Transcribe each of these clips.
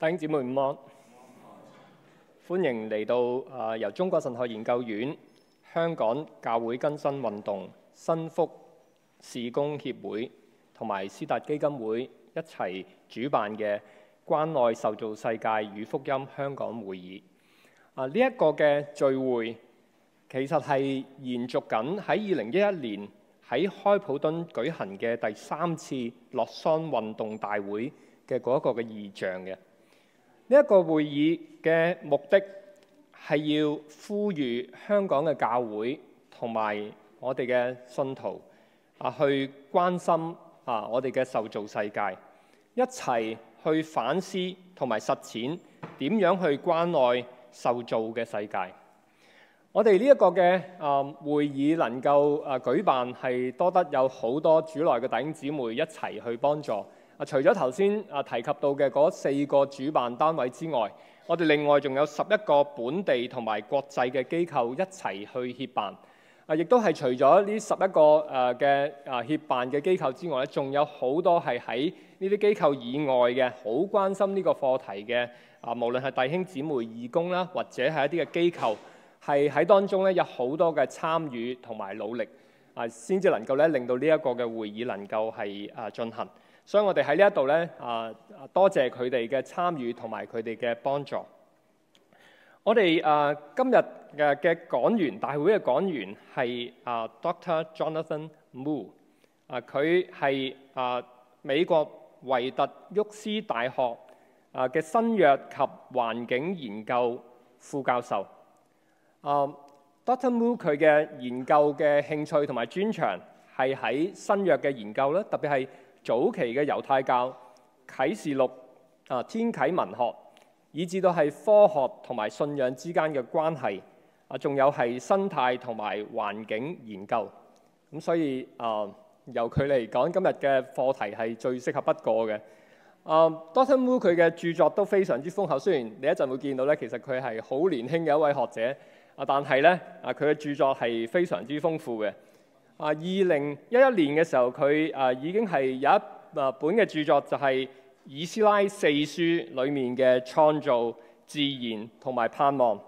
弟兄姊妹午安，歡迎嚟到啊、呃！由中國神學研究院、香港教會更新運動、新福事工協會同埋施達基金會一齊主辦嘅關愛受造世界與福音香港會議啊！呢、呃、一、這個嘅聚會其實係延續緊喺二零一一年喺開普敦舉行嘅第三次洛桑運動大會嘅嗰一個嘅異象嘅。呢一個會議嘅目的係要呼籲香港嘅教會同埋我哋嘅信徒啊，去關心啊我哋嘅受造世界，一齊去反思同埋實踐點樣去關愛受造嘅世界。我哋呢一個嘅啊會議能夠啊舉辦，係多得有好多主內嘅弟兄姊妹一齊去幫助。啊！除咗頭先啊提及到嘅嗰四個主辦單位之外，我哋另外仲有十一個本地同埋國際嘅機構一齊去協辦啊！亦都係除咗呢十一個誒嘅啊協辦嘅機構之外咧，仲有好多係喺呢啲機構以外嘅好關心呢個課題嘅啊，無論係弟兄姊妹義工啦，或者係一啲嘅機構，係喺當中咧有好多嘅參與同埋努力啊，先至能夠咧令到呢一個嘅會議能夠係啊進行。所以我哋喺呢一度咧，啊多謝佢哋嘅參與同埋佢哋嘅幫助我。我哋啊，今日嘅嘅講員大會嘅講員係啊 Dr. Jonathan Moo 啊，佢係啊美國惠特沃思大學啊嘅新約及環境研究副教授。啊，Dr. Moo 佢嘅研究嘅興趣同埋專長係喺新約嘅研究啦，特別係，早期嘅猶太教、啟示錄、啊天啟文學，以至到係科學同埋信仰之間嘅關係，啊仲有係生態同埋環境研究，咁所以啊由佢嚟講，今日嘅課題係最適合不過嘅。啊，Doctor Moo 佢嘅著作都非常之豐厚，雖然你一陣會見到咧，其實佢係好年輕嘅一位學者，啊但係咧啊佢嘅著作係非常之豐富嘅。啊，二零一一年嘅時候，佢啊已經係有一啊本嘅著作，就係《以斯拉四書》裏面嘅創造、自然同埋盼望。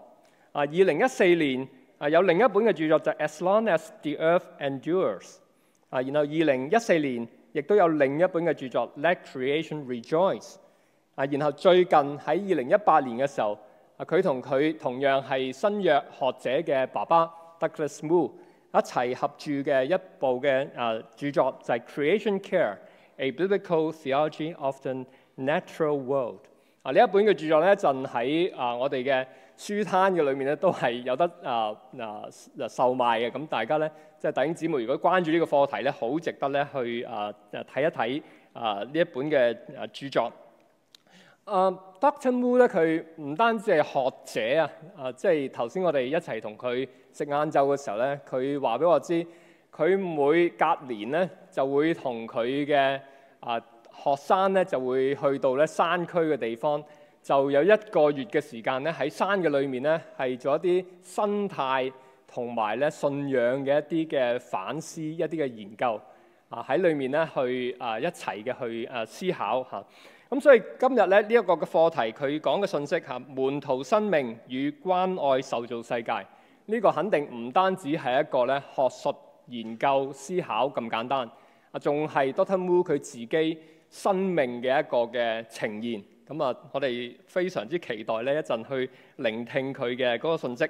啊，二零一四年啊有另一本嘅著作就係《As Long As The Earth Endures》。啊，然後二零一四年亦都有另一本嘅著作《Let Creation Rejoice》。啊，然後最近喺二零一八年嘅時候，啊佢同佢同樣係新約學者嘅爸爸 Douglas Moo，一齊合著嘅一部嘅誒著作就係、是《Creation Care: A Biblical Theology of the Natural World》啊！呢一本嘅著作咧，就喺啊我哋嘅書攤嘅裏面咧，都係有得啊啊售賣嘅。咁、嗯、大家咧，即係弟兄姊妹，如果關注呢個課題咧，好值得咧去啊睇一睇啊呢一本嘅誒著作。啊，Dr. Moo 咧，佢唔單止係學者啊，啊即係頭先我哋一齊同佢。食晏晝嘅時候咧，佢話俾我知，佢每隔年咧就會同佢嘅啊學生咧就會去到咧山區嘅地方，就有一個月嘅時間咧喺山嘅裏面咧係做一啲生態同埋咧信仰嘅一啲嘅反思、一啲嘅研究啊喺裏面咧去啊一齊嘅去啊思考嚇。咁所以今日咧呢一個嘅課題，佢講嘅信息嚇，門徒生命與關愛受造世界。呢個肯定唔單止係一個咧學術研究思考咁簡單，啊，仲係 Doctor Moo 佢自己生命嘅一個嘅呈現。咁啊，我哋非常之期待呢一陣去聆聽佢嘅嗰個信息。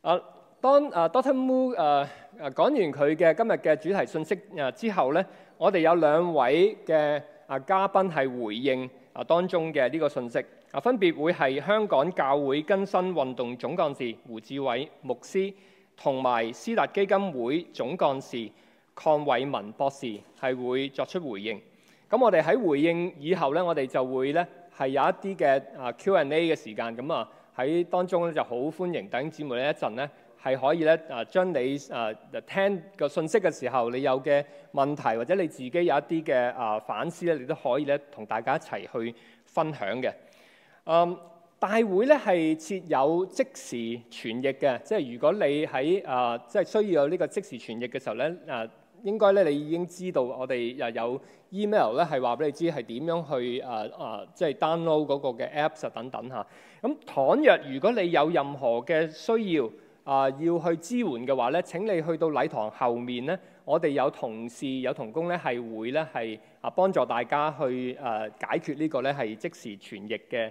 啊，當啊 Doctor Moo 誒誒講完佢嘅今日嘅主題信息啊之後咧，我哋有兩位嘅啊嘉賓係回應啊當中嘅呢個信息。啊，分別會係香港教會更新運動總幹事胡志偉牧師，同埋施達基金會總幹事鄺偉文博士係會作出回應。咁、嗯、我哋喺回應以後咧，我哋就會咧係有一啲嘅啊 Q&A 嘅時間。咁啊喺當中咧就好歡迎弟兄姊妹咧一陣咧係可以咧啊將你啊聽個信息嘅時候你有嘅問題或者你自己有一啲嘅啊反思咧，你都可以咧同大家一齊去分享嘅。誒、um, 大會咧係設有即時傳譯嘅，即係如果你喺誒、呃、即係需要有呢個即時傳譯嘅時候咧，誒、呃、應該咧你已經知道我哋又有 email 咧係話俾你知係點樣去誒誒、呃、即係 download 嗰個嘅 apps 等等嚇。咁倘若如果你有任何嘅需要啊、呃、要去支援嘅話咧，請你去到禮堂後面咧，我哋有同事有同工咧係會咧係啊幫助大家去誒、呃、解決呢個咧係即時傳譯嘅。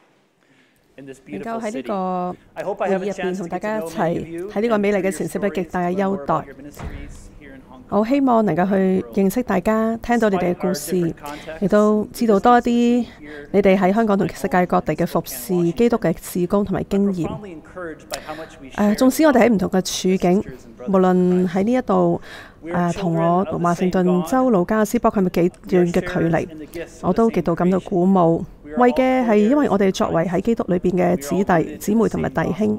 能夠喺呢個會議入邊同大家一齊喺呢個美麗嘅城市，有極大嘅優待。我希望能夠去認識大家，聽到你哋嘅故事，亦都知道多一啲你哋喺香港同世界各地嘅服侍、基督嘅事工同埋經驗。誒、啊，縱使我哋喺唔同嘅處境，無論喺呢一度同我同華盛頓州老家斯波，係咪幾遠嘅距離，我都極度感到鼓舞。為嘅係，因為我哋作為喺基督裏邊嘅子弟、姊妹同埋弟兄，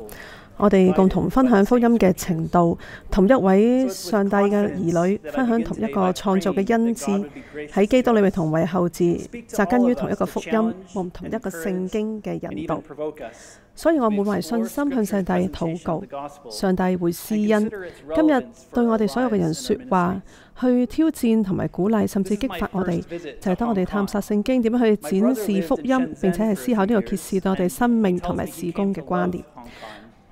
我哋共同分享福音嘅程度，同一位上帝嘅兒女分享同一個創造嘅恩賜，喺基督裏面同為後嗣，紮根於同一個福音同同一個聖經嘅引導。所以我滿懷信心向上帝禱告，上帝會施恩。今日對我哋所有嘅人說話，去挑戰同埋鼓勵，甚至激發我哋，就係、是、當我哋探索聖經，點樣去展示福音，並且係思考呢個揭示到我哋生命同埋事工嘅關聯。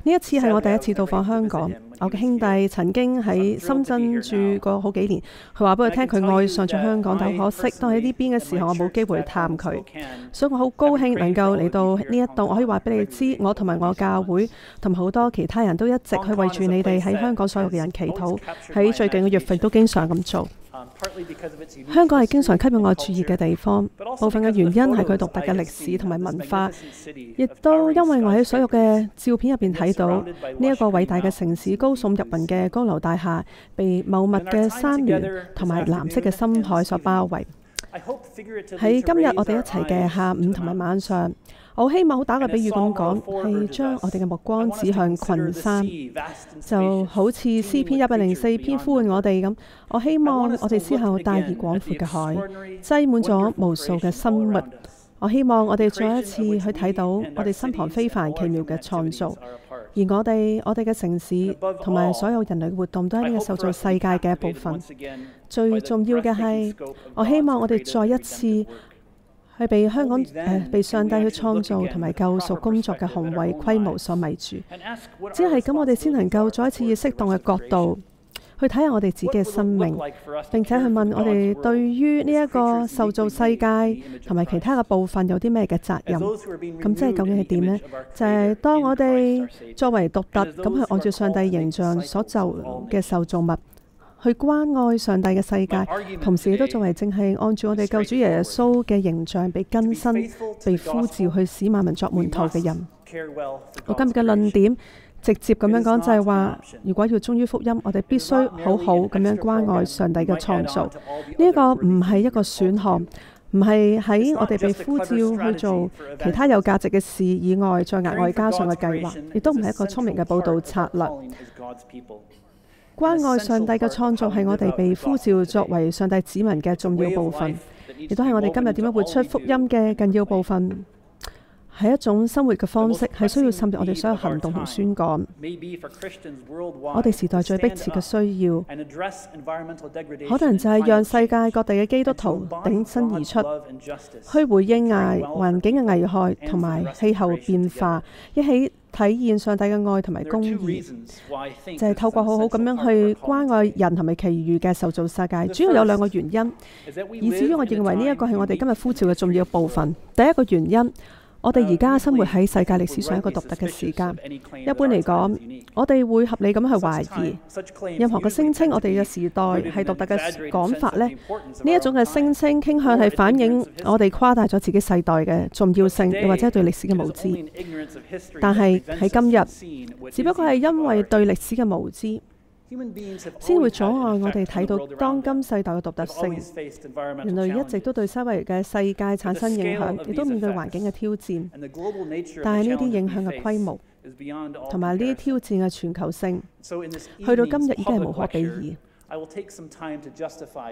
呢一次係我第一次到訪香港。我嘅兄弟曾經喺深圳住過好幾年，佢話俾我聽佢愛上咗香港，但可惜當喺呢邊嘅時候，我冇機會探佢，所以我好高興能夠嚟到呢一度，我可以話俾你知，我同埋我教會同好多其他人都一直去為住你哋喺香港所有嘅人祈禱，喺最近嘅月份都經常咁做。香港係經常吸引我注意嘅地方，部分嘅原因係佢獨特嘅歷史同埋文化，亦都因為我喺所有嘅照片入邊睇到呢一個偉大嘅城市高，高聳入雲嘅高樓大廈，被茂密嘅山巒同埋藍色嘅深海所包圍。喺今日我哋一齊嘅下午同埋晚上，我希望好打個比喻咁講，係將我哋嘅目光指向群山，就好似詩篇一百零四篇呼喚我哋咁。我希望我哋之後大而廣闊嘅海，擠滿咗無數嘅生物。我希望我哋再一次去睇到我哋身旁非凡奇妙嘅創造，而我哋我哋嘅城市同埋所有人類活動都喺呢個受造世界嘅一部分。最重要嘅係，我希望我哋再一次去被香港，呃，被上帝去創造同埋救贖工作嘅宏偉規模所迷住。只係咁，我哋先能夠再一次以適當嘅角度。去睇下我哋自己嘅生命，並且去問我哋對於呢一個受造世界同埋其他嘅部分有啲咩嘅責任？咁即係究竟係點咧？就係當我哋作為獨特，咁去按照上帝的形象所就嘅受造物，去關愛上帝嘅世界，同時亦都作為正係按住我哋救主耶穌嘅形象被更新、被呼召去使萬民作門徒嘅人。我今日嘅論點。直接咁樣講就係話，如果要忠於福音，我哋必須好好咁樣關愛上帝嘅創造。呢個唔係一個選項，唔係喺我哋被呼召去做其他有價值嘅事以外，再額外加上嘅計劃，亦都唔係一個聰明嘅報道策略。關愛上帝嘅創造係我哋被呼召作為上帝子民嘅重要部分，亦都係我哋今日點樣活出福音嘅緊要部分。係一種生活嘅方式，係需要滲入我哋所有行動同宣講。我哋時代最迫切嘅需要，可能就係讓世界各地嘅基督徒挺身而出，去回應危環境嘅危害同埋氣候變化，一起體現上帝嘅愛同埋公義。就係透過好好咁樣去關愛人同埋其餘嘅受造世界。主要有兩個原因，以至於我認為呢一個係我哋今日呼召嘅重要部分。第一個原因。我哋而家生活喺世界歷史上一個獨特嘅時間。一般嚟講，我哋會合理咁去懷疑任何嘅聲稱，我哋嘅時代係獨特嘅講法呢，呢一種嘅聲稱傾向係反映我哋誇大咗自己世代嘅重要性，又或者係對歷史嘅無知。但係喺今日，只不過係因為對歷史嘅無知。先會阻礙我哋睇到當今世代嘅獨特性。人類一直都對周圍嘅世界產生影響，亦都面對環境嘅挑戰。但係呢啲影響嘅規模，同埋呢啲挑戰嘅全球性，去到今日已經係無可比擬。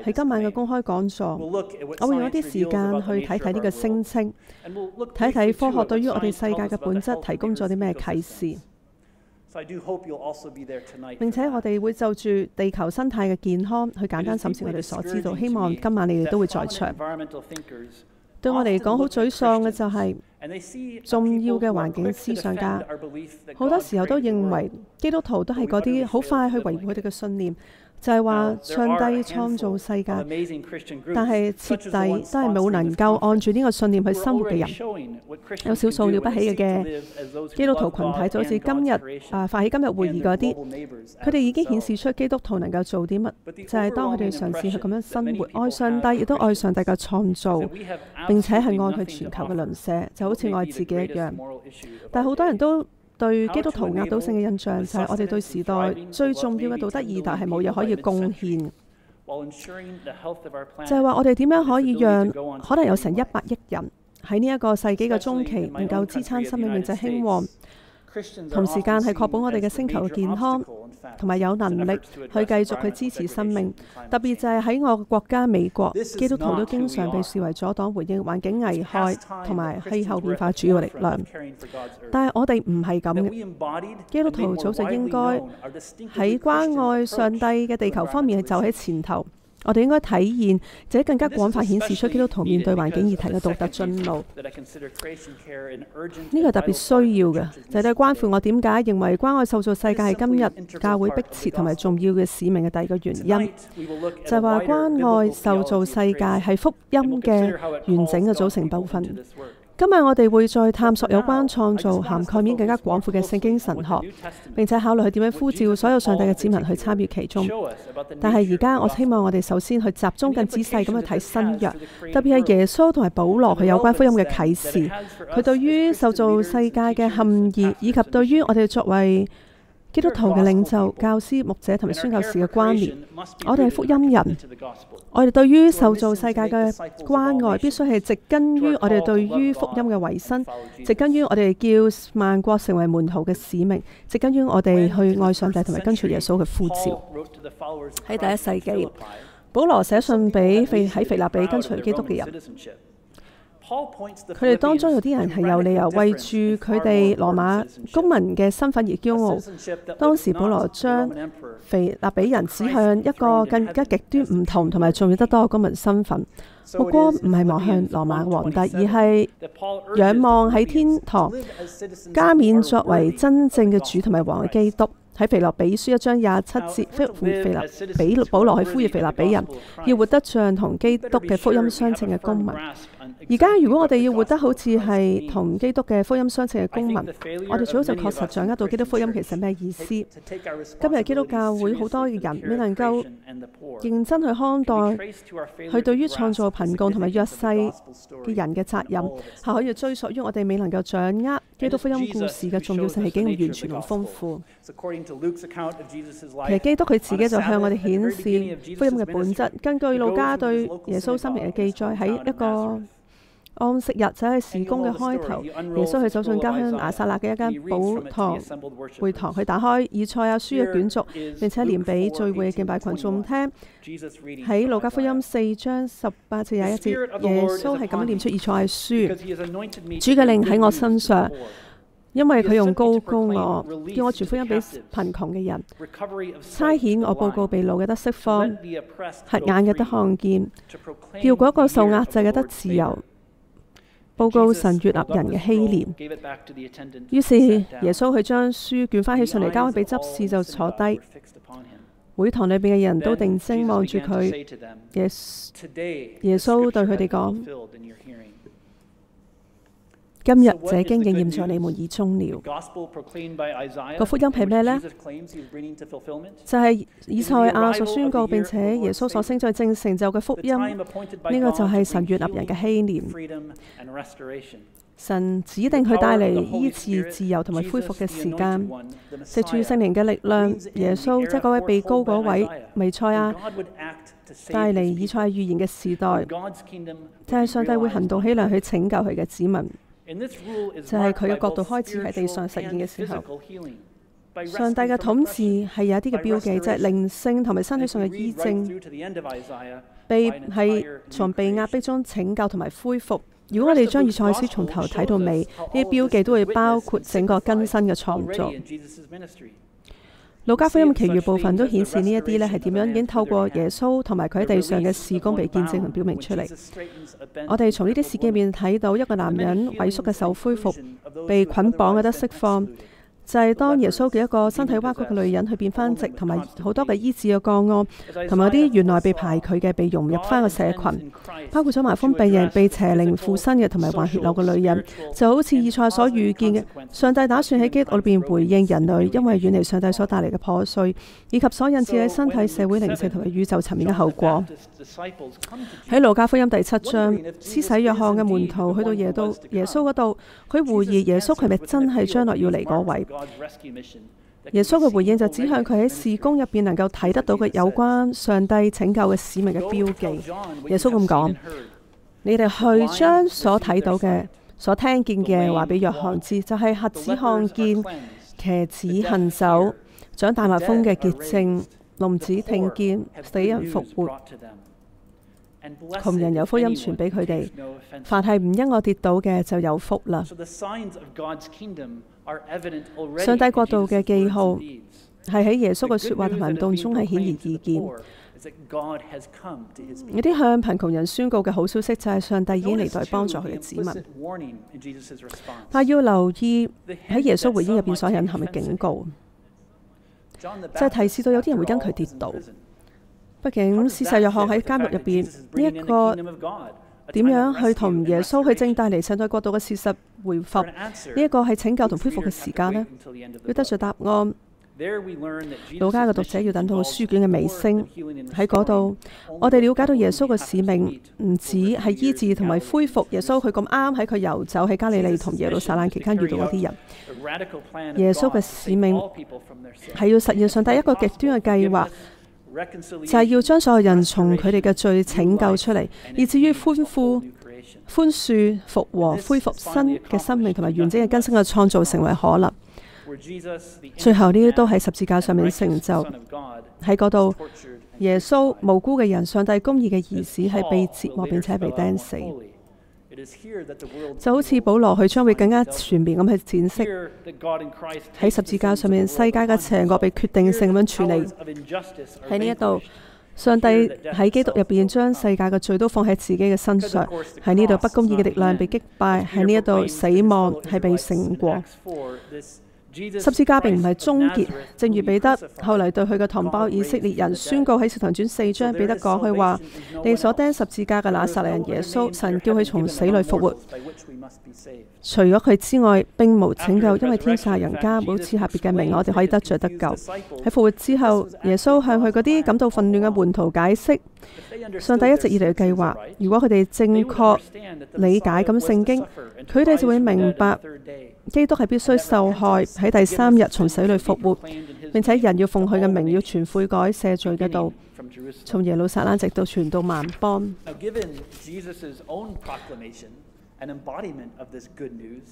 喺今晚嘅公開講座，我會用一啲時間去睇睇呢個聲稱，睇睇科學對於我哋世界嘅本質提供咗啲咩啟示。並且、so、我哋會就住地球生態嘅健康去簡單審視我哋所知道。希望今晚你哋都會在場。對我嚟講好沮喪嘅就係，重要嘅環境思想家，好多時候都認為基督徒都係嗰啲好快去維護佢哋嘅信念。就係話，上帝創造世界，但係徹底都係冇能夠按住呢個信念去生活嘅人，有少數了不起嘅基督徒群體，就好似今日啊，發起今日會議嗰啲，佢哋已經顯示出基督徒能夠做啲乜，就係當佢哋嘗試去咁樣生活，愛上帝，亦都愛上帝嘅創造，並且係愛佢全球嘅鄰舍，就好似愛自己一樣。但係好多人都。對基督徒壓倒性嘅印象，就係我哋對時代最重要嘅道德議題係冇嘢可以貢獻，就係話我哋點樣可以讓可能有成一百億人喺呢一個世紀嘅中期能夠支撐心裏面就興旺。同時間係確保我哋嘅星球健康，同埋有能力去繼續去支持生命。特別就係喺我嘅國家美國，基督徒都經常被視為阻擋回應環境危害同埋氣候變化主要力量。但係我哋唔係咁嘅。基督徒早就應該喺關愛上帝嘅地球方面走喺前頭。我哋應該體現，或者更加廣泛顯示出基督徒面對環境議題嘅獨特進路。呢個特別需要嘅，就係對關乎我點解認為關愛受造世界係今日教會迫切同埋重要嘅使命嘅第二個原因，就係話關愛受造世界係福音嘅完整嘅組成部分。今日我哋會再探索有關創造涵蓋面更加廣闊嘅聖經神學，並且考慮佢點樣呼召所有上帝嘅子民去參與其中。但係而家我希望我哋首先去集中更仔細咁去睇新約，特別係耶穌同埋保羅佢有關福音嘅啟示，佢對於受造世界嘅含義，以及對於我哋作為基督徒嘅領袖、教師、牧者同埋宣教士嘅關聯，我哋係福音人，我哋對於受造世界嘅關愛，必須係植根於我哋對於福音嘅維新，植根於我哋叫萬國成為門徒嘅使命，植根於我哋去愛上帝同埋跟隨耶穌嘅呼召。喺第一世紀，保羅寫信俾肥喺腓立比跟隨基督嘅人。佢哋當中有啲人係有理由為住佢哋羅馬公民嘅身份而驕傲。當時，保羅將腓立比人指向一個更加極端唔同同埋重要得多嘅公民身份，目光唔係望向羅馬皇帝，而係仰望喺天堂加冕作為真正嘅主同埋王嘅基督。喺《在腓立比書》一章廿七節，呼呼腓立比保羅去呼籲腓立比人要活得像同基督嘅福音相稱嘅公民。而家如果我哋要活得好似係同基督嘅福音相稱嘅公民，我哋最好就確實掌握到基督福音其實咩意思。Hey, 今日基督教會好多嘅人未能夠認真去看待佢對於創造貧窮同埋弱勢嘅人嘅責任，係可以追溯於我哋未能夠掌握基督福音故事嘅重要性係幾咁完全同豐富。其實基督佢自己就向我哋顯示福音嘅本質。根據路加對耶穌生平嘅記載，喺一個安息日就係事工嘅開頭。You know story, 耶穌去走進家鄉拿撒勒嘅一間寶堂會堂，去打開以賽亞、啊、書嘅卷軸，Here 並且念俾聚會嘅敬拜群眾聽。喺路加福音四章十八至廿一節，耶穌係咁念出以賽亞書：主嘅靈喺我身上，因為佢用膏膏我，叫我傳福音俾貧窮嘅人，差遣我報告被擄嘅得釋放，瞎眼嘅得看見，叫嗰個受壓制嘅得，得自由。報告神悅納人嘅禧年，於是耶穌去將書卷翻起上嚟交俾執事，就坐低。會堂裏邊嘅人都定睛望住佢。耶耶穌對佢哋講。今日這經應驗在你們耳中了。個福音係咩呢？就係以賽亞所宣告，並且耶穌所聲在正成就嘅福音。呢個就係神悅納人嘅禧年。神指定佢帶嚟醫治、自由同埋恢復嘅時間。藉住聖靈嘅力量，耶穌即係嗰位被膏，嗰位彌賽亞，帶嚟以賽亞預言嘅時代，就係上帝會行動起嚟去拯救佢嘅子民。就係佢嘅角度開始喺地上實現嘅時候，上帝嘅統治係有一啲嘅標記，即係靈性同埋身體上嘅醫癒，被係從被壓迫中拯救同埋恢復。如果我哋將以賽斯從頭睇到尾，呢啲標記都會包括整個更新嘅創作。路加福音其餘部分都顯示呢一啲咧，係點樣已經透過耶穌同埋佢喺地上嘅事工被見證同表明出嚟。我哋從呢啲事件入面睇到一個男人萎縮嘅手恢復，被捆綁嘅得釋放。就係當耶穌嘅一個身體扭曲嘅女人去變翻直，同埋好多嘅醫治嘅個案，同埋啲原來被排拒嘅被融入翻個社群，包括咗麻風病人、被邪靈附身嘅，同埋患血流嘅女人，就好似以賽所預見嘅，上帝打算喺基督裏邊回應人類，因為遠離上帝所帶嚟嘅破碎，以及所引致喺身體、社會、靈性同埋宇宙層面嘅後果。喺路加福音第七章，施洗約翰嘅門徒去到耶都耶穌嗰度，佢懷疑耶穌係咪真係將來要嚟嗰位？耶穌嘅回應就指向佢喺事工入邊能夠睇得到嘅有關上帝拯救嘅使命嘅標記。耶穌咁講：，你哋去將所睇到嘅、所聽見嘅話俾約翰知，就係瞎子看見、瘸子行走、長 death 大痲瘋嘅潔淨、聾子聽見、死人復活、窮人有福音傳俾佢哋。凡係唔因我跌倒嘅就有福啦。So 上帝國度嘅記號係喺耶穌嘅説話同行動中係顯而易見。有啲向貧窮人宣告嘅好消息就係上帝已經嚟到幫助佢嘅子民。但要留意喺耶穌回應入邊所隱含嘅警告，就係、是、提示到有啲人會因佢跌倒。畢竟施洗約翰喺監獄入邊呢一個。點樣去同耶穌去正帶嚟上帝國度嘅事實回復？呢一個係拯救同恢復嘅時間咧，要得出答案。老家嘅讀者要等到書卷嘅尾聲，喺嗰度，我哋了解到耶穌嘅使命唔止係醫治同埋恢復。耶穌佢咁啱喺佢遊走喺加利利同耶路撒冷期間遇到嗰啲人。耶穌嘅使命係要實現上帝一個極端嘅計劃。就係要將所有人從佢哋嘅罪拯救出嚟，以至於寬恕、寬恕、復和、恢復新嘅生命同埋完整嘅更新嘅創造成為可能。最後呢啲都喺十字架上面成就，喺嗰度，耶穌無辜嘅人、上帝公義嘅兒子係被折磨並且被釘死。就好似保羅，佢將會更加全面咁去展釋。喺十字架上面，世界嘅邪惡被決定性咁樣處理。喺呢一度，上帝喺基督入邊將世界嘅罪都放喺自己嘅身上。喺呢度，不公義嘅力量被擊敗。喺呢一度，死亡係被勝過。十字架並唔係終結，正如彼得後嚟對佢嘅同胞以色列人宣告喺《使徒行傳》四章，彼得講佢話：你所釘十字架嘅拿撒勒人耶穌，神叫佢從死裏復活。除咗佢之外，並無拯救，因為天下人間冇賜下別嘅名，我哋可以得著得救。喺復活之後，耶穌向佢嗰啲感到混亂嘅門徒解釋，上帝一直以嚟嘅計劃。如果佢哋正確理解咁聖經，佢哋就會明白基督係必須受害，喺第三日從死裏復活，並且人要奉佢嘅名要傳悔改、赦罪嘅道，從耶路撒冷直到傳到萬邦。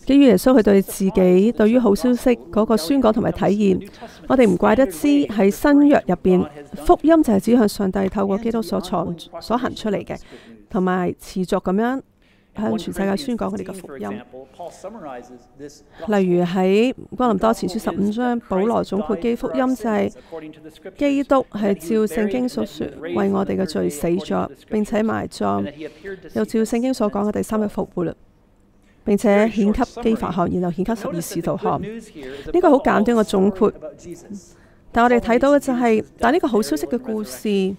基於耶穌，佢對自己對於好消息嗰個宣講同埋體驗，我哋唔怪得知喺新約入邊，福音就係指向上帝透過基督所傳所行出嚟嘅，同埋持續咁樣。向全世界宣講佢哋嘅福音。例如喺《哥林多前書》十五章，保羅總括基福音就係、是、基督係照聖經所説為我哋嘅罪死咗，並且埋葬，又照聖經所講嘅第三日復活了。並且顯給基法看，然後顯給十二使徒看。呢、這個好簡短嘅總括，但我哋睇到嘅就係、是，但呢個好消息嘅故事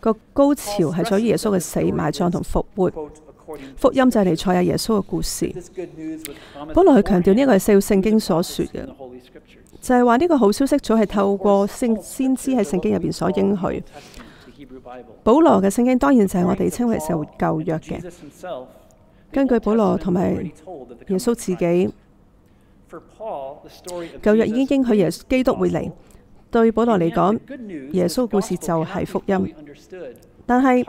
個高潮係在於耶穌嘅死、埋葬同復活。福音就係彌賽亞耶穌嘅故事。保羅去強調呢個係《四福音》聖經所說嘅，就係話呢個好消息早係透過聖先知喺聖經入邊所應許。保羅嘅聖經當然就係我哋稱為《社會舊約》嘅。根據保羅同埋耶穌自己，舊約已經應許耶穌基督會嚟。對保羅嚟講，耶穌故事就係福音。但係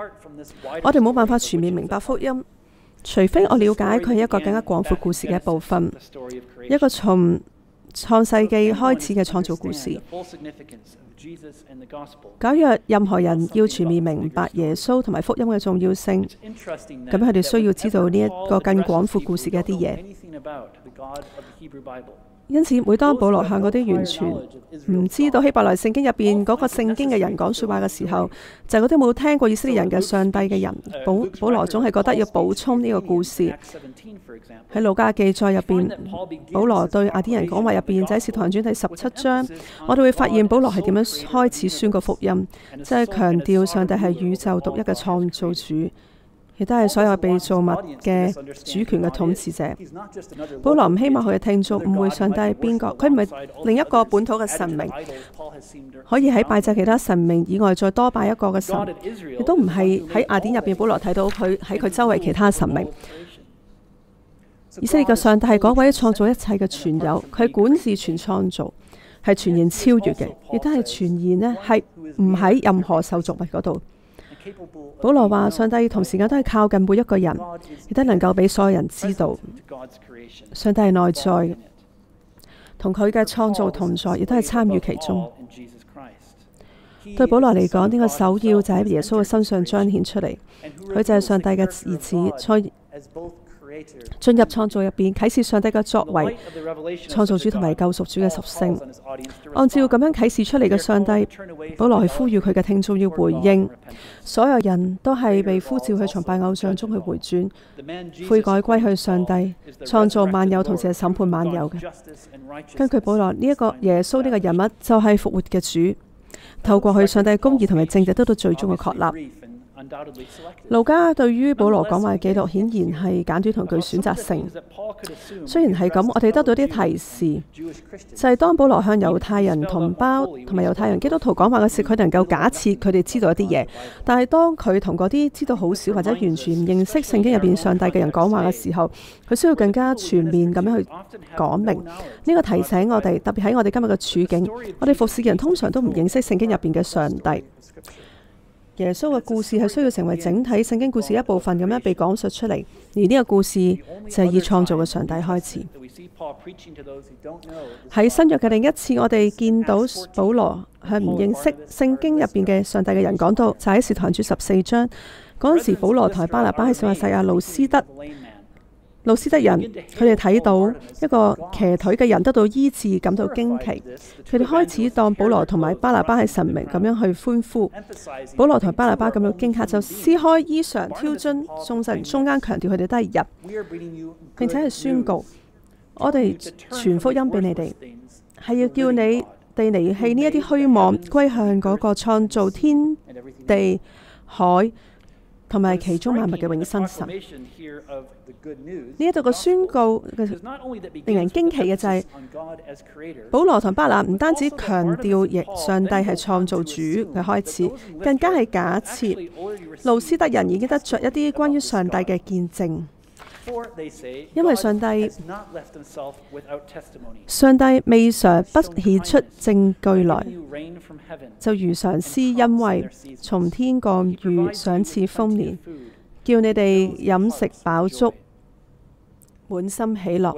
我哋冇辦法全面明白福音，除非我了解佢係一個更加廣闊故事嘅一部分，一個從創世紀開始嘅創造故事。假若任何人要全面明白耶穌同埋福音嘅重要性，咁佢哋需要知道呢一個更廣闊故事嘅一啲嘢。因此，每當保羅向嗰啲完全唔知道希伯來聖經入邊嗰個聖經嘅人講說話嘅時候，就係嗰啲冇聽過以色列人嘅上帝嘅人，保保羅總係覺得要補充呢個故事喺路加記載入邊。保羅對雅典人講話入邊，就喺使徒行傳第十七章，我哋會發現保羅係點樣開始宣個福音，即係強調上帝係宇宙獨一嘅創造主。亦都係所有被造物嘅主權嘅統治者。保羅唔希望佢嘅聽眾誤會上帝係邊個，佢唔係另一個本土嘅神明，可以喺拜祭其他神明以外再多拜一個嘅神。亦都唔係喺雅典入邊，保羅睇到佢喺佢周圍其他神明。以色列嘅上帝係嗰位創造一切嘅存有，佢管治全創造，係全然超越嘅，亦都係全然呢，係唔喺任何受造物嗰度。保羅話：上帝同時間都係靠近每一個人，亦都能夠俾所有人知道，上帝係內在，同佢嘅創造同在，亦都係參與其中。對保羅嚟講，呢個首要就喺耶穌嘅身上彰顯出嚟，佢就係上帝嘅兒子。初進入創造入邊啟示上帝嘅作為，創造主同埋救贖主嘅屬性，按照咁樣啟示出嚟嘅上帝，保羅去呼籲佢嘅聽眾要回應，所有人都係被呼召去崇拜偶像中去回轉，悔改歸去上帝，創造萬有同時係審判萬有嘅。根據保羅呢一個耶穌呢個人物就係復活嘅主，透過佢上帝公義同埋正義得到最終嘅確立。路加對於保羅講話嘅記錄顯然係簡短同具選擇性。雖然係咁，我哋得到啲提示，就係、是、當保羅向猶太人同胞同埋猶太人基督徒講話嘅時，佢能夠假設佢哋知道一啲嘢。但係當佢同嗰啲知道好少或者完全唔認識聖經入邊上帝嘅人講話嘅時候，佢需要更加全面咁樣去講明。呢、這個提醒我哋，特別喺我哋今日嘅處境，我哋服侍嘅人通常都唔認識聖經入邊嘅上帝。耶穌嘅故事係需要成為整體聖經故事一部分咁樣被講述出嚟，而呢個故事就係以創造嘅上帝開始。喺新約嘅另一次，我哋見到保羅向唔認識聖經入邊嘅上帝嘅人講道，就喺使徒行傳十四章。嗰陣時，保羅同巴拿巴喺小亞細亞路斯德。路司得人，佢哋睇到一個瘸腿嘅人得到醫治，感到驚奇。佢哋開始當保羅同埋巴拿巴係神明咁樣去歡呼。保羅同巴拿巴咁樣驚嚇，就撕開衣裳，跳進眾人中間，強調佢哋都係人。並且係宣告：我哋傳福音俾你哋，係要叫你哋離棄呢一啲虛妄，歸向嗰個創造天地海，同埋其中萬物嘅永生神。呢一度嘅宣告令人驚奇嘅就係，保羅同巴拿唔單止強調亦上帝係創造主嘅開始，更加係假設路斯德人已經得着一啲關於上帝嘅見證。因為上帝，上帝未嘗不顯出證據來，就如常施因為從天降雨，賞賜豐年，叫你哋飲食飽足，滿心喜樂。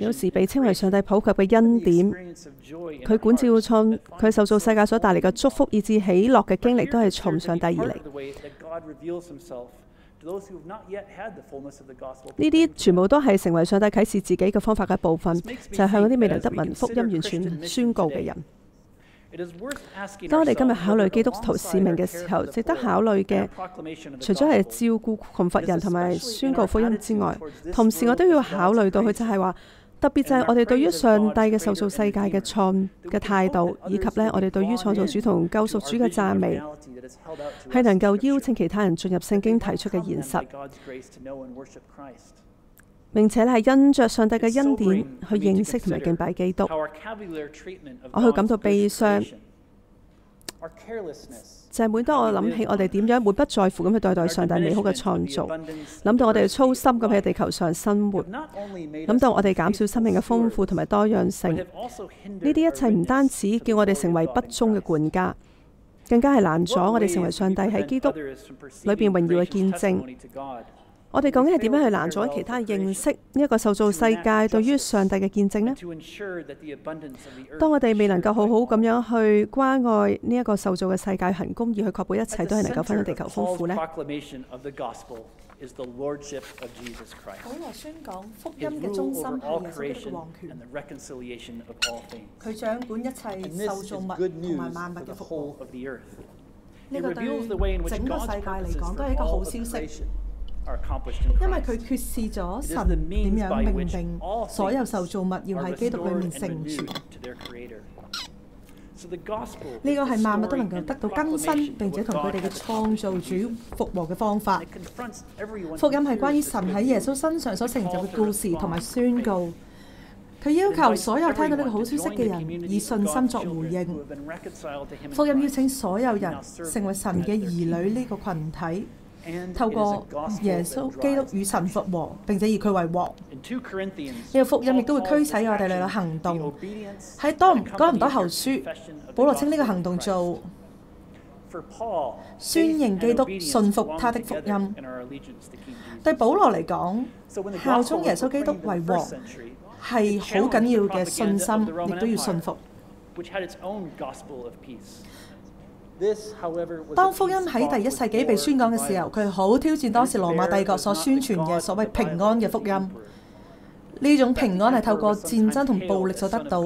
有時被稱為上帝普及嘅恩典，佢管照創，佢受造世界所帶嚟嘅祝福以至喜樂嘅經歷，都係從上帝而嚟。呢啲全部都係成為上帝啟示自己嘅方法嘅部分，就係、是、向嗰啲未能得聞福音完全宣告嘅人。當我哋今日考慮基督徒使命嘅時候，值得考慮嘅，除咗係照顧窮乏人同埋宣告福音之外，同時我都要考慮到佢就係話，特別就係我哋對於上帝嘅受造世界嘅創嘅態度，以及呢我哋對於創造主同救贖主嘅讚美，係能夠邀請其他人進入聖經提出嘅現實。並且係因着上帝嘅恩典去認識同埋敬拜基督，我去感到悲傷。就係每當我諗起我哋點樣會不在乎咁去對待上帝美好嘅創造，諗到我哋操心咁喺地球上生活，諗到我哋減少生命嘅豐富同埋多樣性，呢啲一切唔單止叫我哋成為不忠嘅管家，更加係難阻我哋成為上帝喺基督裏邊榮耀嘅見證。我哋究竟係點樣去攔阻其他認識呢一個受造世界對於上帝嘅見證呢？當我哋未能夠好好咁樣去關愛呢一個受造嘅世界，行公義去確保一切都係能夠翻到地球豐富呢？保羅宣講福音嘅中心係基督嘅王權，佢掌管一切受造物同埋萬物嘅復和。呢個對於整個世界嚟講都係一個好消息。因為佢揭示咗神點樣命定所有受造物要喺基督裏面成全。呢個係萬物都能夠得到更新，並且同佢哋嘅創造主復和嘅方法。福音係關於神喺耶穌身上所成就嘅故事同埋宣告。佢要求所有聽到呢個好消息嘅人以信心作回應。福音邀請所有人成為神嘅兒女呢個群體。透過耶穌基督與神復和，並且以佢為王，呢個福音亦都會驅使我哋嚟到行動。喺哥林多後書，保羅稱呢個行動做宣認基督順服他的福音。對保羅嚟講，效忠耶穌基督為王係好緊要嘅信心，亦都要順服。So This, however, 當福音喺第一世紀被宣講嘅時候，佢好挑戰當時羅馬帝國所宣傳嘅所謂平安嘅福音。呢種平安係透過戰爭同暴力所得到，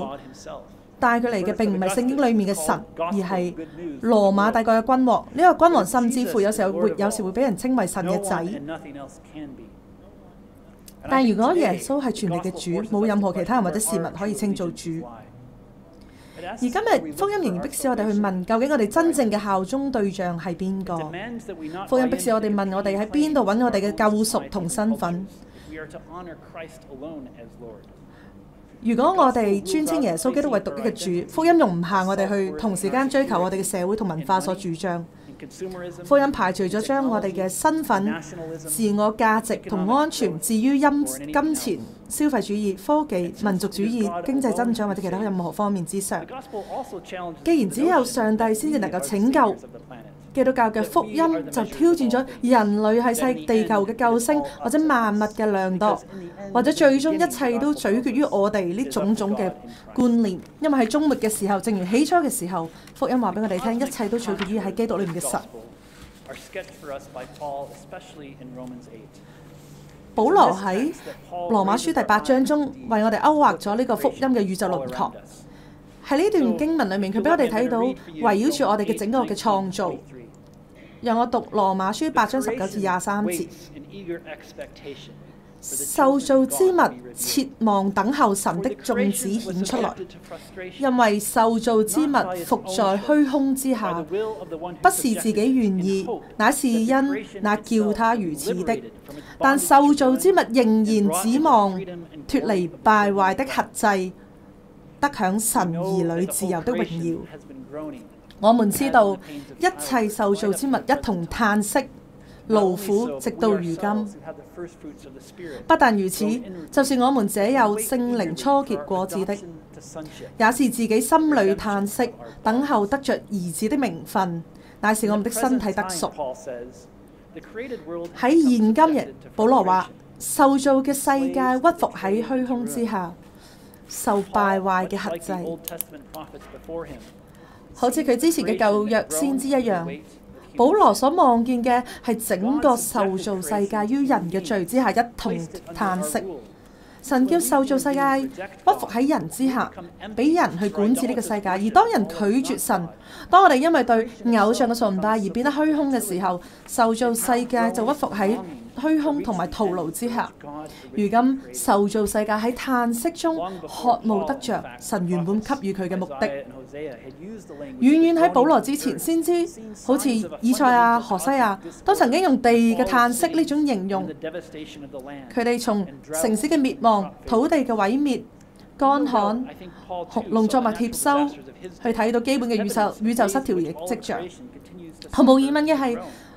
帶佢嚟嘅並唔係聖經裏面嘅神，而係羅馬帝國嘅君王。呢、這個君王甚至乎有時候會有時會俾人稱為神嘅仔。但如果耶穌係全然嘅主，冇任何其他人或者事物可以稱做主。而今日福音仍然逼使我哋去問，究竟我哋真正嘅效忠對象係邊個？福音逼使我哋問我在哪我的，我哋喺邊度揾我哋嘅救贖同身份。如果我哋尊稱耶穌基督為獨一嘅主，福音容唔下我哋去同時間追求我哋嘅社會同文化所主張。福音排除咗將我哋嘅身份、自我價值同安全置於金錢、消費主義、科技、民族主義、經濟增長或者其他任何方面之上。既然只有上帝先至能夠拯救。基督教嘅福音就挑戰咗人類係世地球嘅救星，或者萬物嘅量度，或者最終一切都取決於我哋呢種種嘅觀念。因為喺終末嘅時候，正如起初嘅時候，福音話俾我哋聽，一切都取決於喺基督裏面嘅神。保羅喺羅馬書第八章中，為我哋勾畫咗呢個福音嘅宇宙輪廓。喺呢段經文裏面，佢俾我哋睇到圍繞住我哋嘅整個嘅創造。讓我讀《羅馬書》八章十九至廿三節。受造之物切望等候神的眾子顯出來，因為受造之物伏在虛空之下，不是自己願意，乃是因那叫他如此的。但受造之物仍然指望脫離敗壞的轄制，得享神兒女自由的榮耀。我們知道一切受造之物一同嘆息勞苦，直到如今。不但如此，就是我們這有聖靈初結果子的，也是自己心裏嘆息，等候得着兒子的名分，乃是我們的身體得贖。喺現今日，保羅話受造嘅世界屈服喺虛空之下，受敗壞嘅轄制。好似佢之前嘅舊約先知一樣，保羅所望見嘅係整個受造世界於人嘅罪之下一同嘆息。神叫受造世界屈服喺人之下，俾人去管治呢個世界。而當人拒絕神，當我哋因為對偶像嘅崇拜而變得虛空嘅時候，受造世界就屈服喺虛空同埋徒勞之下，如今受造世界喺嘆息中渴慕得著神原本給予佢嘅目的。遠遠喺保羅之前，先知好似以賽亞、何西亞，都曾經用地嘅嘆息呢種形容，佢哋從城市嘅滅亡、土地嘅毀滅、乾旱、農作物歉收，去睇到基本嘅宇宙宇宙失調嘅跡象。毫無疑問嘅係。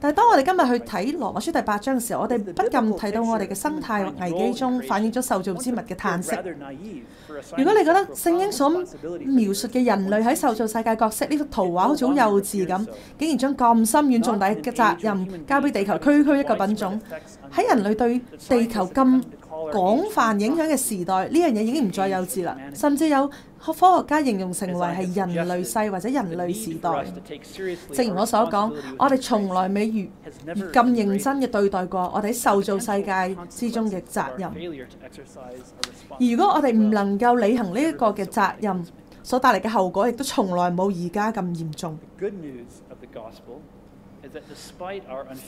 但係，當我哋今日去睇《羅馬書》第八章嘅時候，我哋不禁睇到我哋嘅生態危機中反映咗受造之物嘅嘆息。如果你覺得聖經所描述嘅人類喺受造世界角色呢幅圖畫好似好幼稚咁，竟然將咁深遠重大嘅責任交俾地球區區一個品種，喺人類對地球咁廣泛影響嘅時代，呢樣嘢已經唔再幼稚啦，甚至有科學家形容成為係人類世或者人類時代。正如我所講，我哋從來未如咁認真嘅對待過我哋喺受造世界之中嘅責任。而如果我哋唔能夠履行呢一個嘅責任，所帶嚟嘅後果亦都從來冇而家咁嚴重。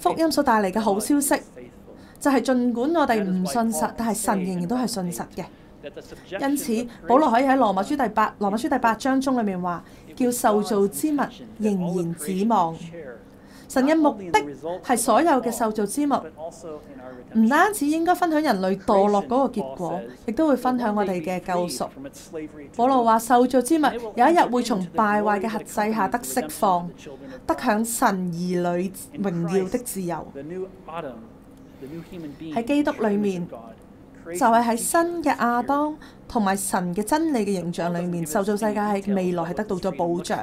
福音所帶嚟嘅好消息，就係儘管我哋唔信實，但係神仍然都係信實嘅。因此，保羅可以喺羅馬書第八羅馬書第八章中裏面話，叫受造之物仍然指望。神嘅目的係所有嘅受造之物，唔單止應該分享人類墮落嗰個結果，亦都會分享我哋嘅救贖。保羅話受造之物有一日會從敗壞嘅轄制下得釋放，得享神兒女榮耀的自由。喺基督裏面。就係喺新嘅亞當同埋神嘅真理嘅形象裏面，受造世界喺未來係得到咗保障。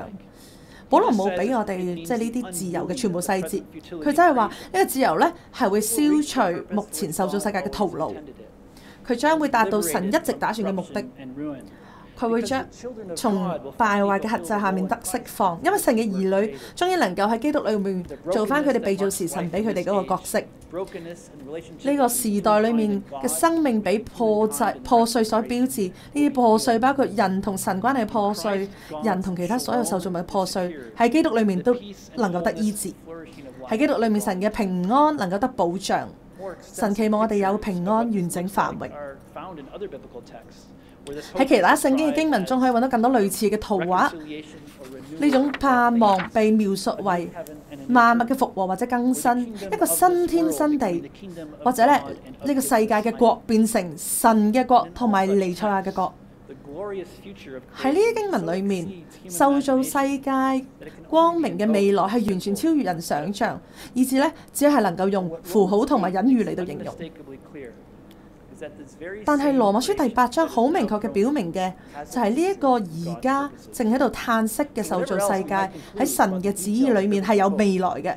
保羅冇俾我哋即係呢啲自由嘅全部細節，佢真係話呢個自由呢係會消除目前受造世界嘅徒勞，佢將會達到神一直打算嘅目的。佢會將從敗壞嘅核制下面得釋放，right. 因為神嘅兒女終於能夠喺基督裏面做翻佢哋被造時神俾佢哋嗰個角色。呢個時代裏面嘅生命俾破制破碎所標誌，呢啲破碎包括人同神關係破碎，人同其他所有受造物的破碎，喺基督裏面都能夠得醫治。喺基督裏面，神嘅平安能夠得保障。神期望我哋有平安、完整繁榮、繁榮。喺其他聖經嘅經文中，可以揾到更多類似嘅圖畫。呢種盼望被描述為萬物嘅復和或者更新，一個新天新地，或者咧呢個世界嘅國變成神嘅國同埋尼賽亞嘅國。喺呢啲經文裏面，受造世界光明嘅未來係完全超越人想象，以致咧只係能夠用符號同埋隱喻嚟到形容。但係《羅馬書》第八章好明確嘅表明嘅，就係呢一個而家正喺度嘆息嘅受造世界喺神嘅旨意裏面係有未來嘅。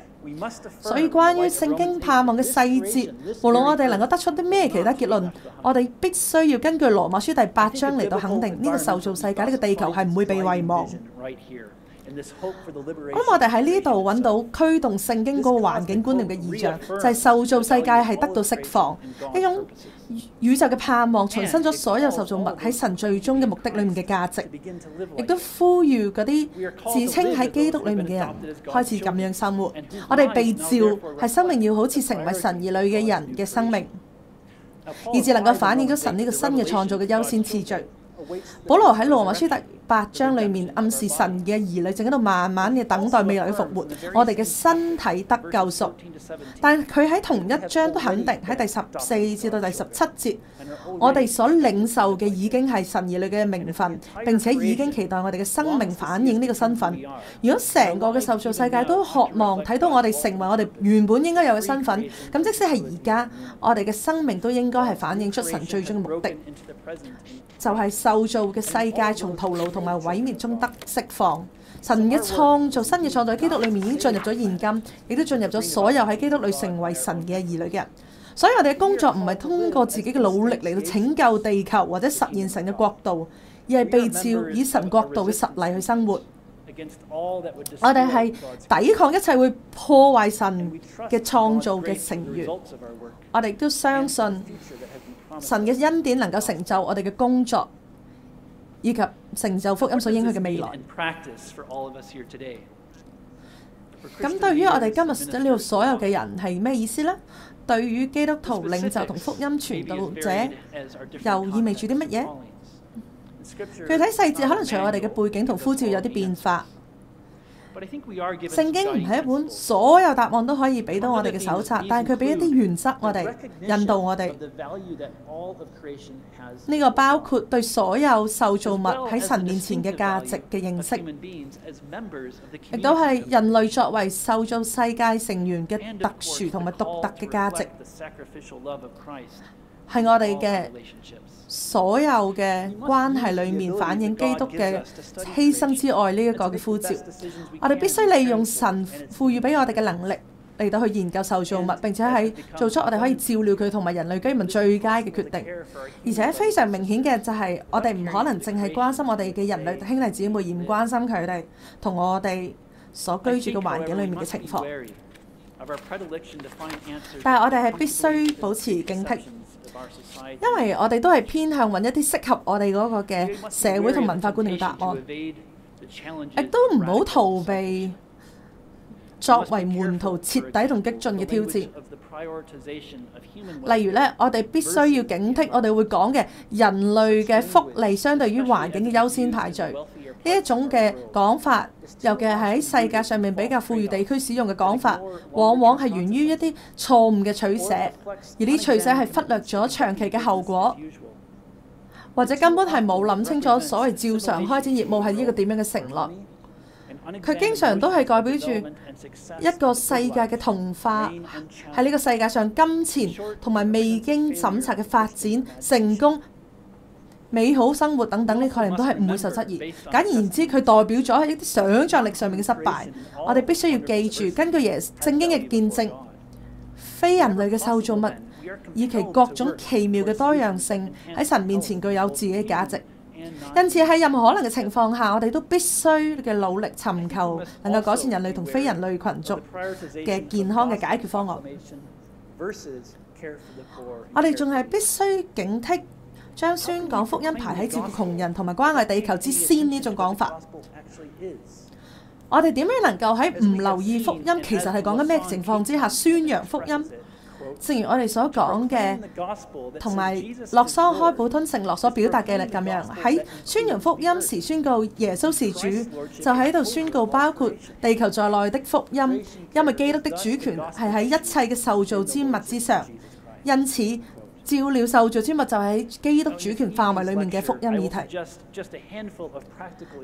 所以關於聖經盼望嘅細節，無論我哋能夠得出啲咩其他結論，我哋必須要根據《羅馬書》第八章嚟到肯定呢個受造世界呢個地球係唔會被遺忘。咁我哋喺呢度揾到驅動聖經嗰個環境觀念嘅異象，就係、是、受造世界係得到釋放，一種宇宙嘅盼望，重申咗所有受造物喺神最終嘅目的裏面嘅價值，亦都呼籲嗰啲自稱喺基督裏面嘅人開始咁樣生活。我哋被召係生命，要好似成為神兒女嘅人嘅生命，以致能夠反映咗神呢個新嘅創造嘅優先次序。保羅喺羅馬書第八章裏面暗示神嘅兒女正喺度慢慢嘅等待未來嘅復活， 我哋嘅身體得救贖，但佢喺同一章都肯定喺第十四至到第十七節，我哋所領受嘅已經係神兒女嘅名分，並且已經期待我哋嘅生命反映呢個身份。如果成個嘅受造世界都渴望睇到我哋成為我哋原本應該有嘅身份，咁即使係而家，我哋嘅生命都應該係反映出神最終嘅目的，就係、是、受造嘅世界從頭腦。同埋毀滅中得釋放，神嘅創造、新嘅創造喺基督裏面已經進入咗現今，亦都進入咗所有喺基督裏成為神嘅兒女嘅人。所以我哋嘅工作唔係通過自己嘅努力嚟到拯救地球或者實現神嘅國度，而係被召以神國度嘅實例去生活。我哋係抵抗一切會破壞神嘅創造嘅成員，我哋亦都相信神嘅恩典能夠成就我哋嘅工作。以及成就福音所應許嘅未來。咁對於我哋今日喺呢度所有嘅人係咩意思呢？對於基督徒領袖同福音傳道者，又意味住啲乜嘢？具體細節可能隨我哋嘅背景同呼召有啲變化。聖經唔係一本所有答案都可以俾到我哋嘅手冊，但係佢俾一啲原則我哋，引導我哋。呢個包括對所有受造物喺神面前嘅價值嘅認識，亦都係人類作為受造世界成員嘅特殊同埋獨特嘅價值，係我哋嘅。所有嘅關係裏面反映基督嘅犧牲之外呢一個嘅呼召，我哋必須利用神賦予俾我哋嘅能力嚟到去研究受造物，並且係做出我哋可以照料佢同埋人類居民最佳嘅決定。而且非常明顯嘅就係我哋唔可能淨係關心我哋嘅人類兄弟姊妹而唔關心佢哋同我哋所居住嘅環境裏面嘅情況，但係我哋係必須保持警惕。因為我哋都係偏向搵一啲適合我哋嗰個嘅社會同文化觀念嘅答案，亦都唔好逃避作為門徒徹底同激進嘅挑戰。例如呢，我哋必須要警惕我哋會講嘅人類嘅福利相對於環境嘅優先排序。呢一種嘅講法，尤其係喺世界上面比較富裕地區使用嘅講法，往往係源於一啲錯誤嘅取捨，而啲取捨係忽略咗長期嘅後果，或者根本係冇諗清楚所謂照常開展業務係呢個點樣嘅承諾。佢經常都係代表住一個世界嘅同化，喺呢個世界上金錢同埋未經審查嘅發展成功。美好生活等等呢個概念都係唔會受質疑。簡而言之，佢代表咗一啲想像力上面嘅失敗。我哋必須要記住，根據耶聖經嘅見證，非人類嘅受造物，以其各種奇妙嘅多樣性，喺神面前具有自己嘅價值。因此喺任何可能嘅情況下，我哋都必須嘅努力尋求能夠改善人類同非人類群族嘅健康嘅解決方案。我哋仲係必須警惕。將宣講福音排喺照顧窮人同埋關愛地球之先呢種講法，我哋點樣能夠喺唔留意福音其實係講緊咩情況之下宣揚福音？正如我哋所講嘅，同埋洛桑開普敦承諾所表達嘅力咁樣，喺宣揚福音時宣告耶穌是主，就喺度宣告包括地球在內的福音，因為基督的主權係喺一切嘅受造之物之上，因此。照料受造之物就喺基督主權範圍裏面嘅福音議題。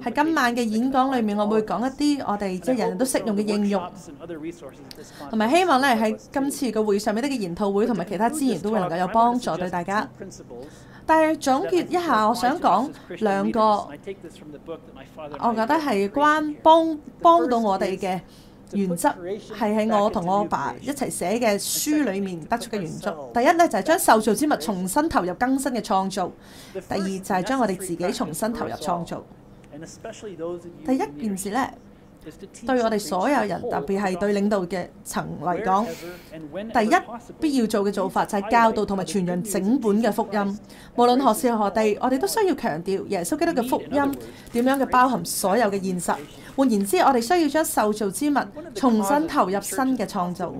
喺今晚嘅演講裏面，我會講一啲我哋即係人人都適用嘅應用，同埋希望咧喺今次嘅會上面呢啲嘅研討會同埋其他資源都會能夠有幫助對大家。但係總結一下，我想講兩個，我覺得係關幫幫到我哋嘅。原則係喺我同我阿爸一齊寫嘅書裏面得出嘅原則。第一咧就係將受造之物重新投入更新嘅創造；第二就係將我哋自己重新投入創造。第一件事咧，對我哋所有人，特別係對領導嘅層嚟講，第一必要做嘅做法就係教導同埋傳揚整本嘅福音。無論何時何地，我哋都需要強調耶穌基督嘅福音點樣嘅包含所有嘅現實。換言之，我哋需要將受造之物重新投入新嘅創造。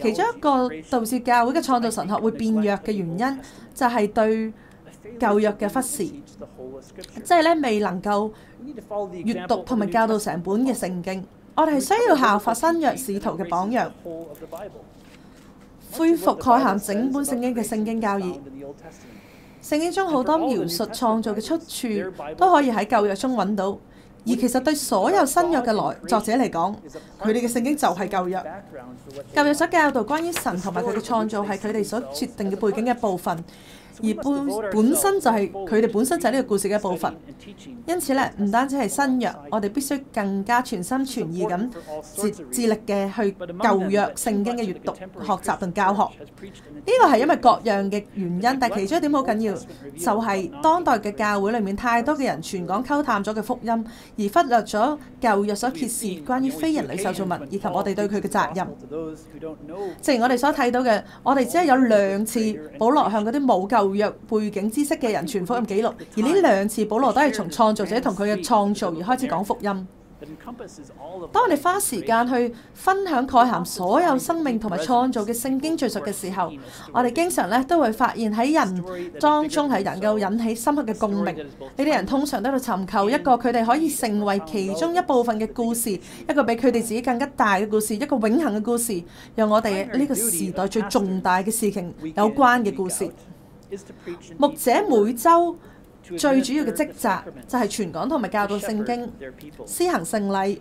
其中一個導致教會嘅創造神學會變弱嘅原因，就係對舊約嘅忽視，即係咧未能夠閱讀同埋教導成本嘅聖經。我哋係需要效法新約使徒嘅榜樣，恢復概含整本聖經嘅聖經教義。聖經中好多描述創造嘅出處都可以喺舊約中揾到。而其實對所有新約嘅來作者嚟講，佢哋嘅聖經就係舊約，舊約所教導關於神同埋佢嘅創造係佢哋所設定嘅背景嘅部分。而本本身就係佢哋本身就係呢個故事嘅部分，因此咧唔單止係新約，我哋必須更加全心全意咁自致力嘅去舊約聖經嘅閱讀、學習同教學。呢個係因為各樣嘅原因，但係其中一點好緊要，就係當代嘅教會裡面太多嘅人全講溝淡咗嘅福音，而忽略咗舊約所揭示關於非人類受造物以及我哋對佢嘅責任。正如我哋所睇到嘅，我哋只係有兩次保羅向嗰啲冇舊入背景知識嘅人，傳福音記錄。而呢兩次，保羅都係從創造者同佢嘅創造而開始講福音。當我哋花時間去分享蓋含所有生命同埋創造嘅聖經敘述嘅時候，我哋經常咧都會發現喺人當中係能夠引起深刻嘅共鳴。呢啲人通常都度尋求一個佢哋可以成為其中一部分嘅故事，一個比佢哋自己更加大嘅故事，一個永恆嘅故事，由我哋呢個時代最重大嘅事情有關嘅故事。牧者每周最主要嘅職責就係傳講同埋教導聖經、施行聖禮、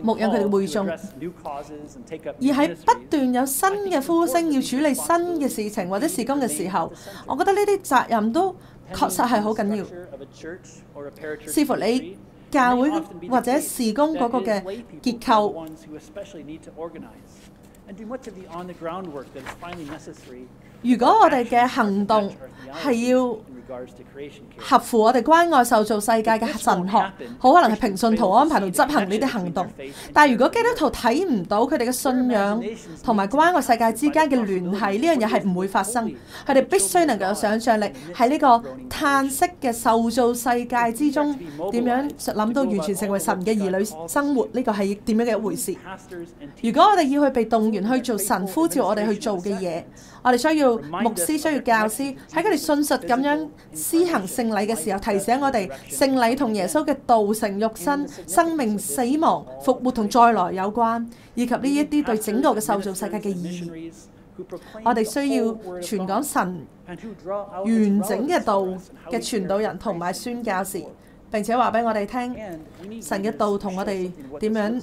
牧養佢哋會眾。而喺不斷有新嘅呼聲要處理新嘅事情或者事工嘅時候，我覺得呢啲責任都確實係好緊要。視乎你教會或者事工嗰個嘅結構。如果我哋嘅行動係要合乎我哋關愛受造世界嘅神學，好可能係平信徒安排同執行呢啲行動。但係如果基督徒睇唔到佢哋嘅信仰同埋關愛世界之間嘅聯繫，呢樣嘢係唔會發生。佢哋必須能夠有想像力，喺呢個嘆息嘅受造世界之中，點樣諗到完全成為神嘅兒女生活呢個係點樣嘅一回事？如果我哋要去被動員去做神呼召我哋去做嘅嘢。我哋需要牧師，需要教師喺佢哋信實咁樣施行聖禮嘅時候，提醒我哋聖禮同耶穌嘅道成肉身、生命、死亡、復活同再來有關，以及呢一啲對整個嘅受造世界嘅意義。我哋需要傳講神完整嘅道嘅傳道人同埋宣教士，並且話俾我哋聽神嘅道同我哋點樣。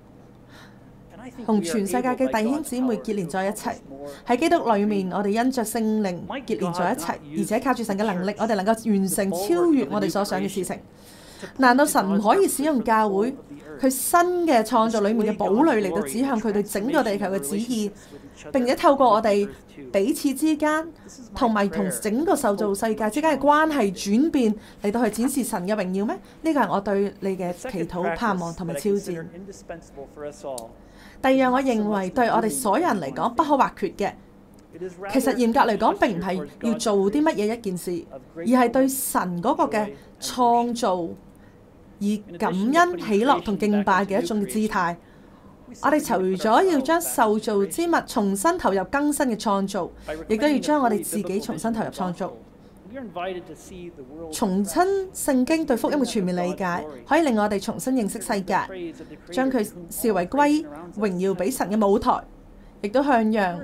同全世界嘅弟兄姊妹結連在一齊，喺基督裏面，我哋因着聖靈結連在一齊，而且靠住神嘅能力，我哋能夠完成超越我哋所想嘅事情。難道神唔可以使用教會佢新嘅創造裏面嘅堡壘嚟到指向佢對整個地球嘅旨意，並且透過我哋彼此之間同埋同整個受造世界之間嘅關係轉變嚟到去展示神嘅榮耀咩？呢個係我對你嘅祈禱、盼望同埋挑戰。第二樣我認為對我哋所有人嚟講不可或缺嘅，其實嚴格嚟講並唔係要做啲乜嘢一件事，而係對神嗰個嘅創造以感恩喜樂同敬拜嘅一種嘅姿態。我哋除咗要將受造之物重新投入更新嘅創造，亦都要將我哋自己重新投入創造。重親聖經對福音嘅全面理解，可以令我哋重新認識世界，將佢視為歸榮耀畀神嘅舞台，亦都向陽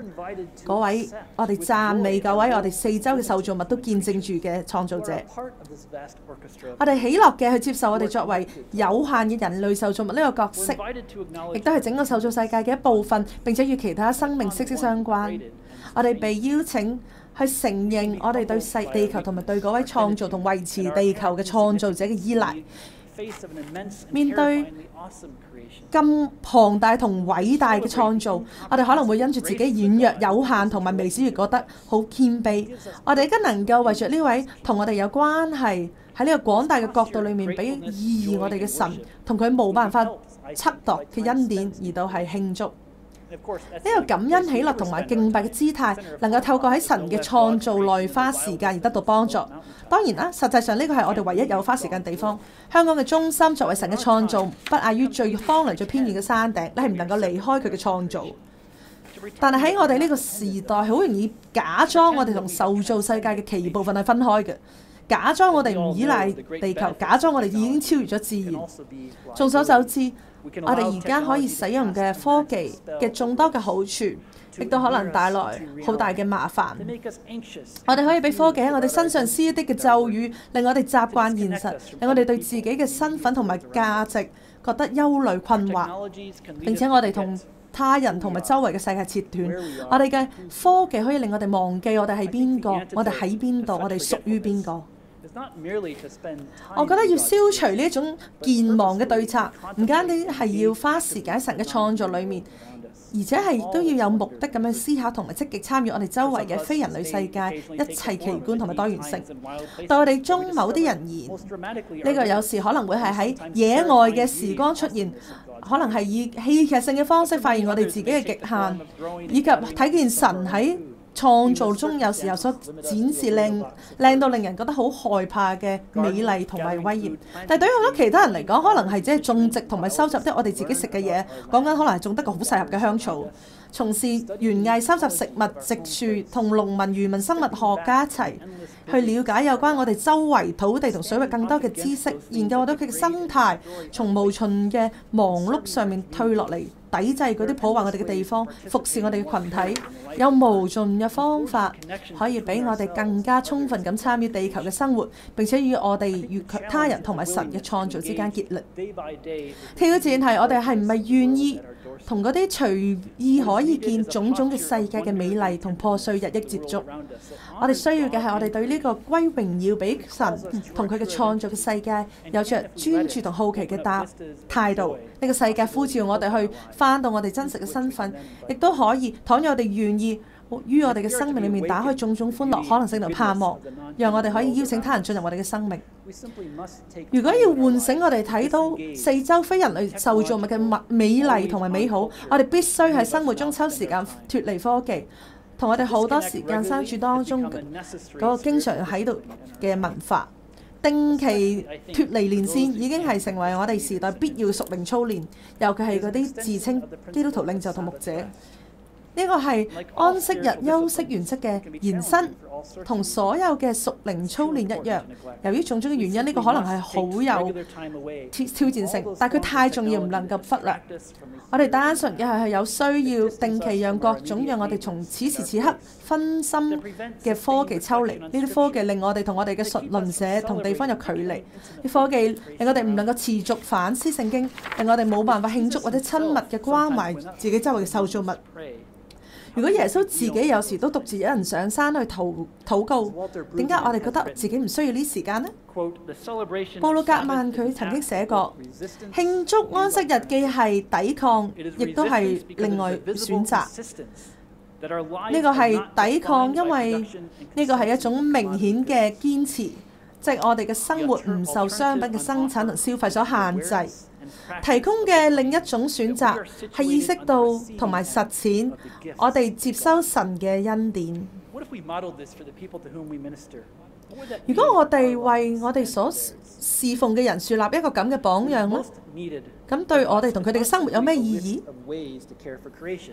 嗰位我哋讚美、嗰位我哋四周嘅受造物都見證住嘅創造者。我哋喜樂嘅去接受我哋作為有限嘅人類受造物呢個角色，亦都係整個受造世界嘅一部分，並且與其他生命息息相關。我哋被邀請。去承認我哋對世地球同埋對嗰位創造同維持地球嘅創造者嘅依賴，面對咁龐大同偉大嘅創造，我哋可能會因住自己軟弱、有限同埋微小而覺得好謙卑。我哋而家能夠為著呢位同我哋有關係，喺呢個廣大嘅角度裏面俾意義我哋嘅神，同佢冇辦法測度嘅恩典，而到係慶祝。呢個感恩喜樂同埋敬拜嘅姿態，能夠透過喺神嘅創造內花時間而得到幫助。當然啦，實際上呢個係我哋唯一有花時間嘅地方。香港嘅中心作為神嘅創造，不亞於最荒涼、最偏遠嘅山頂，你係唔能夠離開佢嘅創造。但係喺我哋呢個時代，好容易假裝我哋同受造世界嘅其餘部分係分開嘅，假裝我哋唔依賴地球，假裝我哋已經超越咗自然。眾所周知。我哋而家可以使用嘅科技嘅眾多嘅好處，亦都可能帶來好大嘅麻煩。我哋可以俾科技喺我哋身上施一啲嘅咒語，令我哋習慣現實，令我哋對自己嘅身份同埋價值覺得憂慮困惑，並且我哋同他人同埋周圍嘅世界切斷。我哋嘅科技可以令我哋忘記我哋係邊個，我哋喺邊度，我哋屬於邊個。我覺得要消除呢種健忘嘅對策，唔單止係要花時間喺神嘅創作裏面，而且係都要有目的咁樣思考同埋積極參與我哋周圍嘅非人類世界一切奇觀同埋多元性。對我哋中某啲人而言，呢、這個有時可能會係喺野外嘅時光出現，可能係以戲劇性嘅方式發現我哋自己嘅極限，以及睇見神喺創造中，有時候所展示靚靚到令人覺得好害怕嘅美麗同埋威嚴，但對於好多其他人嚟講，可能係即係種植同埋收集啲我哋自己食嘅嘢。講緊可能係種得個好細粒嘅香草，從事園藝、收集食物、植樹同農民、漁民、生物學家一齊。去了解有關我哋周圍土地同水域更多嘅知識，研究我哋屋企嘅生態，從無盡嘅忙碌上面退落嚟，抵制嗰啲破壞我哋嘅地方，服侍我哋嘅群體，有無盡嘅方法可以俾我哋更加充分咁參與地球嘅生活，並且與我哋與他人同埋神嘅創造之間結力？挑戰係我哋係唔係願意？同嗰啲隨意可以見種種嘅世界嘅美麗同破碎日益接觸，我哋需要嘅係我哋對呢個歸榮耀俾神同佢嘅創造嘅世界有着專注同好奇嘅答態度。呢個世界呼召我哋去返到我哋真實嘅身份，亦都可以。倘若我哋願意。於我哋嘅生命裏面，打開種種歡樂可能性同盼望，讓我哋可以邀請他人進入我哋嘅生命。如果要喚醒我哋睇到四周非人類受造物嘅物美麗同埋美好，我哋必須喺生活中抽時間脫離科技，同我哋好多時間相處當中嗰個經常喺度嘅文化，定期脫離連線已經係成為我哋時代必要屬靈操練，尤其係嗰啲自稱基督徒領袖同牧者。呢個係安息日休息原則嘅延伸，同所有嘅屬靈操練一樣。由於種種嘅原因，呢、這個可能係好有挑挑戰性，但係佢太重要，唔能夠忽略。我哋單純嘅係係有需要定期讓各種讓我哋從此時此刻分心嘅科技抽離。呢啲科技令我哋同我哋嘅熟鄰舍同地方有距離。啲科技令我哋唔能夠持續反思聖經，令我哋冇辦法慶祝或者親密嘅關懷自己周圍嘅受造物。如果耶穌自己有時都獨自一人上山去禱禱告，點解我哋覺得自己唔需要呢時間呢？布魯格曼佢曾經寫過：慶祝安息日既係抵抗，亦都係另外選擇。呢個係抵抗，因為呢個係一種明顯嘅堅持，即係我哋嘅生活唔受商品嘅生產同消費所限制。提供嘅另一種選擇係意識到同埋實踐我哋接收神嘅恩典。如果我哋為我哋所侍奉嘅人樹立一個咁嘅榜樣咧，咁對我哋同佢哋嘅生活有咩意義？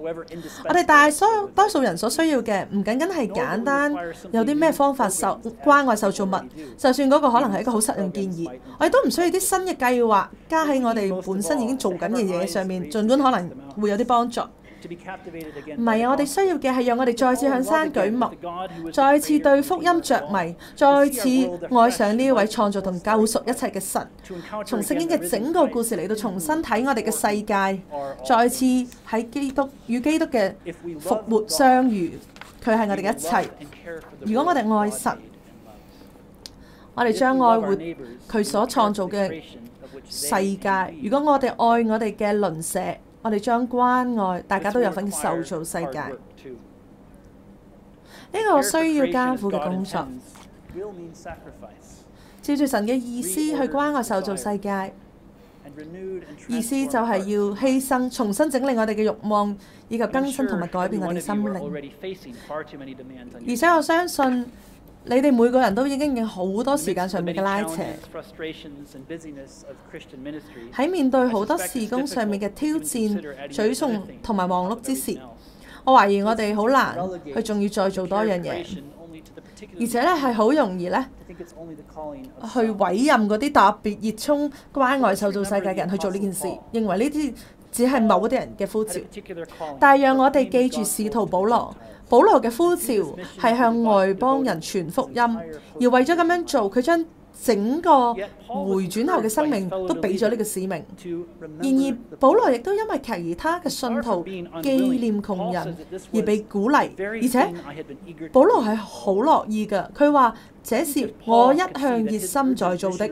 我哋大多數人所需要嘅唔僅僅係簡單有啲咩方法受關愛、受造物，就算嗰個可能係一個好實用建議，我哋都唔需要啲新嘅計劃加喺我哋本身已經做緊嘅嘢上面，盡管可能會有啲幫助。唔係啊，我哋需要嘅係讓我哋再次向山舉目，再次對福音着迷，再次愛上呢位創造同救贖一切嘅神。從聖經嘅整個故事嚟到重新睇我哋嘅世界，再次喺基督與基督嘅復活相遇。佢係我哋一切。如果我哋愛神，我哋將愛活佢所創造嘅世界。如果我哋愛我哋嘅鄰舍。我哋將關愛大家都有份受造世界。呢個需要艱苦嘅工作，照住神嘅意思去關愛受造世界。意思就係要犧牲、重新整理我哋嘅慾望，以及更新同埋改變我哋嘅心靈。而且我相信。你哋每個人都已經有好多時間上面嘅拉扯，喺面對好多事工上面嘅挑戰、沮喪同埋忙碌之時，我懷疑我哋好難，去仲要再做多樣嘢，而且咧係好容易咧，去委任嗰啲特別熱衷關愛受造世界嘅人去做呢件事，認為呢啲只係某啲人嘅呼召，uh, calling, 但讓讓我哋記住使徒保羅。保羅嘅呼召係向外邦人傳福音，而為咗咁樣做，佢將整個回轉後嘅生命都俾咗呢個使命。然而，而，保羅亦都因為其他嘅信徒紀念窮人而被鼓勵，而且保羅係好樂意㗎。佢話：這是我一向熱心在做的。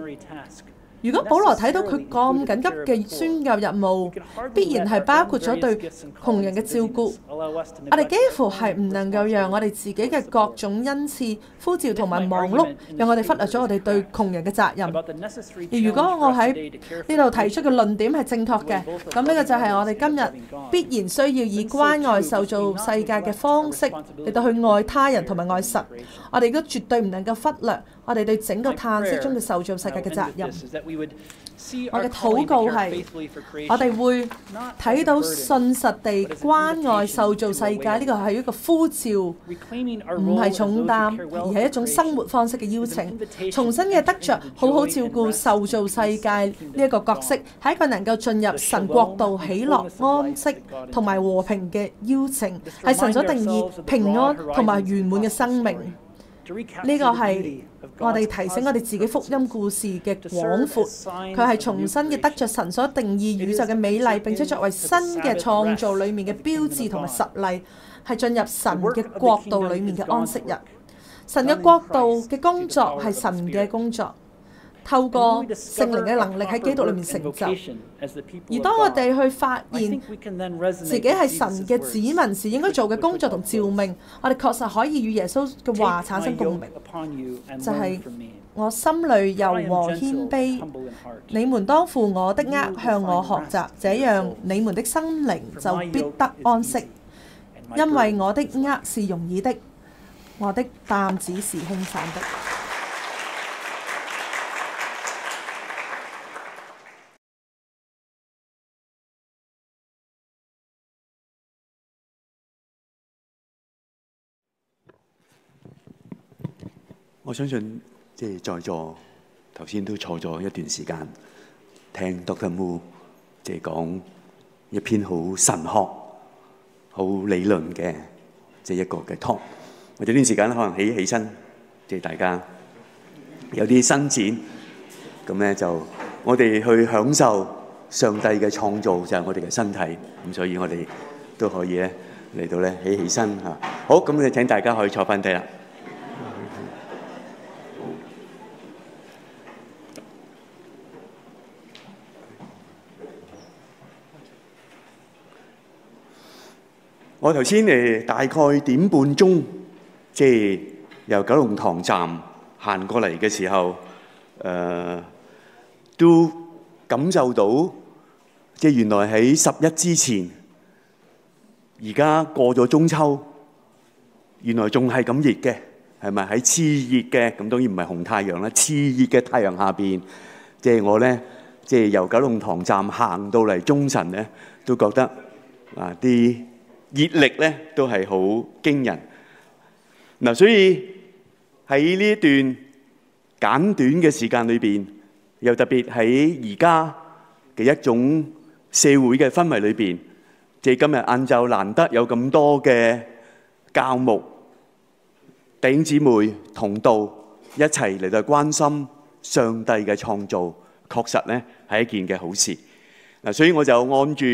如果保羅睇到佢咁緊急嘅宣教任務，必然係包括咗對窮人嘅照顧。我哋幾乎係唔能夠讓我哋自己嘅各種恩賜、呼召同埋忙碌，讓我哋忽略咗我哋對窮人嘅責任。而如果我喺呢度提出嘅論點係正確嘅，咁呢個就係我哋今日必然需要以關愛受造世界嘅方式嚟到去愛他人同埋愛神。我哋都絕對唔能夠忽略。我哋對整個歎息中嘅受造世界嘅責任，我嘅禱告係：我哋會睇到信實地關愛受造世界呢個係一個呼召，唔係重擔，而係一種生活方式嘅邀請。重新嘅得着，好好照顧受造世界呢一個角色，係一個能夠進入神國度喜樂、安息同埋和平嘅邀請，係神所定義平安同埋圓滿嘅生命。呢個係我哋提醒我哋自己福音故事嘅廣闊，佢係重新嘅得着神所定義宇宙嘅美麗，並且作為新嘅創造裏面嘅標誌同埋實例，係進入神嘅國度裏面嘅安息日。神嘅國度嘅工作係神嘅工作。透過聖靈嘅能力喺基督裏面成就。而當我哋去發現自己係神嘅子民時，應該做嘅工作同召命，我哋確實可以與耶穌嘅話產生共鳴。就係我心裏柔和謙卑，你們當負我的軛，向我學習，這樣你們的心靈就必得安息，因為我的軛是容易的，我的擔子是輕省的。我相信即係在座頭先都坐咗一段時間，聽 Doctor Moo 即係講一篇好神學、好理論嘅即係一個嘅 talk。或者呢段時間可能起起身，即係大家有啲伸展。咁咧就我哋去享受上帝嘅創造就係我哋嘅身體。咁所以我哋都可以咧嚟到咧起起身嚇。好，咁就請大家可以坐翻低啦。我頭先誒大概點半鐘，即係由九龍塘站行過嚟嘅時候，誒都感受到即係原來喺十一之前，而家過咗中秋，原來仲係咁熱嘅，係咪喺熾熱嘅咁？當然唔係紅太陽啦，熾熱嘅太陽下邊，即係我咧，即係由九龍塘站行到嚟中神咧，都覺得啊啲。熱力咧都係好驚人嗱，所以喺呢一段簡短嘅時間裏邊，又特別喺而家嘅一種社會嘅氛圍裏邊，即係今日晏晝難得有咁多嘅教牧弟兄姊妹同道一齊嚟到關心上帝嘅創造，確實咧係一件嘅好事嗱，所以我就按住。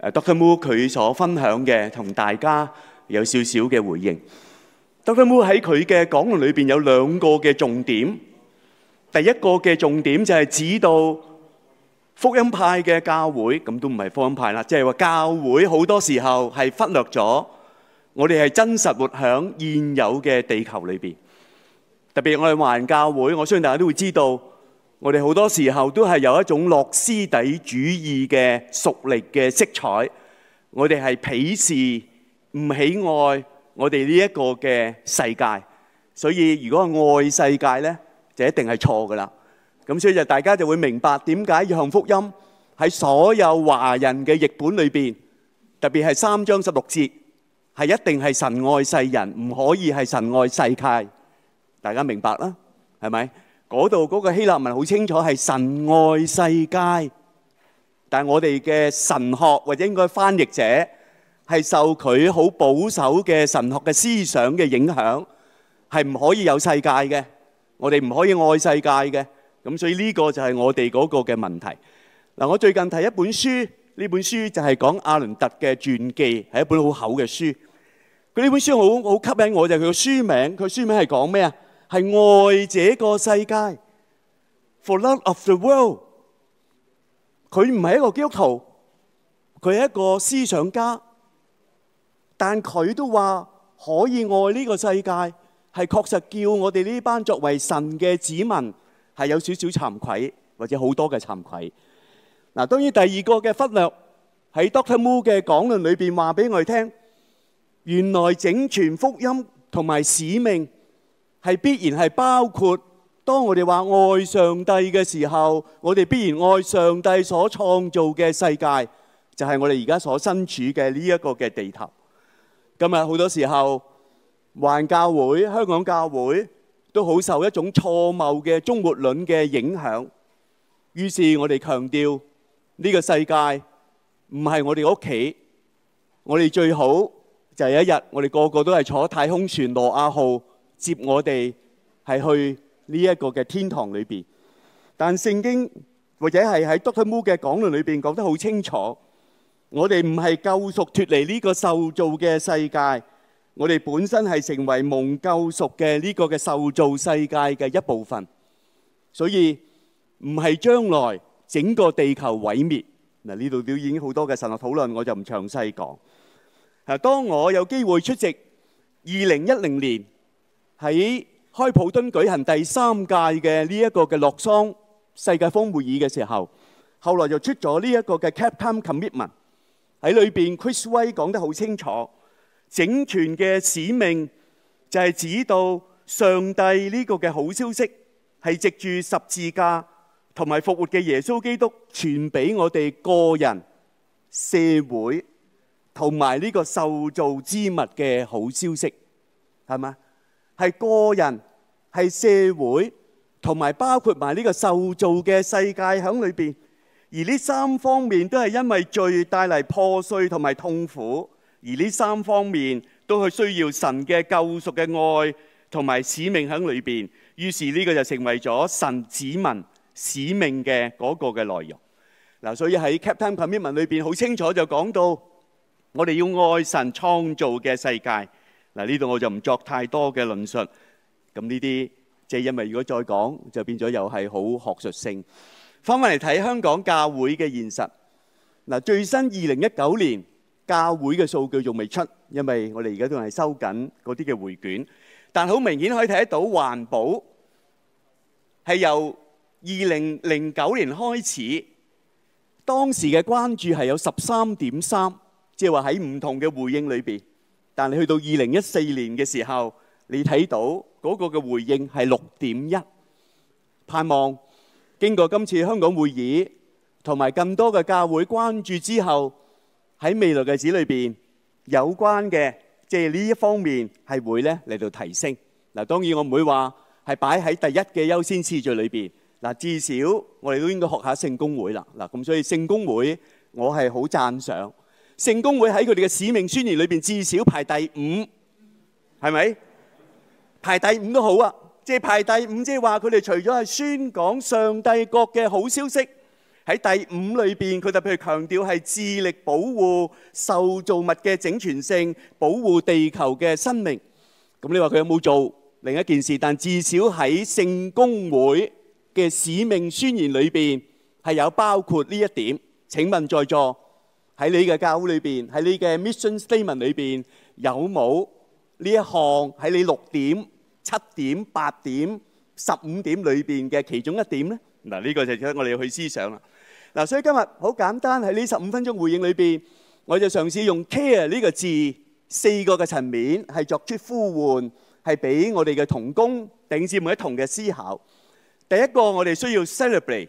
誒，Doctor Moo 佢所分享嘅同大家有少少嘅回應。Doctor Moo 喺佢嘅講論裏邊有兩個嘅重點。第一個嘅重點就係指到福音派嘅教會，咁都唔係福音派啦，即係話教會好多時候係忽略咗我哋係真實活喺現有嘅地球裏邊。特別我哋華人教會，我相信大家都會知道。我哋好多時候都係有一種諾斯底主義嘅熟力嘅色彩，我哋係鄙視、唔喜愛我哋呢一個嘅世界，所以如果係愛世界呢，就一定係錯㗎喇。咁所以就大家就會明白點解《約翰福音》喺所有華人嘅譯本裏邊，特別係三章十六節，係一定係神愛世人，唔可以係神愛世界。大家明白啦，係咪？嗰度嗰個希臘文好清楚，係神愛世界。但係我哋嘅神學或者應該翻譯者係受佢好保守嘅神學嘅思想嘅影響，係唔可以有世界嘅，我哋唔可以愛世界嘅。咁所以呢個就係我哋嗰個嘅問題。嗱，我最近睇一本書，呢本書就係講阿倫特嘅傳記，係一本好厚嘅書。佢呢本書好好吸引我，就係佢嘅書名。佢書名係講咩啊？係愛這個世界，For Love of the World。佢唔係一個基督徒，佢係一個思想家，但佢都話可以愛呢個世界，係確實叫我哋呢班作為神嘅子民，係有少少慚愧，或者好多嘅慚愧。嗱，當然第二個嘅忽略，喺 Doctor Moo 嘅講論裏邊話俾我哋聽，原來整全福音同埋使命。係必然係包括，當我哋話愛上帝嘅時候，我哋必然愛上帝所創造嘅世界，就係、是、我哋而家所身處嘅呢一個嘅地頭。今日，好多時候，環教會、香港教會都好受一種錯謬嘅終末論嘅影響，於是我哋強調呢個世界唔係我哋屋企，我哋最好就係一日，我哋個個都係坐太空船挪亞號。接我哋係去呢一個嘅天堂裏邊，但聖經或者係喺 Doctor Moo 嘅講論裏邊講得好清楚，我哋唔係救贖脫離呢個受造嘅世界，我哋本身係成為蒙救贖嘅呢個嘅受造世界嘅一部分，所以唔係將來整個地球毀滅嗱。呢度都已經好多嘅神學討論，我就唔詳細講。嗱，當我有機會出席二零一零年，喺開普敦舉行第三屆嘅呢一個嘅洛桑世界峰會議嘅時候，後來就出咗呢一個嘅 Cape Town Commitment 喺裏面 Chris 威講得好清楚，整全嘅使命就係指到上帝呢個嘅好消息係藉住十字架同埋復活嘅耶穌基督傳俾我哋個人、社會同埋呢個受造之物嘅好消息是，係嘛？係個人、係社會，同埋包括埋呢個受造嘅世界喺裏邊。而呢三方面都係因為罪帶嚟破碎同埋痛苦，而呢三方面都係需要神嘅救贖嘅愛同埋使命喺裏邊。於是呢個就成為咗神子民使命嘅嗰個嘅內容。嗱，所以喺 Cape Town Commitment 裏邊好清楚就講到，我哋要愛神創造嘅世界。嗱，呢度我就唔作太多嘅論述。咁呢啲即係因為如果再講，就變咗又係好學術性。翻返嚟睇香港教會嘅現實。嗱，最新二零一九年教會嘅數據仲未出，因為我哋而家都係收緊嗰啲嘅回卷。但係好明顯可以睇得到，環保係由二零零九年開始，當時嘅關注係有十三點三，即係話喺唔同嘅回應裏邊。但係你去到二零一四年嘅時候，你睇到嗰個嘅回應係六點一。盼望經過今次香港會議同埋更多嘅教會關注之後，喺未來嘅紙裏邊有關嘅即係呢一方面係會咧嚟到提升。嗱，當然我唔會話係擺喺第一嘅優先次序裏邊。嗱，至少我哋都應該學下聖公會啦。嗱，咁所以聖公會我係好讚賞。聖公會喺佢哋嘅使命宣言裏面至少排第五，係咪？排第五都好啊，即係排第五，即係話佢哋除咗係宣講上帝國嘅好消息，喺第五裏面，佢特別強調係致力保護受造物嘅整全性，保護地球嘅生命。咁你話佢有冇做另一件事？但至少喺聖公會嘅使命宣言裏面，係有包括呢一點。請問在座？喺你嘅教會裏邊，喺你嘅 mission statement 裏邊，有冇呢一項喺你六點、七點、八點、十五點裏邊嘅其中一點咧？嗱，呢個就係我哋要去思想啦。嗱，所以今日好簡單喺呢十五分鐘回應裏邊，我就嘗試用 care 呢個字四個嘅層面係作出呼喚，係俾我哋嘅同工頂住每一位同嘅思考。第一個我哋需要 celebrate。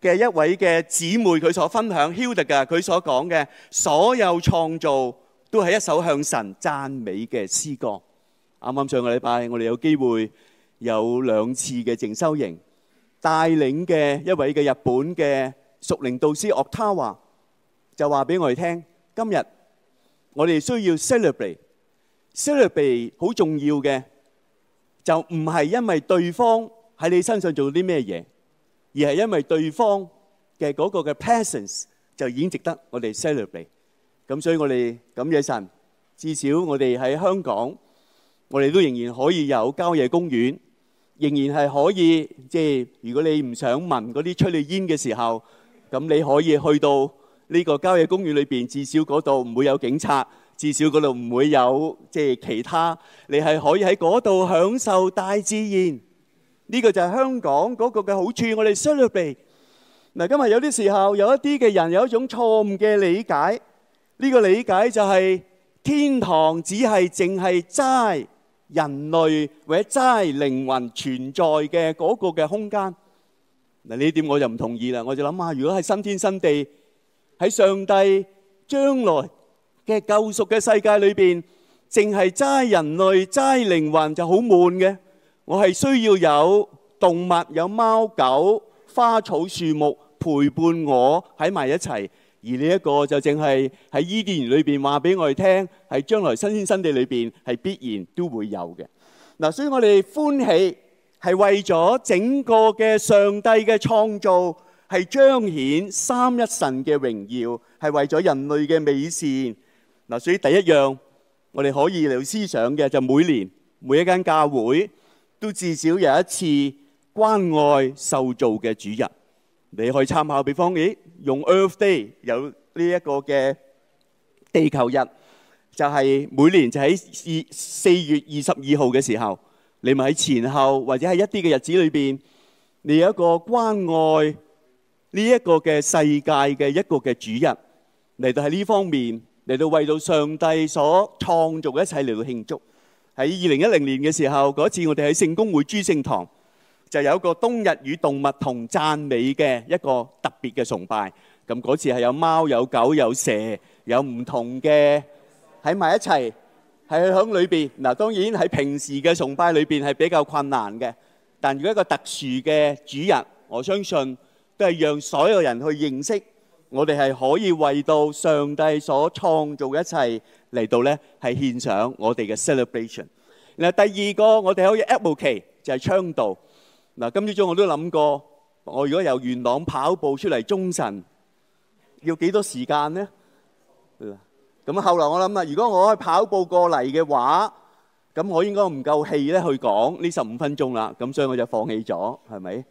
嘅一位嘅姊妹，佢所分享，Hildegard，佢所講嘅所有創造都係一首向神讚美嘅詩歌。啱啱上個禮拜，我哋有機會有兩次嘅靜修營，帶領嘅一位嘅日本嘅屬靈導師，Otawa，就話俾我哋聽，今日我哋需要 celebrate，celebrate 好重要嘅，就唔係因為對方喺你身上做啲咩嘢。而係因為對方嘅嗰個嘅 presence 就已經值得我哋 celebrate，咁所以我哋感謝神，至少我哋喺香港，我哋都仍然可以有郊野公園，仍然係可以即係如果你唔想聞嗰啲催淚煙嘅時候，咁你可以去到呢個郊野公園裏邊，至少嗰度唔會有警察，至少嗰度唔會有即係其他，你係可以喺嗰度享受大自然。呢個就係香港嗰個嘅好處，我哋 celebrate 嗱。今日有啲時候，有一啲嘅人有一種錯誤嘅理解，呢個理解就係天堂只係淨係齋人類或者齋靈魂存在嘅嗰個嘅空間。嗱，呢點我就唔同意啦。我就諗下，如果係新天新地喺上帝將來嘅救贖嘅世界裏邊，淨係齋人類、齋靈魂就好悶嘅。我係需要有動物，有貓狗、花草樹木陪伴我喺埋一齊，而呢一個就正係喺伊甸園裏邊話俾我哋聽，係將來新天新地裏邊係必然都會有嘅。嗱，所以我哋歡喜係為咗整個嘅上帝嘅創造係彰顯三一神嘅榮耀，係為咗人類嘅美善。嗱，所以第一樣我哋可以嚟到思想嘅就每年每一間教會，都至少有一次關愛受造嘅主日，你可以參考。比方，咦，用 Earth Day 有呢一個嘅地球日，就係每年就喺二四月二十二號嘅時候，你咪喺前後或者係一啲嘅日子裏邊，你有一個關愛呢一個嘅世界嘅一個嘅主日嚟到喺呢方面嚟到為到上帝所創造嘅一切嚟到慶祝。喺二零一零年嘅時候，嗰一次我哋喺聖公會諸聖堂就有一個冬日與動物同讚美嘅一個特別嘅崇拜。咁嗰次係有貓有狗有蛇有唔同嘅喺埋一齊，係喺裏邊嗱。當然喺平時嘅崇拜裏邊係比較困難嘅，但係如果一個特殊嘅主日，我相信都係讓所有人去認識。我哋係可以為到上帝所創造嘅一切嚟到咧，係獻上我哋嘅 celebration。嗱，第二個我哋可以 advocate 就係倡導。嗱，今朝早我都諗過，我如果由元朗跑步出嚟，中神要幾多時間咧？咁後來我諗啦，如果我可以跑步過嚟嘅話，咁我應該唔夠氣咧去講呢十五分鐘啦。咁所以我就放棄咗，係咪？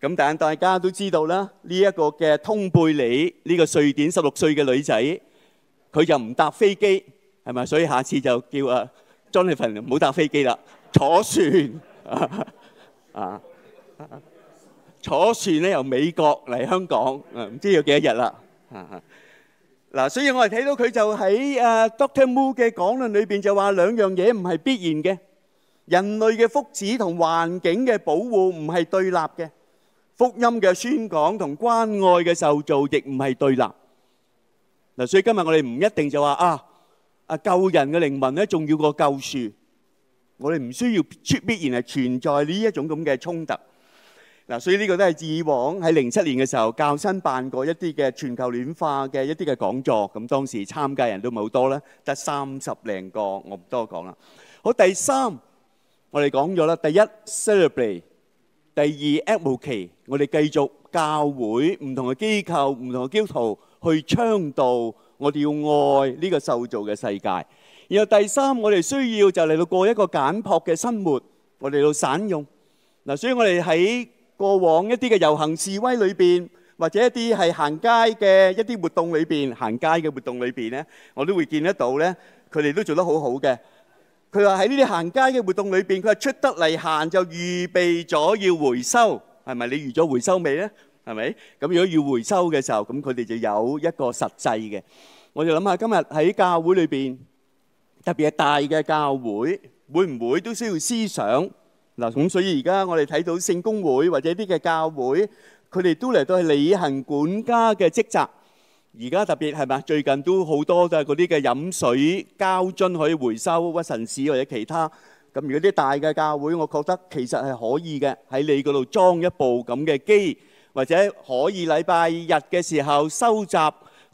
咁但係大家都知道啦，呢一個嘅通貝里呢個瑞典十六歲嘅女仔，佢就唔搭飛機係咪？所以下次就叫啊，Jonathan 唔好搭飛機啦，坐船啊，坐船咧由美國嚟香港啊，唔知要幾多日啦嗱。所以我哋睇到佢就喺啊 Doctor Moo 嘅講論裏邊就話兩樣嘢唔係必然嘅，人類嘅福祉同環境嘅保護唔係對立嘅。福音嘅宣講同關愛嘅受造亦唔係對立嗱，所以今日我哋唔一定就話啊啊救人嘅靈魂咧，重要過救樹。我哋唔需要出必然係存在呢一種咁嘅衝突嗱。所以呢個都係以往喺零七年嘅時候，教新辦過一啲嘅全球暖化嘅一啲嘅講座。咁當時參加人都冇好多啦，得三十零個，我唔多講啦。好，第三我哋講咗啦，第一 celebrate，第二 advocate。我哋繼續教會唔同嘅機構、唔同嘅基督徒去倡導我哋要愛呢個受造嘅世界。然後第三，我哋需要就嚟到過一個簡樸嘅生活，我哋要省用嗱。所以我哋喺過往一啲嘅遊行示威裏邊，或者一啲係行街嘅一啲活動裏邊，行街嘅活動裏邊咧，我都會見得到咧。佢哋都做得好好嘅。佢話喺呢啲行街嘅活動裏邊，佢話出得嚟行就預備咗要回收。係咪你預咗回收未咧？係咪？咁如果要回收嘅時候，咁佢哋就有一個實際嘅。我哋諗下，今日喺教會裏邊，特別係大嘅教會，會唔會都需要思想嗱？咁所以而家我哋睇到聖公會或者啲嘅教會，佢哋都嚟到去履行管家嘅職責。而家特別係咪啊？最近都好多嘅嗰啲嘅飲水膠樽可以回收啊，神紙或者其他。咁如果啲大嘅教會，我覺得其實係可以嘅，喺你嗰度裝一部咁嘅機，或者可以禮拜日嘅時候收集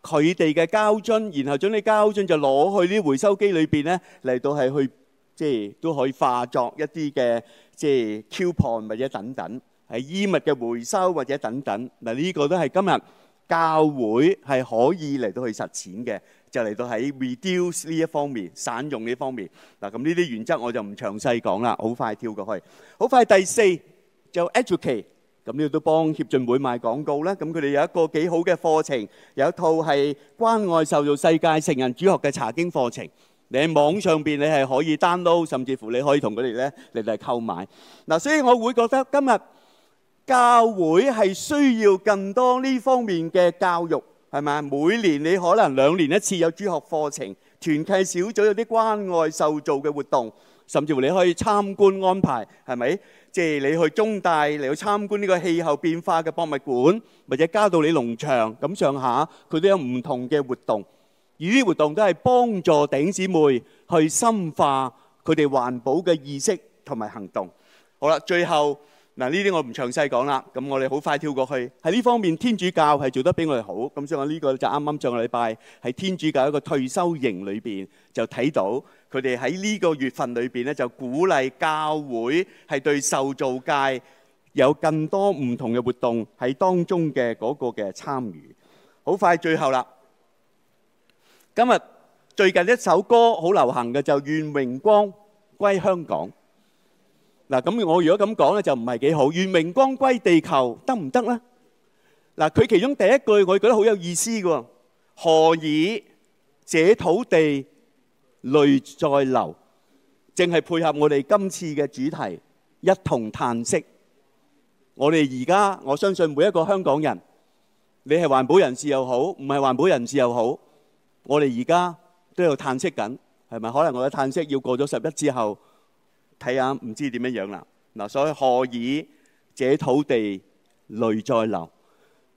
佢哋嘅膠樽，然後將啲膠樽就攞去啲回收機裏邊咧，嚟到係去即係都可以化作一啲嘅即係 coupon 或者等等，係衣物嘅回收或者等等。嗱呢個都係今日教會係可以嚟到去實踐嘅。就嚟到喺 reduce 呢一方面，省用呢方面，嗱咁呢啲原則我就唔詳細講啦，好快跳過去。好快第四就 educate，咁呢度都幫協進會賣廣告啦。咁佢哋有一個幾好嘅課程，有一套係關愛受造世界成人主學嘅查經課程，你喺網上邊你係可以 download，甚至乎你可以同佢哋咧嚟到購買。嗱，所以我會覺得今日教會係需要更多呢方面嘅教育。係咪啊？每年你可能兩年一次有主學課程，團契小組有啲關愛受造嘅活動，甚至乎你可以參觀安排，係咪？即係你去中大嚟到參觀呢個氣候變化嘅博物館，或者嘉道理農場咁上下，佢都有唔同嘅活動。而呢啲活動都係幫助頂姊妹去深化佢哋環保嘅意識同埋行動。好啦，最後。嗱，呢啲我唔詳細講啦。咁我哋好快跳過去。喺呢方面，天主教係做得比我哋好。咁所以我呢個就啱啱上個禮拜喺天主教一個退休營裏邊就睇到佢哋喺呢個月份裏邊咧就鼓勵教會係對受造界有更多唔同嘅活動喺當中嘅嗰個嘅參與。好快最後啦，今日最近一首歌好流行嘅就《願榮光歸香港》。嗱咁，我如果咁講咧，就唔係幾好。願明光歸地球，得唔得咧？嗱，佢其中第一句，我覺得好有意思嘅。何以這土地淚再流？正係配合我哋今次嘅主題，一同嘆息。我哋而家，我相信每一個香港人，你係環保人士又好，唔係環保人士又好，我哋而家都喺度嘆息緊，係咪？可能我嘅嘆息要過咗十一之後。睇下唔知點樣樣啦。嗱，所以何以這土地淚再流？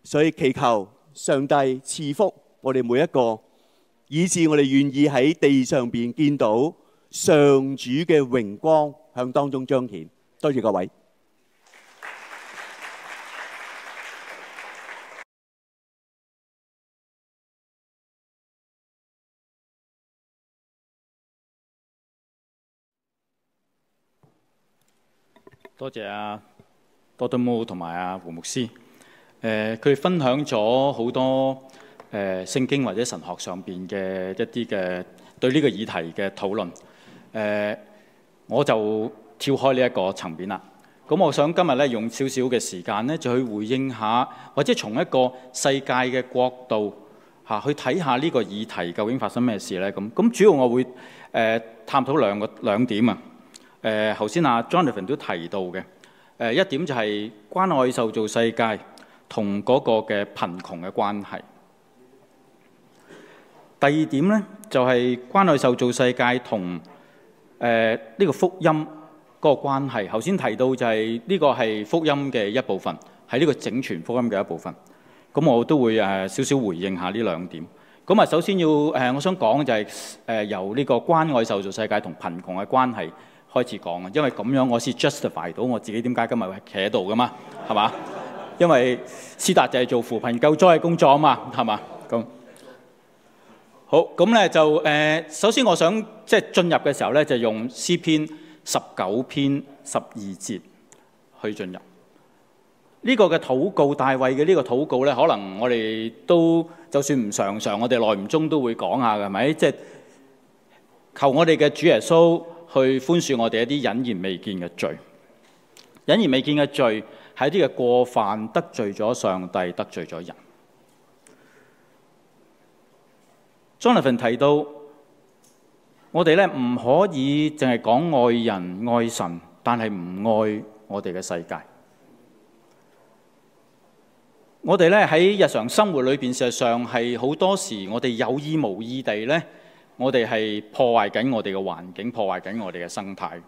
所以祈求上帝賜福我哋每一個，以致我哋願意喺地上邊見到上主嘅榮光向當中彰顯。多謝各位。多謝啊，多德姆同埋阿胡牧師，誒、呃、佢分享咗好多誒聖、呃、經或者神學上邊嘅一啲嘅對呢個議題嘅討論，誒、呃、我就跳開呢一個層面啦。咁我想今日咧用少少嘅時間咧，就去回應下，或者從一個世界嘅角度嚇、啊、去睇下呢個議題究竟發生咩事咧？咁咁主要我會誒、呃、探討兩個兩點啊。誒，頭先阿 Jonathan 都提到嘅誒，一點就係關愛受造世界同嗰個嘅貧窮嘅關係。第二點呢就係關愛受造世界同誒呢個福音嗰個關係。頭先提到就係呢個係福音嘅一部分，係呢個整全福音嘅一部分。咁我都會誒少少回應下呢兩點。咁啊，首先要誒，我想講就係誒由呢個關愛受造世界同貧窮嘅關係。開始講啊，因為咁樣我先 justify 到我自己點解今日會企喺度噶嘛，係嘛？ 因為施達就係做扶貧救災嘅工作啊嘛，係嘛？咁好咁咧就誒、呃，首先我想即係、就是、進入嘅時候咧，就用詩篇十九篇十二節去進入呢、這個嘅禱告。大衛嘅呢個禱告咧，可能我哋都就算唔常常，我哋耐唔中都會講下嘅，係咪？即、就、係、是、求我哋嘅主耶穌。去寬恕我哋一啲隱然未見嘅罪，隱然未見嘅罪係一啲嘅過犯，得罪咗上帝，得罪咗人。Jonathan 提到，我哋咧唔可以淨係講愛人、愛神，但係唔愛我哋嘅世界。我哋咧喺日常生活裏邊，事實上係好多時，我哋有意無意地咧。我哋係破壞緊我哋嘅環境，破壞緊我哋嘅生態。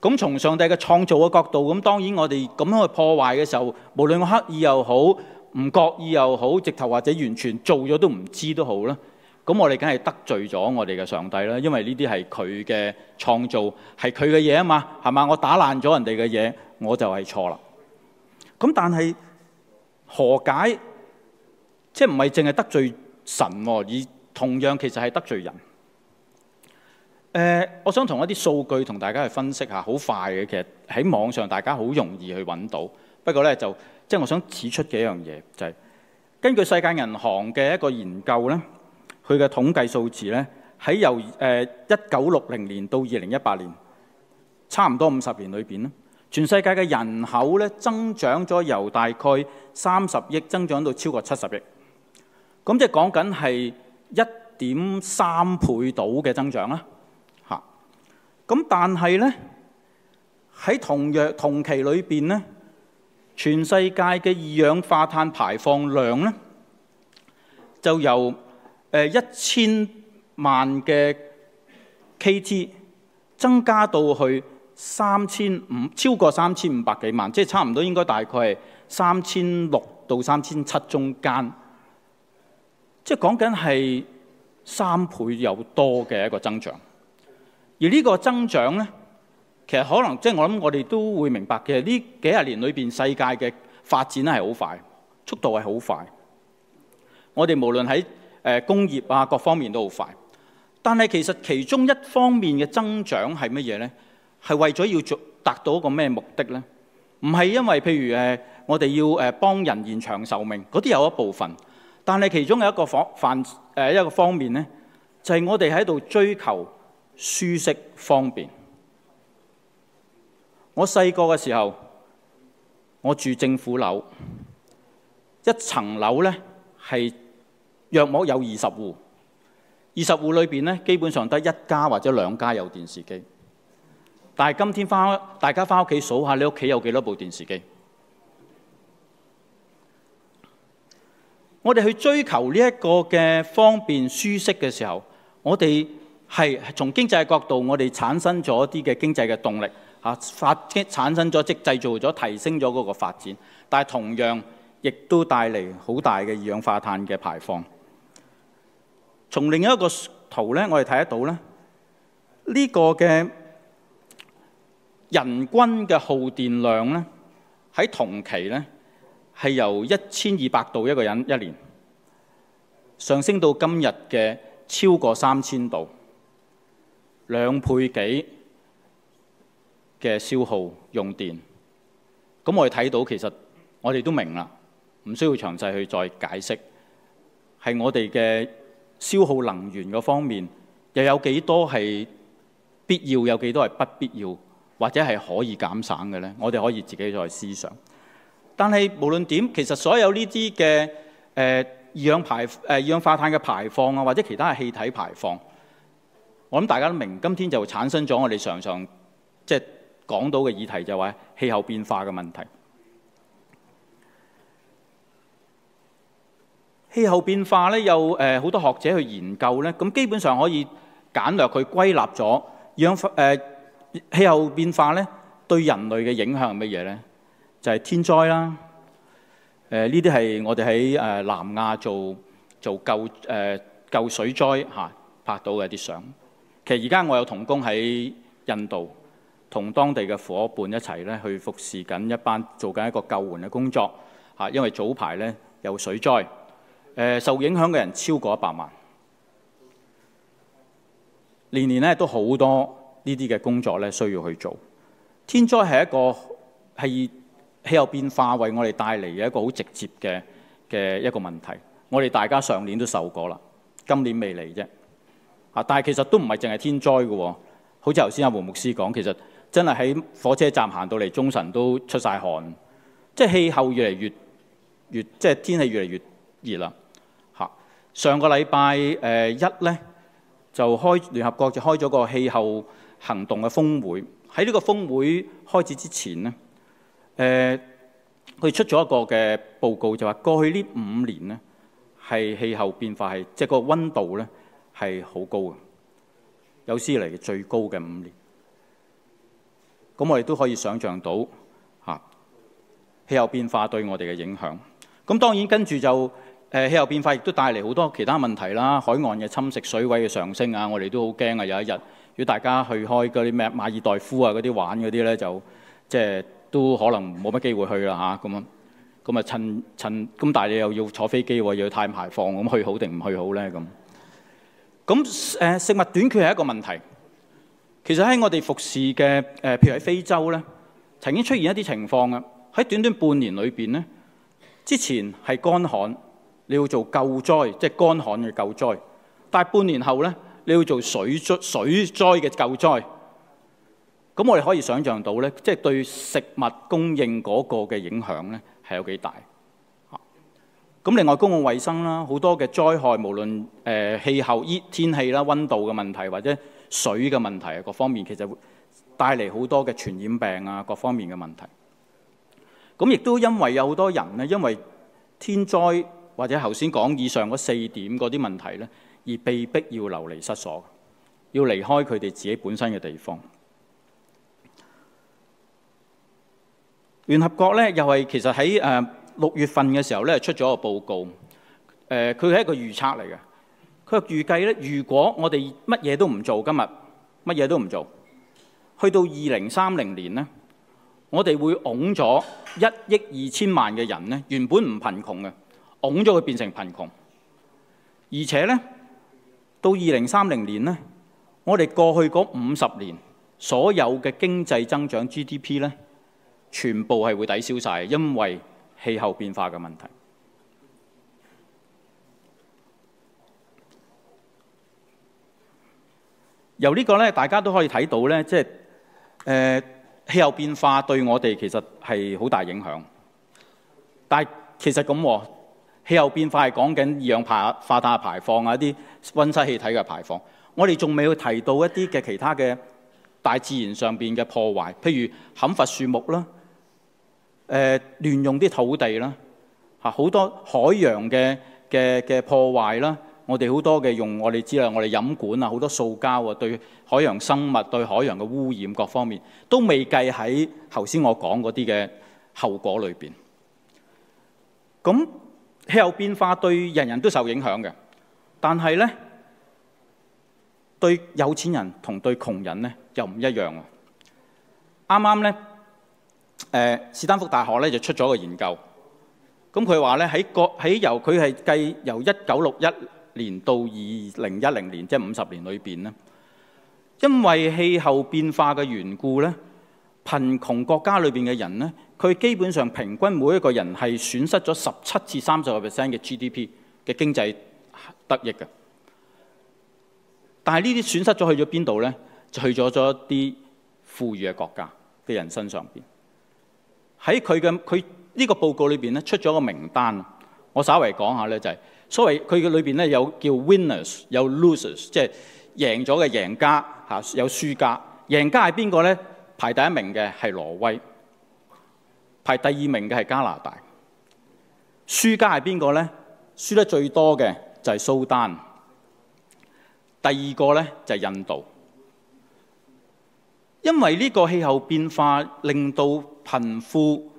咁從上帝嘅創造嘅角度，咁當然我哋咁樣去破壞嘅時候，無論我刻意又好，唔覺意又好，直頭或者完全做咗都唔知都好啦。咁我哋梗係得罪咗我哋嘅上帝啦，因為呢啲係佢嘅創造，係佢嘅嘢啊嘛，係嘛？我打爛咗人哋嘅嘢，我就係錯啦。咁但係何解？即係唔係淨係得罪神喎、啊？同樣其實係得罪人。誒、呃，我想同一啲數據同大家去分析一下，好快嘅。其實喺網上，大家好容易去揾到。不過呢，就即係我想指出幾樣嘢，就係、係、根據世界銀行嘅一個研究呢，佢嘅統計數字呢，喺由誒一九六零年到二零一八年，差唔多五十年裏邊呢，全世界嘅人口呢，增長咗由大概三十億增長到超過七十億。咁即係講緊係。一點三倍度嘅增長啦，嚇！咁但係咧，喺同樣同期裏邊咧，全世界嘅二氧化碳排放量咧，就由誒一千萬嘅 kt 增加到去三千五，超過三千五百幾萬，即係差唔多應該大概係三千六到三千七中間。即係講緊係三倍有多嘅一個增長，而呢個增長咧，其實可能即係、就是、我諗，我哋都會明白嘅。呢幾十年裏邊，世界嘅發展係好快，速度係好快。我哋無論喺誒工業啊各方面都好快，但係其實其中一方面嘅增長係乜嘢咧？係為咗要做達到一個咩目的咧？唔係因為譬如誒我哋要誒幫人延長壽命，嗰啲有一部分。但係其中有一,一個方面呢，就係、是、我哋喺度追求舒適方便。我細個嘅時候，我住政府樓，一層樓呢係約莫有二十戶，二十戶裏面呢，基本上得一家或者兩家有電視機。但係今天大家返屋企數下，你屋企有幾多部電視機？我哋去追求呢一個嘅方便舒適嘅時候，我哋係從經濟嘅角度，我哋產生咗一啲嘅經濟嘅動力，嚇發、產生咗即製造咗提升咗嗰個發展，但係同樣亦都帶嚟好大嘅二氧化碳嘅排放。從另一個圖咧，我哋睇得到咧，呢個嘅人均嘅耗電量咧喺同期咧。係由一千二百度一個人一年上升到今日嘅超過三千度，兩倍幾嘅消耗用電。咁我哋睇到其實我哋都明啦，唔需要詳細去再解釋。係我哋嘅消耗能源嘅方面，又有幾多係必要，有幾多係不必要，或者係可以減省嘅呢？我哋可以自己再思想。但係無論點，其實所有呢啲嘅誒二氧排誒二氧化碳嘅排放啊，或者其他嘅氣體排放，我諗大家都明。今天就產生咗我哋常常即係講到嘅議題，就係氣候變化嘅問題。氣候變化咧，有誒好、呃、多學者去研究咧，咁基本上可以簡略去歸納咗氧化誒、呃、氣候變化咧對人類嘅影響係乜嘢咧？就係天災啦。誒、呃，呢啲係我哋喺誒南亞做做救誒、呃、救水災嚇、啊、拍到嘅一啲相。其實而家我有同工喺印度同當地嘅伙伴一齊咧去服侍緊一班做緊一個救援嘅工作嚇、啊，因為早排咧有水災誒、呃，受影響嘅人超過一百萬。年年咧都好多呢啲嘅工作咧需要去做。天災係一個係。是氣候變化為我哋帶嚟嘅一個好直接嘅嘅一個問題，我哋大家上年都受過啦，今年未嚟啫。但係其實都唔係淨係天災嘅，好似頭先阿胡牧師講，其實真係喺火車站行到嚟中神都出晒汗，即係氣候越嚟越越即係天氣越嚟越熱啦。嚇，上個禮拜誒一呢，就開聯合國就開咗個氣候行動嘅峰會，喺呢個峰會開始之前呢，誒，佢、呃、出咗一個嘅報告，就話過去呢五年咧係氣候變化係，即、就、係、是、個溫度咧係好高嘅，有史以嚟最高嘅五年。咁我哋都可以想象到嚇氣、啊、候變化對我哋嘅影響。咁當然跟住就誒氣、呃、候變化亦都帶嚟好多其他問題啦，海岸嘅侵蝕、水位嘅上升啊，我哋都好驚啊！有一日如果大家去開嗰啲咩馬爾代夫啊嗰啲玩嗰啲咧，就即係。都可能冇乜機會去啦嚇，咁啊，咁啊趁趁，咁但係你又要坐飛機又要碳排放，咁去好定唔去好咧？咁，咁誒食物短缺係一個問題。其實喺我哋服侍嘅誒，譬如喺非洲咧，曾經出現一啲情況嘅。喺短短半年裏邊咧，之前係乾旱，你要做救災，即係乾旱嘅救災。但係半年後咧，你要做水災水災嘅救災。咁我哋可以想像到呢即係對食物供應嗰個嘅影響呢係有幾大。咁另外，公共衛生啦，好多嘅災害，無論誒、呃、氣候、熱天氣啦、溫度嘅問題，或者水嘅問題啊，各方面其實會帶嚟好多嘅傳染病啊，各方面嘅問題。咁亦都因為有好多人呢，因為天災或者頭先講以上嗰四點嗰啲問題呢，而被逼要流離失所，要離開佢哋自己本身嘅地方。聯合國咧，又係其實喺誒六月份嘅時候咧，出咗個報告。誒、呃，佢係一個預測嚟嘅。佢預計咧，如果我哋乜嘢都唔做，今日乜嘢都唔做，去到二零三零年咧，我哋會拱咗一億二千萬嘅人咧，原本唔貧窮嘅，拱咗佢變成貧窮。而且咧，到二零三零年咧，我哋過去嗰五十年所有嘅經濟增長 GDP 咧。全部係會抵消晒，因為氣候變化嘅問題。由呢個咧，大家都可以睇到咧，即係誒氣候變化對我哋其實係好大影響。但係其實咁，氣候變化係講緊二氧化碳排放啊，一啲溫室氣體嘅排放。我哋仲未去提到一啲嘅其他嘅大自然上面嘅破壞，譬如砍伐樹木啦。誒亂、呃、用啲土地啦，嚇好多海洋嘅嘅嘅破壞啦，我哋好多嘅用我哋知啦，我哋飲管啊，好多塑膠啊，對海洋生物、對海洋嘅污染各方面都未計喺頭先我講嗰啲嘅後果裏邊。咁氣候變化對人人都受影響嘅，但係咧對有錢人同對窮人咧又唔一樣喎。啱啱咧。誒，斯丹福大學咧就出咗個研究，咁佢話咧喺國喺由佢係計由一九六一年到二零一零年，即係五十年裏邊咧，因為氣候變化嘅緣故咧，貧窮國家裏邊嘅人咧，佢基本上平均每一個人係損失咗十七至三十個 percent 嘅 GDP 嘅經濟得益嘅。但係呢啲損失咗去咗邊度咧？就去咗咗一啲富裕嘅國家嘅人身上邊。喺佢嘅佢呢個報告裏邊咧，出咗個名單。我稍為講下咧，就係所謂佢嘅裏邊咧，有叫 winners，有 losers，即係贏咗嘅贏家嚇，有輸家。贏家係邊個咧？排第一名嘅係挪威，排第二名嘅係加拿大。輸家係邊個咧？輸得最多嘅就係蘇丹，第二個咧就係印度。因為呢個氣候變化令到貧富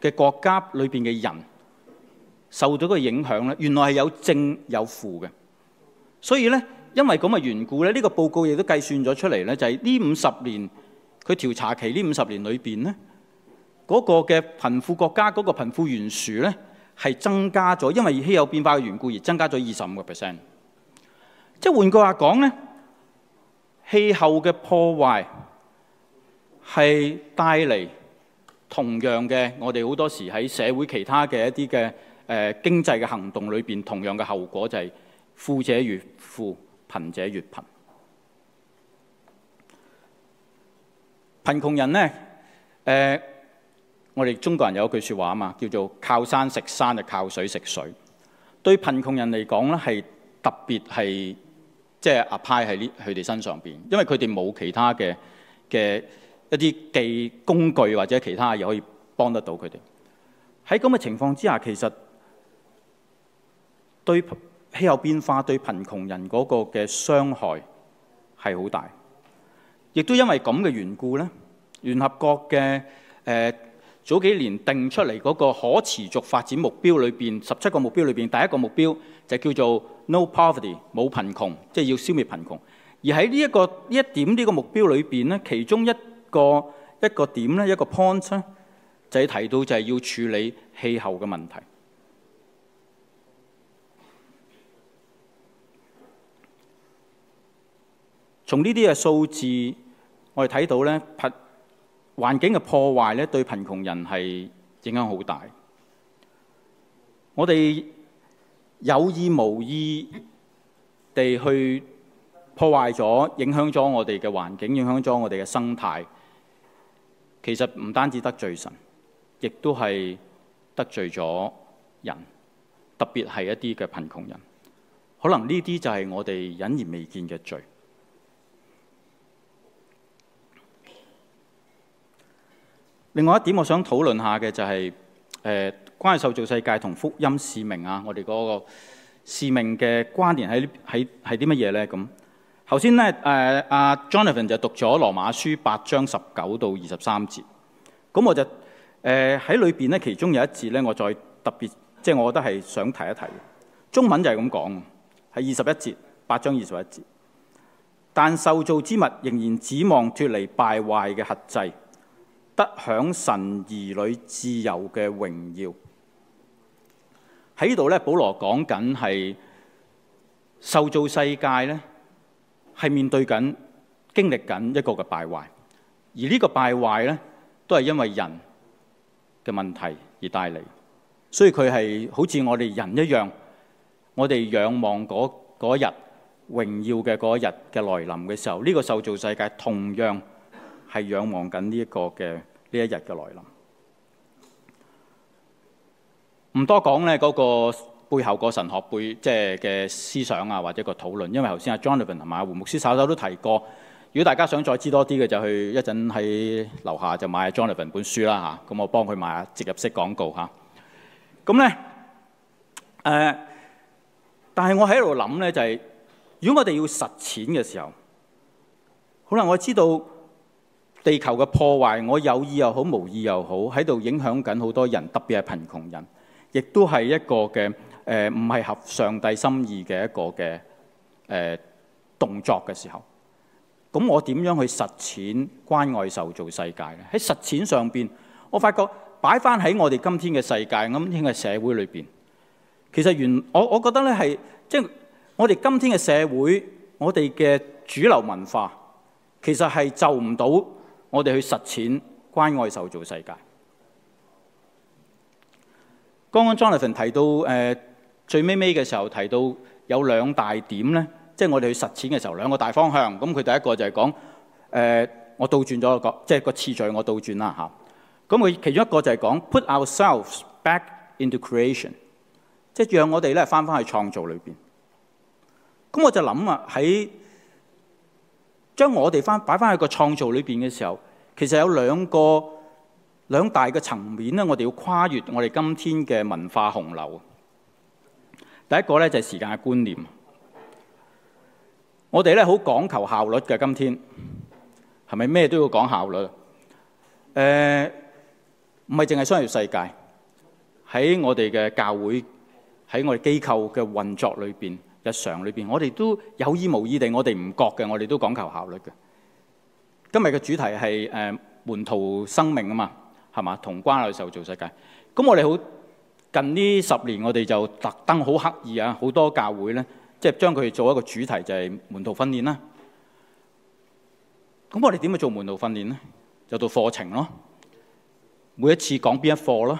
嘅國家裏邊嘅人受到個影響咧，原來係有正有負嘅，所以咧，因為咁嘅緣故咧，呢個報告亦都計算咗出嚟咧，就係呢五十年佢調查期呢五十年裏邊咧，嗰個嘅貧富國家嗰個貧富懸殊咧係增加咗，因為氣候變化嘅緣故而增加咗二十五個 percent。即係換句話講咧，氣候嘅破壞。係帶嚟同樣嘅，我哋好多時喺社會其他嘅一啲嘅誒經濟嘅行動裏邊，同樣嘅後果就係富者越富，貧者越貧。貧窮人咧，誒、呃，我哋中國人有一句説話啊嘛，叫做靠山食山，就靠水食水。對貧窮人嚟講咧，係特別係即係 apply 喺呢佢哋身上邊，因為佢哋冇其他嘅嘅的一啲技工具或者其他嘢可以幫得到佢哋，喺咁嘅情況之下，其實對氣候變化對貧窮人嗰個嘅傷害係好大，亦都因為咁嘅緣故咧，聯合國嘅誒、呃、早幾年定出嚟嗰個可持續發展目標裏邊十七個目標裏邊第一個目標就叫做 No Poverty 冇貧窮，即、就、係、是、要消滅貧窮。而喺呢一個呢一點呢個目標裏邊咧，其中一一個一個點咧，一個 point 咧，就係提到就係要處理氣候嘅問題。從呢啲嘅數字，我哋睇到呢環境嘅破壞咧，對貧窮人係影響好大。我哋有意無意地去破壞咗、影響咗我哋嘅環境，影響咗我哋嘅生態。其實唔單止得罪神，亦都係得罪咗人，特別係一啲嘅貧窮人。可能呢啲就係我哋隱而未見嘅罪。另外一點，我想討論下嘅就係呃，關愛受造世界同福音使命啊，我哋嗰個使命嘅關聯喺喺係啲乜嘢呢？頭先咧，誒阿、uh, uh, Jonathan 就讀咗羅馬書八章十九到二十三節，咁我就誒喺裏面咧，其中有一節咧，我再特別，即、就是、我覺得係想提一提。中文就係咁講，係二十一節，八章二十一節，但受造之物仍然指望脫離敗壞嘅轄制，得享神兒女自由嘅榮耀。喺呢度咧，保羅講緊係受造世界咧。係面對緊、經歷緊一個嘅敗壞，而呢個敗壞呢，都係因為人嘅問題而帶嚟，所以佢係好似我哋人一樣，我哋仰望嗰日榮耀嘅嗰日嘅來臨嘅時候，呢個受造世界同樣係仰望緊呢一個嘅呢一日嘅來臨。唔多講呢嗰個。背後個神學背即係嘅思想啊，或者個討論。因為頭先阿 Jonathan 同埋阿胡牧師稍稍都提過，如果大家想再知多啲嘅，就去一陣喺樓下就買阿 Jonathan 本書啦吓。咁我幫佢買下植入式廣告吓。咁咧誒，但係我喺度諗咧，就係、是、如果我哋要實踐嘅時候，可能我知道地球嘅破壞，我有意又好，無意又好，喺度影響緊好多人，特別係貧窮人，亦都係一個嘅。誒唔係合上帝心意嘅一個嘅誒、呃、動作嘅時候，咁我點樣去實踐關愛受造世界咧？喺實踐上邊，我發覺擺翻喺我哋今天嘅世界，今天嘅社會裏邊，其實原我，我覺得咧係，即係我哋今天嘅社會，我哋嘅主流文化其實係就唔到我哋去實踐關愛受造世界。剛剛 Jonathan 提到誒、呃最尾尾嘅時候提到有兩大點咧，即係我哋去實踐嘅時候兩個大方向。咁佢第一個就係講誒，我倒轉咗個，即係個次序我倒轉啦嚇。咁佢其中一個就係講 put ourselves back into creation，即係讓我哋咧翻返去創造裏邊。咁我就諗啊，喺將我哋翻擺翻去個創造裏邊嘅時候，其實有兩個兩大嘅層面咧，我哋要跨越我哋今天嘅文化洪流。第一個咧就係時間嘅觀念，我哋咧好講求效率嘅。今天係咪咩都要講效率？誒、呃，唔係淨係商業世界，喺我哋嘅教會，喺我哋機構嘅運作裏邊、日常裏邊，我哋都有意無意地，我哋唔覺嘅，我哋都講求效率嘅。今日嘅主題係誒、呃、門徒生命啊嘛，係嘛？同關愛受造世界，咁我哋好。近呢十年，我哋就特登好刻意啊，好多教會咧，即係將佢做一個主題，就係門徒訓練啦。咁我哋點去做門徒訓練咧？就做課程咯，每一次講邊一課咯，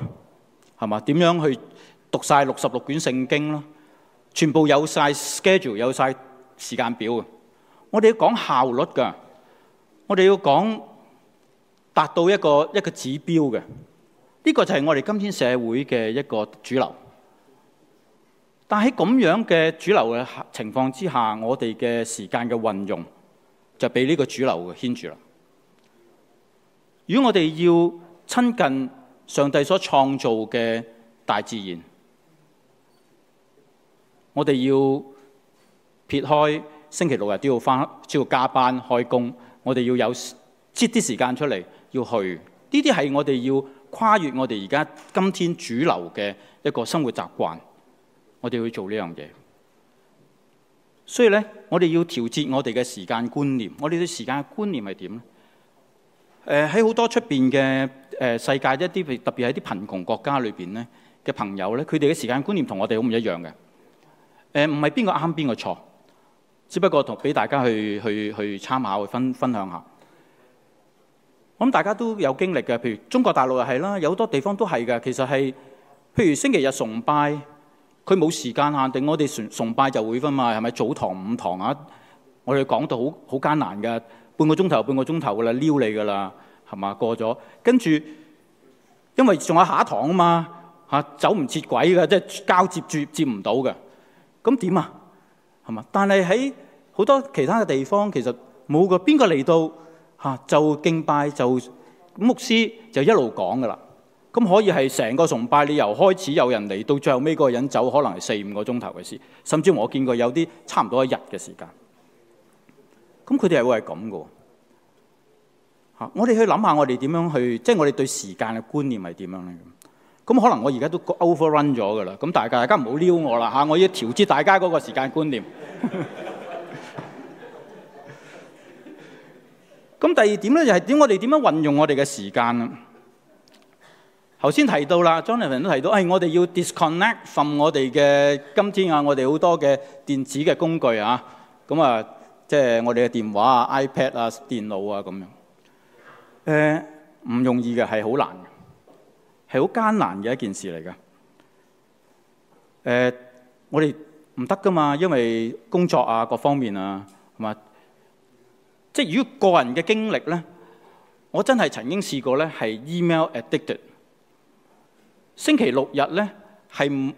係嘛？點樣去讀晒六十六卷聖經咯？全部有晒 schedule，有晒時間表嘅。我哋要講效率噶，我哋要講達到一個一個指標嘅。呢個就係我哋今天社會嘅一個主流，但喺咁樣嘅主流嘅情況之下，我哋嘅時間嘅運用就俾呢個主流牽住啦。如果我哋要親近上帝所創造嘅大自然，我哋要撇開星期六日都要返，都要加班開工，我哋要有擠啲時間出嚟要去呢啲，係我哋要。跨越我哋而家今天主流嘅一個生活習慣，我哋去做呢樣嘢。所以咧，我哋要調節我哋嘅時間觀念。我哋嘅時間觀念係點咧？誒，喺好多出邊嘅誒世界一啲，特別係啲貧窮國家裏邊咧嘅朋友咧，佢哋嘅時間觀念同我哋好唔一樣嘅。誒，唔係邊個啱邊個錯，只不過同俾大家去去去參考，去分分享一下。咁大家都有經歷嘅，譬如中國大陸又係啦，有好多地方都係嘅。其實係，譬如星期日崇拜，佢冇時間限定，我哋崇崇拜就會分嘛，係咪早堂、午堂啊？我哋講到好好艱難嘅，半個鐘頭、半個鐘頭嘅啦，撩你嘅啦，係嘛？過咗，跟住因為仲有下一堂啊嘛，嚇走唔切鬼嘅，即係交接接接唔到嘅，咁點啊？係嘛？但係喺好多其他嘅地方，其實冇個邊個嚟到。吓，就敬拜就牧師就一路講噶啦，咁可以係成個崇拜你由開始有人嚟到最後尾嗰個人走，可能係四五個鐘頭嘅事，甚至我見過有啲差唔多一日嘅時間。咁佢哋係會係咁嘅。我哋去諗下我哋點樣去，即係我哋對時間嘅觀念係點樣咧？咁可能我而家都 overrun 咗嘅啦。咁大大家唔好撩我啦吓，我要調節大家嗰個時間觀念。 咁第二點咧就係點我哋點樣運用我哋嘅時間啊？頭先提到啦，Jonathan 都提到，係、哎、我哋要 disconnect from 我哋嘅今天啊，我哋好多嘅電子嘅工具啊，咁啊，即係我哋嘅電話啊、iPad 啊、電腦啊咁樣。誒、呃、唔容易嘅，係好難嘅，係好艱難嘅一件事嚟㗎。誒、呃，我哋唔得噶嘛，因為工作啊各方面啊，係嘛？即係如果個人嘅經歷咧，我真係曾經試過咧係 email addicted。星期六日咧係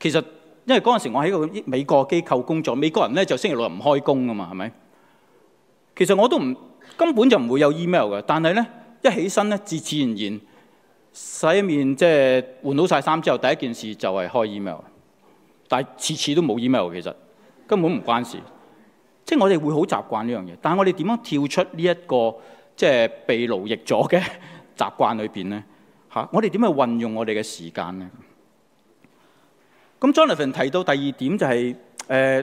其實因為嗰陣時我喺個美國機構工作，美國人咧就星期六日唔開工㗎嘛，係咪？其實我都唔根本就唔會有 email 嘅。但係咧一起身咧，自自然然洗面即係換好晒衫之後，第一件事就係開 email。但係次次都冇 email，其實根本唔關事。即係我哋會好習慣呢樣嘢，但係我哋點樣跳出、這個、呢一個即係被奴役咗嘅習慣裏邊咧？嚇、啊，我哋點去運用我哋嘅時間咧？咁 Jonathan 提到第二點就係、是、誒、呃、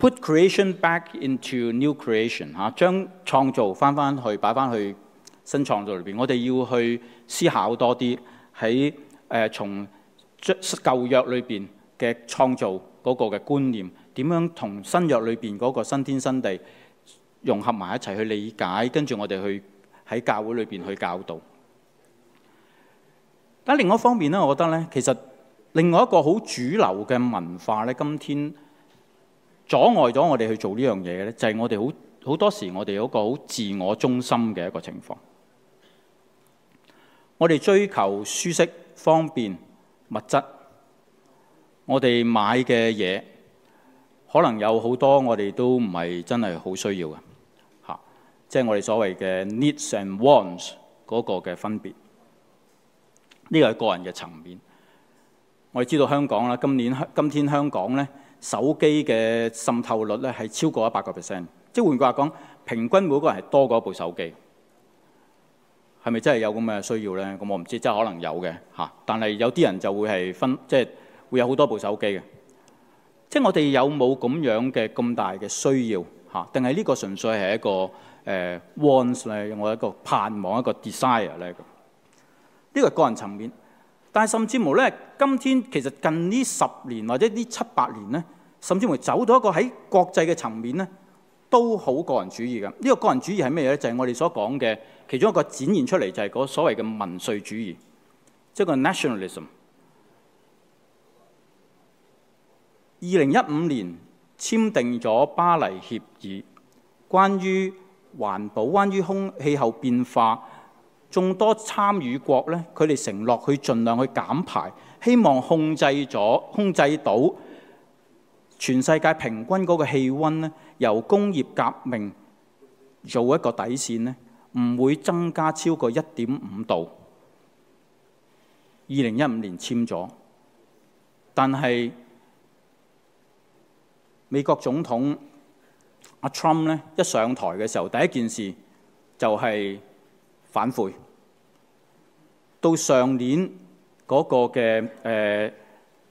Put creation back into new creation 嚇、啊，將創造翻翻去擺翻去新創造裏邊。我哋要去思考多啲喺誒從舊約裏邊嘅創造嗰個嘅觀念。點樣同新約裏邊嗰個新天新地融合埋一齊去理解，跟住我哋去喺教會裏邊去教導。但另外一方面呢，我覺得呢，其實另外一個好主流嘅文化呢，今天阻礙咗我哋去做呢樣嘢呢，就係我哋好好多時，我哋嗰個好自我中心嘅一個情況。我哋追求舒適、方便、物質，我哋買嘅嘢。可能有好多我哋都唔係真係好需要嘅吓，即係我哋所謂嘅 needs and wants 嗰個嘅分別，呢個係個人嘅層面。我哋知道香港啦，今年今天香港咧手機嘅滲透率咧係超過一百個 percent，即係換句話講，平均每個人係多過一部手機，係咪真係有咁嘅需要咧？咁我唔知道，即係可能有嘅吓、啊，但係有啲人就會係分，即係會有好多部手機嘅。即係我哋有冇咁樣嘅咁大嘅需要吓？定係呢個純粹係一個誒 want 咧，我、呃、一個盼望一個 desire 咧，這個。呢，這個係個人層面，但係甚至乎咧，今天其實近呢十年或者呢七八年咧，甚至乎走到一個喺國際嘅層面咧，都好個人主義嘅。呢，這個個人主義係咩嘢咧？就係、是，我哋所講嘅其中一個展現出嚟，就係嗰所謂嘅民粹主義，即、這，係個 nationalism。二零一五年簽訂咗巴黎協議，關於環保、關於空氣候變化，眾多參與國咧，佢哋承諾去盡量去減排，希望控制咗、控制到全世界平均嗰個氣温咧，由工業革命做一個底線咧，唔會增加超過一點五度。二零一五年簽咗，但係，美國總統阿 Trump 咧，一上台嘅時候，第一件事就係反悔。到上年嗰個嘅誒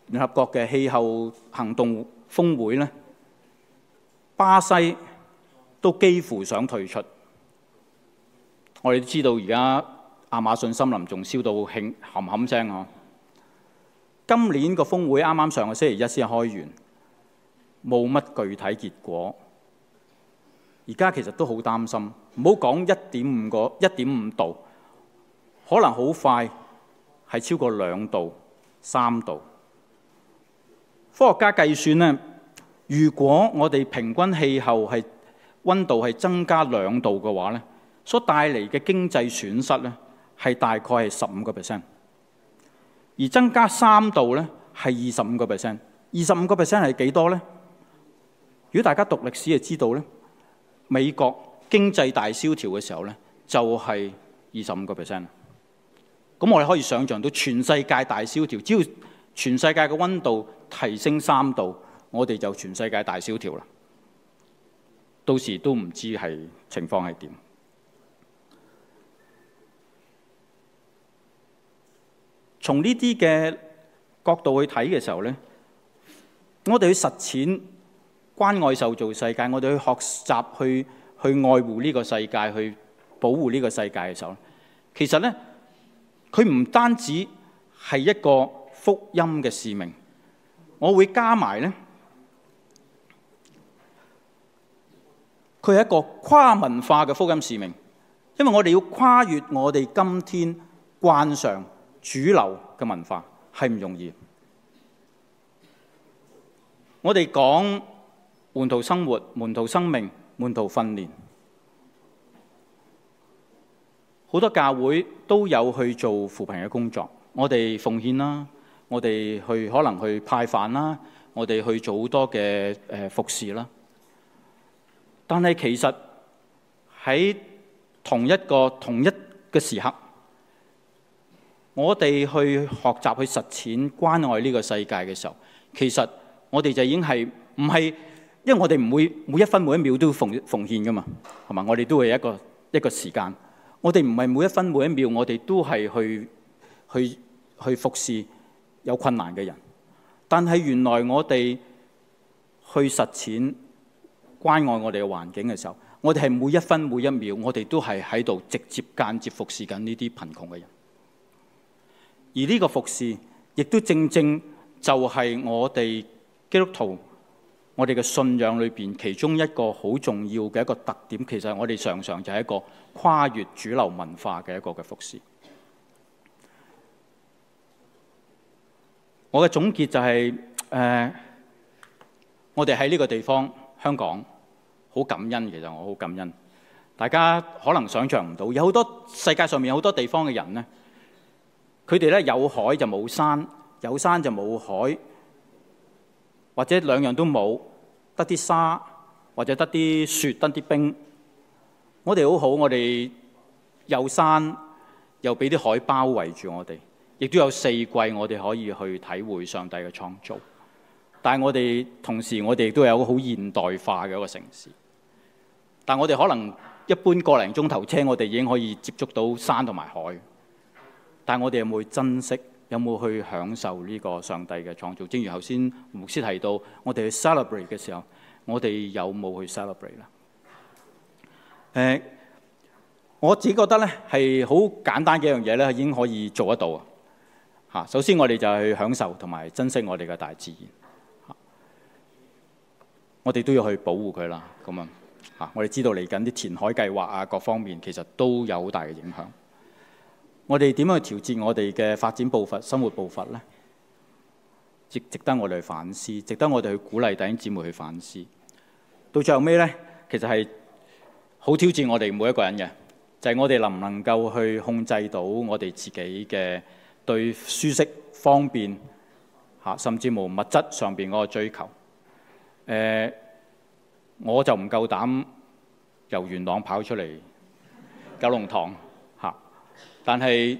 聯合國嘅氣候行動峰會呢，巴西都幾乎想退出。我哋都知道而家亞馬遜森林仲燒到興冚冚聲啊！今年個峰會啱啱上個星期一先開完。冇乜具體結果，而家其實都好擔心。唔好講一點五個一點五度，可能好快係超過兩度、三度。科學家計算咧，如果我哋平均氣候係温度係增加兩度嘅話咧，所帶嚟嘅經濟損失咧係大概係十五個 percent，而增加三度咧係二十五個 percent。二十五個 percent 係幾多咧？如果大家讀歷史就知道咧，美國經濟大蕭條嘅時候咧，就係二十五個 percent。咁我哋可以想像到全世界大蕭條，只要全世界嘅温度提升三度，我哋就全世界大蕭條啦。到時都唔知係情況係點。從呢啲嘅角度去睇嘅時候咧，我哋去實踐。關愛受造世界，我哋去學習、去、去愛護呢個世界，去保護呢個世界嘅時候，其實呢，佢唔單止係一個福音嘅使命，我會加埋呢，佢係一個跨文化嘅福音使命，因為我哋要跨越我哋今天慣常主流嘅文化，係唔容易。我哋講。門徒生活，門徒生命，門徒訓練，好多教會都有去做扶貧嘅工作。我哋奉獻啦，我哋去可能去派飯啦，我哋去做好多嘅誒、呃、服侍啦。但係其實喺同一個同一嘅時刻，我哋去學習去實踐關愛呢個世界嘅時候，其實我哋就已經係唔係？因為我哋唔會每一分每一秒都奉奉獻㗎嘛，係嘛？我哋都係一個一個時間。我哋唔係每一分每一秒，我哋都係去去去服侍有困難嘅人。但係原來我哋去實踐關愛我哋嘅環境嘅時候，我哋係每一分每一秒，我哋都係喺度直接間接服侍緊呢啲貧窮嘅人。而呢個服侍，亦都正正就係我哋基督徒。我哋嘅信仰裏邊，其中一個好重要嘅一個特點，其實我哋常常就係一個跨越主流文化嘅一個嘅服侍。我嘅總結就係、是、誒、呃，我哋喺呢個地方香港好感恩，其實我好感恩。大家可能想像唔到，有好多世界上面好多地方嘅人呢，佢哋咧，有海就冇山，有山就冇海。或者兩樣都冇，得啲沙，或者得啲雪，得啲冰。我哋好好，我哋有山，又俾啲海包圍住我哋，亦都有四季，我哋可以去體會上帝嘅創造。但係我哋同時，我哋亦都有好現代化嘅一個城市。但我哋可能一般一個零鐘頭車，我哋已經可以接觸到山同埋海。但我哋有冇珍惜？有冇去享受呢個上帝嘅創造？正如頭先牧師提到，我哋去 celebrate 嘅時候，我哋有冇去 celebrate 啦？誒、呃，我自己覺得咧係好簡單嘅一樣嘢咧，已經可以做得到啊！嚇，首先我哋就係去享受同埋珍惜我哋嘅大自然，我哋都要去保護佢啦。咁啊嚇，我哋知道嚟緊啲填海計劃啊，各方面其實都有好大嘅影響。我哋點樣去調節我哋嘅發展步伐、生活步伐呢？亦值得我哋去反思，值得我哋去鼓勵弟兄姊妹去反思。到最後尾呢，其實係好挑戰我哋每一個人嘅，就係、是、我哋能唔能夠去控制到我哋自己嘅對舒適、方便嚇，甚至乎物質上邊嗰個追求。誒、呃，我就唔夠膽由元朗跑出嚟九龍塘。但係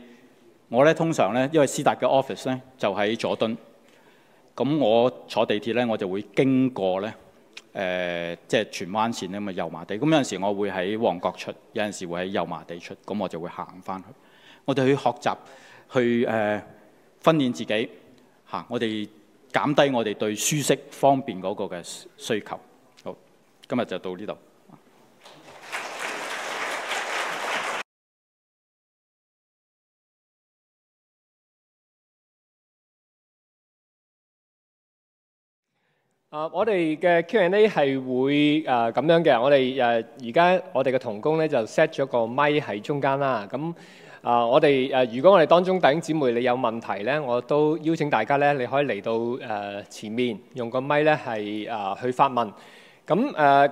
我咧通常咧，因為施達嘅 office 咧就喺佐敦，咁我坐地鐵咧我就會經過咧，誒即係荃灣線咧咁油麻地。咁有陣時我會喺旺角出，有陣時會喺油麻地出，咁我就會行返去。我哋去學習去誒訓練自己嚇，我哋減低我哋對舒適方便嗰個嘅需求。好，今日就到呢度。啊、uh, 呃！我哋嘅 Q&A 係會啊咁樣嘅，我哋誒而家我哋嘅同工咧就 set 咗個咪喺中間啦。咁、呃、啊，我哋誒如果我哋當中弟兄姊妹你有問題咧，我都邀請大家咧，你可以嚟到誒、呃、前面用個咪咧係啊去發問。咁誒。呃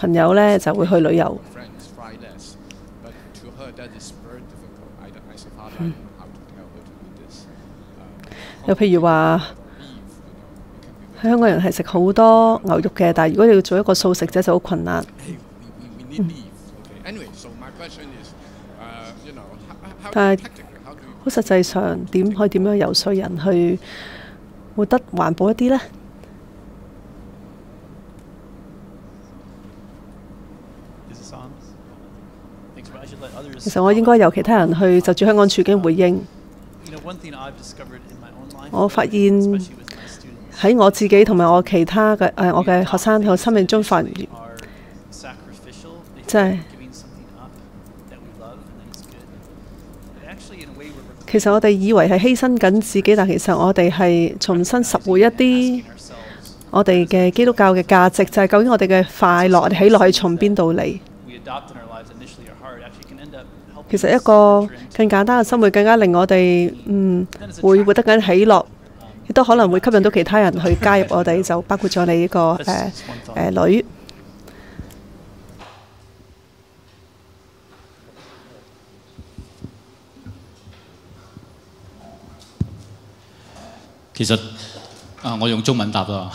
朋友呢就會去旅遊。又譬、嗯、如話，香港人係食好多牛肉嘅，但係如果你要做一個素食者就好困難。嗯、但係好實際上點可以點樣游說人去活得環保一啲呢？其實我應該由其他人去就住香港處境回應。我發現喺我自己同埋我其他嘅誒、啊，我嘅學生喺生命中發現，即係其實我哋以為係犧牲緊自己，但其實我哋係重新拾回一啲我哋嘅基督教嘅價值，就係、是、究竟我哋嘅快樂起落係從邊度嚟？其實一個更簡單嘅生活，更加令我哋嗯會活得更喜樂，亦都可能會吸引到其他人去加入我哋，就包括咗你呢個誒誒女。其實啊，我用中文答啦，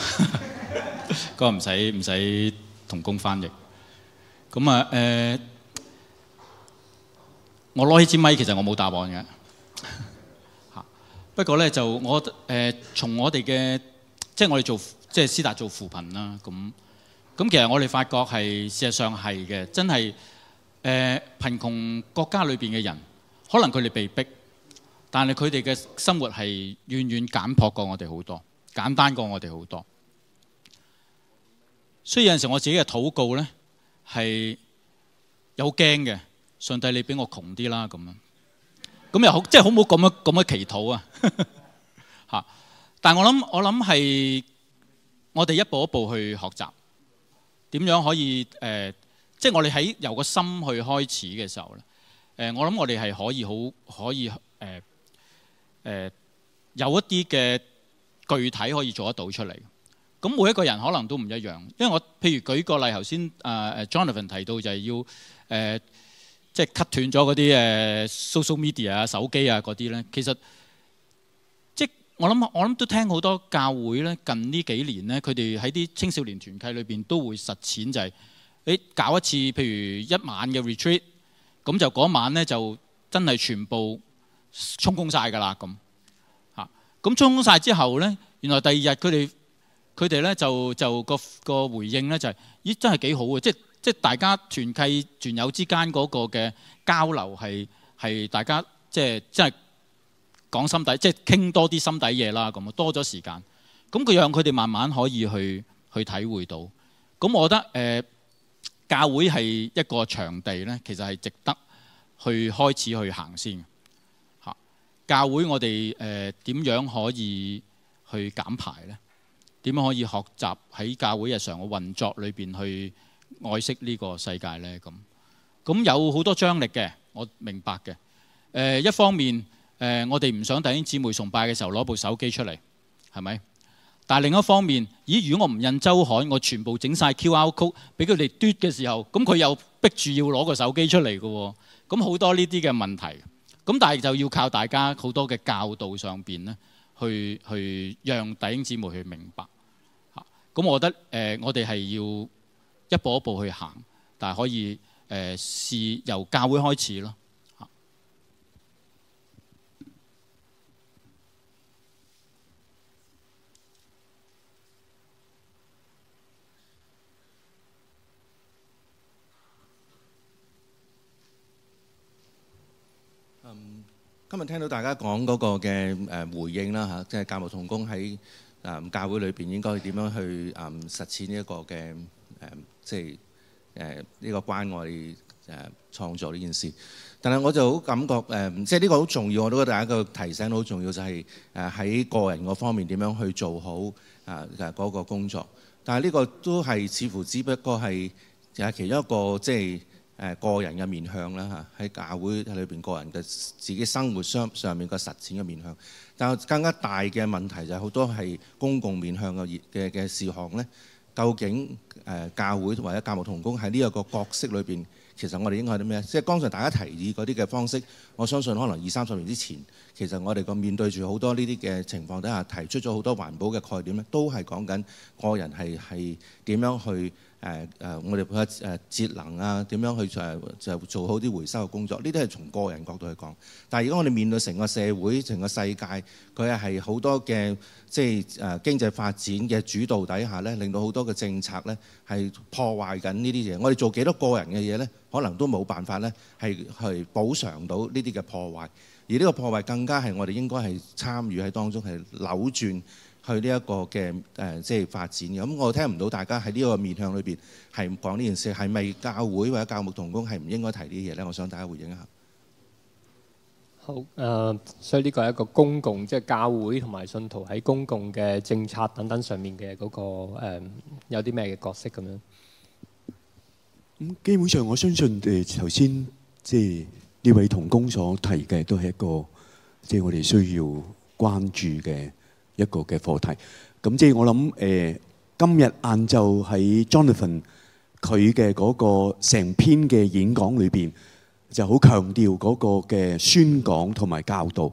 咁啊唔使唔使同工翻譯。咁啊誒。我攞起支咪，其實我冇答案嘅吓。 不過咧，就我誒，從、呃、我哋嘅即係我哋做即係施達做扶貧啦。咁咁，其實我哋發覺係事實上係嘅，真係誒貧窮國家裏邊嘅人，可能佢哋被逼，但係佢哋嘅生活係遠遠簡樸過我哋好多，簡單過我哋好多。所以有陣時我自己嘅禱告咧，係有驚嘅。上帝，你俾我窮啲啦咁樣！咁又好，即係好唔好咁樣咁樣祈禱啊？嚇！但係我諗，我諗係我哋一步一步去學習點樣可以誒，即、呃、係、就是、我哋喺由個心去開始嘅時候咧。誒、呃，我諗我哋係可以好可以誒誒、呃呃、有一啲嘅具體可以做得到出嚟。咁每一個人可能都唔一樣，因為我譬如舉個例子，頭先誒誒 Jonathan 提到就係、是、要誒。呃即係 cut 斷咗嗰啲誒 social media 啊、手機啊嗰啲咧，其實即係我諗我諗都聽好多教會咧，近呢幾年咧，佢哋喺啲青少年團契裏邊都會實踐、就係，就係誒搞一次，譬如一晚嘅 retreat，咁就嗰晚咧就真係全部充公晒㗎啦，咁嚇。咁充公晒之後咧，原來第二日佢哋佢哋咧就就個個回應咧就係、係、咦真係幾好啊，即係。即係大家團契、團友之間嗰個嘅交流係係大家即係即係講心底，即係傾多啲心底嘢啦。咁多咗時間，咁佢讓佢哋慢慢可以去去體會到。咁我覺得誒、呃、教會係一個場地咧，其實係值得去開始去行先嚇，教會我哋。我哋誒點樣可以去減排咧？點樣可以學習喺教會日常嘅運作裏邊去？愛惜呢個世界呢，咁咁有好多張力嘅，我明白嘅。誒、呃、一方面，誒、呃、我哋唔想弟兄姊妹崇拜嘅時候攞部手機出嚟，係咪？但係另一方面，咦？如果我唔印周刊，我全部整晒 QR Code 俾佢哋嘟嘅時候，咁佢又逼住要攞個手機出嚟嘅喎。咁好多呢啲嘅問題，咁但係就要靠大家好多嘅教導上邊呢，去去讓弟兄姊妹去明白嚇。咁我覺得誒、呃，我哋係要。一步一步去行，但係可以誒試由教會開始咯。嚇！嗯，今日聽到大家講嗰個嘅誒回應啦嚇，即係教務同工喺誒教會裏邊應該點樣去誒實踐呢一個嘅誒？即係誒呢個關愛誒、呃、創造呢件事，但係我就好感覺誒、呃，即係呢個好重要，我都覺得大家嘅提醒好重要、就係，就係誒喺個人嗰方面點樣去做好啊嘅嗰個工作。但係呢個都係似乎只不過係有其中一個即係誒、呃、個人嘅面向啦嚇，喺、啊、教會喺裏邊個人嘅自己生活上上面嘅實踐嘅面向。但係更加大嘅問題就係、係、好多係公共面向嘅嘅嘅事項咧，究竟，誒教會或者教牧同工喺呢一個角色裏邊，其實我哋應該係啲咩？即係剛才大家提議嗰啲嘅方式，我相信可能二三十年之前，其實我哋個面對住好多呢啲嘅情況底下，提出咗好多環保嘅概念咧，都係講緊個人係係點樣去。誒誒，我哋嘅誒節能啊，點樣去誒誒做好啲回收嘅工作？呢啲係從個人角度去講，但係而家我哋面對成個社會、成個世界，佢係好多嘅即係誒經濟發展嘅主導底下咧，令到好多嘅政策咧係破壞緊呢啲嘢。我哋做幾多個人嘅嘢咧，可能都冇辦法咧係去補償到呢啲嘅破壞。而呢個破壞更加係我哋應該係參與喺當中，係扭轉。去呢一個嘅誒、呃，即係發展嘅咁、嗯，我聽唔到大家喺呢個面向裏邊係講呢件事，係咪教會或者教牧同工係唔應該提呢啲嘢咧？我想大家回應一下。好，誒、呃，所以呢個係一個公共，即係教會同埋信徒喺公共嘅政策等等上面嘅嗰個誒，有啲咩嘅角色咁樣？咁基本上，我相信誒頭先即係呢位同工所提嘅，都係一個即係我哋需要關注嘅。一個嘅課題咁，即係我諗誒，今日晏晝喺 Jonathan 佢嘅嗰個成篇嘅演講裏邊就好強調嗰個嘅宣講同埋教導。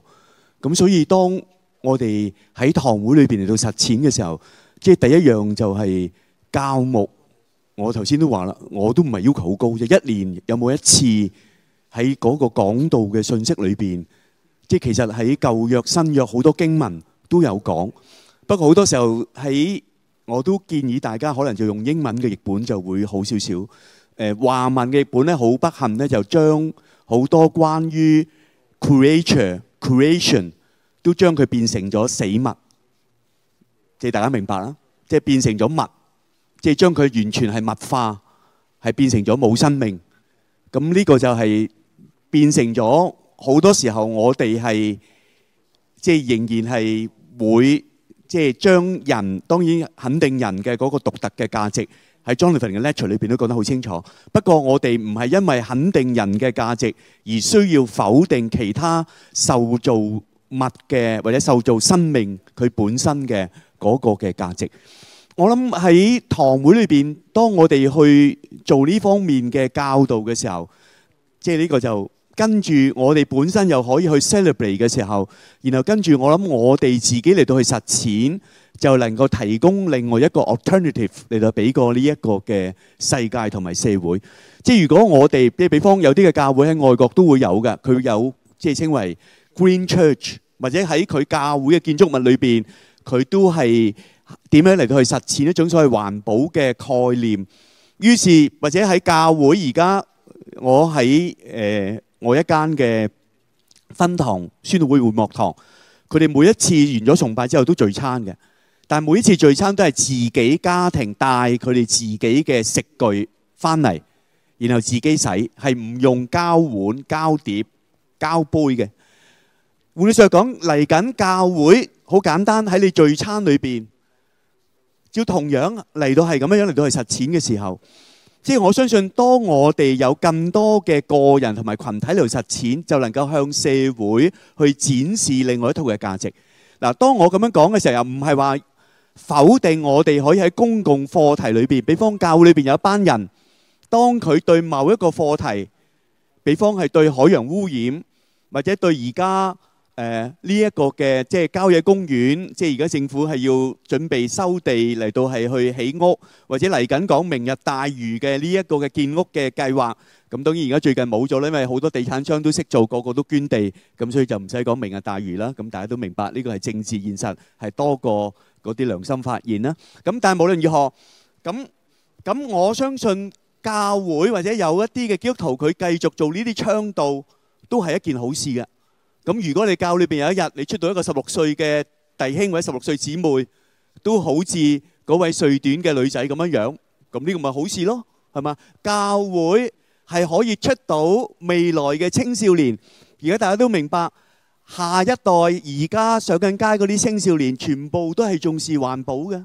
咁所以當我哋喺堂會裏邊嚟到實踐嘅時候，即係第一樣就係教牧。我頭先都話啦，我都唔係要求好高，就一年有冇一次喺嗰個講道嘅信息裏邊，即係其實喺舊約、新約好多經文。都有講，不過好多時候喺我都建議大家可能就用英文嘅譯本就會好少少。誒華文嘅譯本咧，好不幸咧，就將好多關於 creation、creation 都將佢變成咗死物，即係大家明白啦，即係變成咗物，即係將佢完全係物化，係變成咗冇生命。咁呢個就係變成咗好多時候，我哋係即係仍然係。會即係將人，當然肯定人嘅嗰個獨特嘅價值，喺 Jonathan 嘅 lecture 裏邊都講得好清楚。不過我哋唔係因為肯定人嘅價值而需要否定其他受造物嘅或者受造生命佢本身嘅嗰個嘅價值。我諗喺堂會裏邊，當我哋去做呢方面嘅教導嘅時候，即係呢個就。跟住我哋本身又可以去 celebrate 嘅時候，然後跟住我諗，我哋自己嚟到去實踐就能夠提供另外一個 alternative 嚟到俾過呢一個嘅世界同埋社會，即係如果我哋，即係比方有啲嘅教會喺外國都會有嘅，佢有即係稱為 green church，或者喺佢教會嘅建築物裏邊，佢都係點樣嚟到去實踐一種所謂環保嘅概念。於是或者喺教會而家，我喺誒。我一間嘅分堂宣道會會幕堂，佢哋每一次完咗崇拜之後都聚餐嘅，但係每一次聚餐都係自己家庭帶佢哋自己嘅食具翻嚟，然後自己洗，係唔用膠碗、膠碟、膠杯嘅。換句話講，嚟緊教會好簡單，喺你聚餐裏邊，只要同樣嚟到係咁樣樣嚟到係實踐嘅時候。即係我相信，當我哋有更多嘅個人同埋羣體嚟實踐，就能夠向社會去展示另外一套嘅價值。嗱，當我咁樣講嘅時候，又唔係話否定我哋可以喺公共課題裏邊，比方教會裏邊有一班人，當佢對某一個課題，比方係對海洋污染，或者對而家。誒呢一個嘅即係郊野公園，即係而家政府係要準備收地嚟到係去起屋，或者嚟緊講明日大嶼嘅呢一個嘅建屋嘅計劃。咁當然而家最近冇咗啦，因為好多地產商都識做，個個都捐地，咁所以就唔使講明日大嶼啦。咁大家都明白呢個係政治現實，係多過嗰啲良心發現啦。咁但係無論如何，咁咁我相信教會或者有一啲嘅基督徒佢繼續做呢啲倡導，都係一件好事嘅。咁如果你教裏面有一日你出到一個十六歲嘅弟兄或者十六歲姊妹，都好似嗰位瑞典嘅女仔咁樣樣，咁呢個咪好事咯，係嘛？教會係可以出到未來嘅青少年。而家大家都明白，下一代而家上緊街嗰啲青少年全部都係重視環保嘅。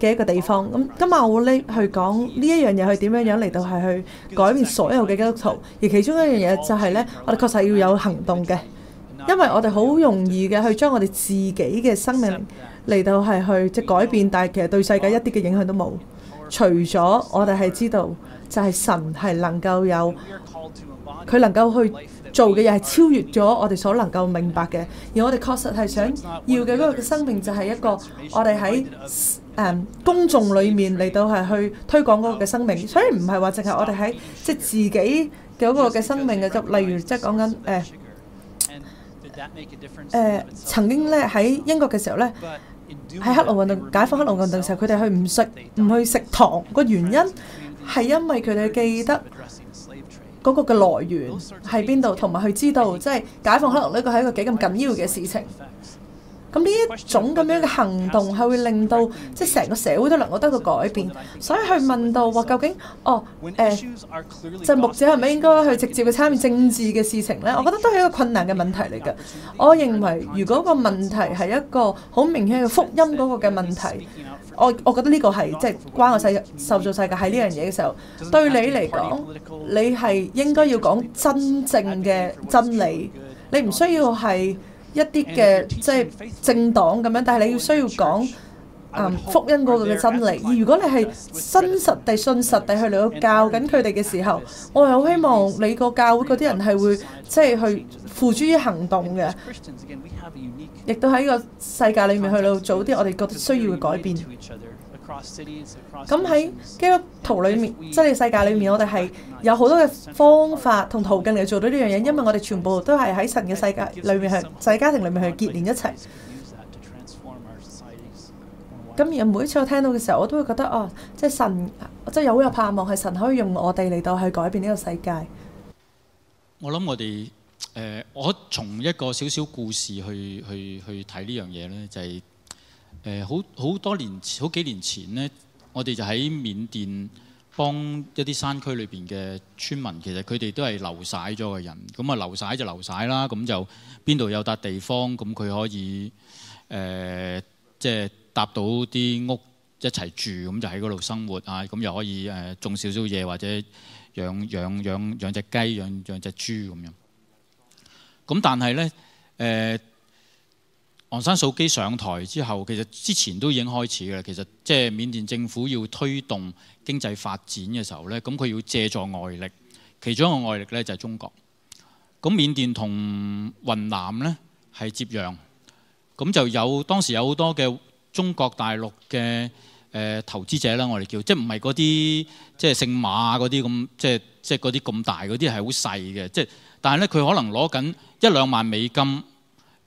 嘅一個地方咁，今日我會拎去講呢一樣嘢，去點樣樣嚟到係去改變所有嘅基督徒，而其中一樣嘢就係呢，我哋確實要有行動嘅，因為我哋好容易嘅去將我哋自己嘅生命嚟到係去即係改變，但係其實對世界一啲嘅影響都冇，除咗我哋係知道就係神係能夠有佢能夠去做嘅嘢係超越咗我哋所能夠明白嘅，而我哋確實係想要嘅嗰個嘅生命就係一個我哋喺誒公眾裏面嚟到係去推廣嗰個嘅生命，所以唔係話淨係我哋喺即係自己嘅嗰個嘅生命嘅，例如即係講緊誒誒曾經咧喺英國嘅時候咧，喺黑奴運動解放黑奴運動時候，佢哋去唔食唔去食糖，個原因係因為佢哋記得嗰個嘅來源喺邊度，同埋佢知道即係解放黑奴呢個係一個幾咁緊要嘅事情。咁呢一種咁樣嘅行動係會令到即係成個社會都能夠得到改變，所以去問到話究竟哦誒，即係牧者係咪應該去直接去參與政治嘅事情咧？我覺得都係一個困難嘅問題嚟嘅。我認為如果個問題係一個好明顯嘅福音嗰個嘅問題，我我覺得呢個係即係關愛受造世界喺呢樣嘢嘅時候，對你嚟講，你係應該要講真正嘅真理，你唔需要係。一啲嘅即係政黨咁樣，faithful, 但係你要需要講 the、um, 福音嗰個嘅真理。Line, 而如果你係真實地、just with 信實地去到教緊佢哋嘅時候，already 我係好希望你個教會嗰啲人係會即係 and 去付諸於行動嘅。亦都喺個世界裏面去到做啲我哋覺得需要嘅改變。咁喺基督徒裏面，即係世界裏面，我哋係有好多嘅方法同途徑嚟做到呢樣嘢，因為我哋全部都係喺神嘅世界裏面，喺細家庭裏面去結連一齊。咁而每一次我聽到嘅時候，我都會覺得哦，即係神，即係有好有盼望，係神可以用我哋嚟到去改變呢個世界。我諗我哋誒、呃，我從一個少少故事去去去睇呢樣嘢咧，就係、是。誒、呃、好好多年前，好幾年前咧，我哋就喺緬甸幫一啲山區裏邊嘅村民，其實佢哋都係流晒咗嘅人，咁啊流晒就流晒啦，咁就邊度有笪地方，咁佢可以誒即係搭到啲屋一齊住，咁就喺嗰度生活啊，咁又可以誒種少少嘢或者養養養養隻雞、養養隻豬咁樣。咁但係咧誒。呃昂山素姬上台之後，其實之前都已經開始㗎喇。其實即係緬甸政府要推動經濟發展嘅時候咧，咁佢要借助外力，其中一個外力咧就係中國。咁緬甸同雲南咧係接壤，咁就有當時有好多嘅中國大陸嘅誒投資者啦，我哋叫即係唔係嗰啲即係姓馬嗰啲咁，即係即係嗰啲咁大嗰啲係好細嘅，即係但係咧佢可能攞緊一兩萬美金。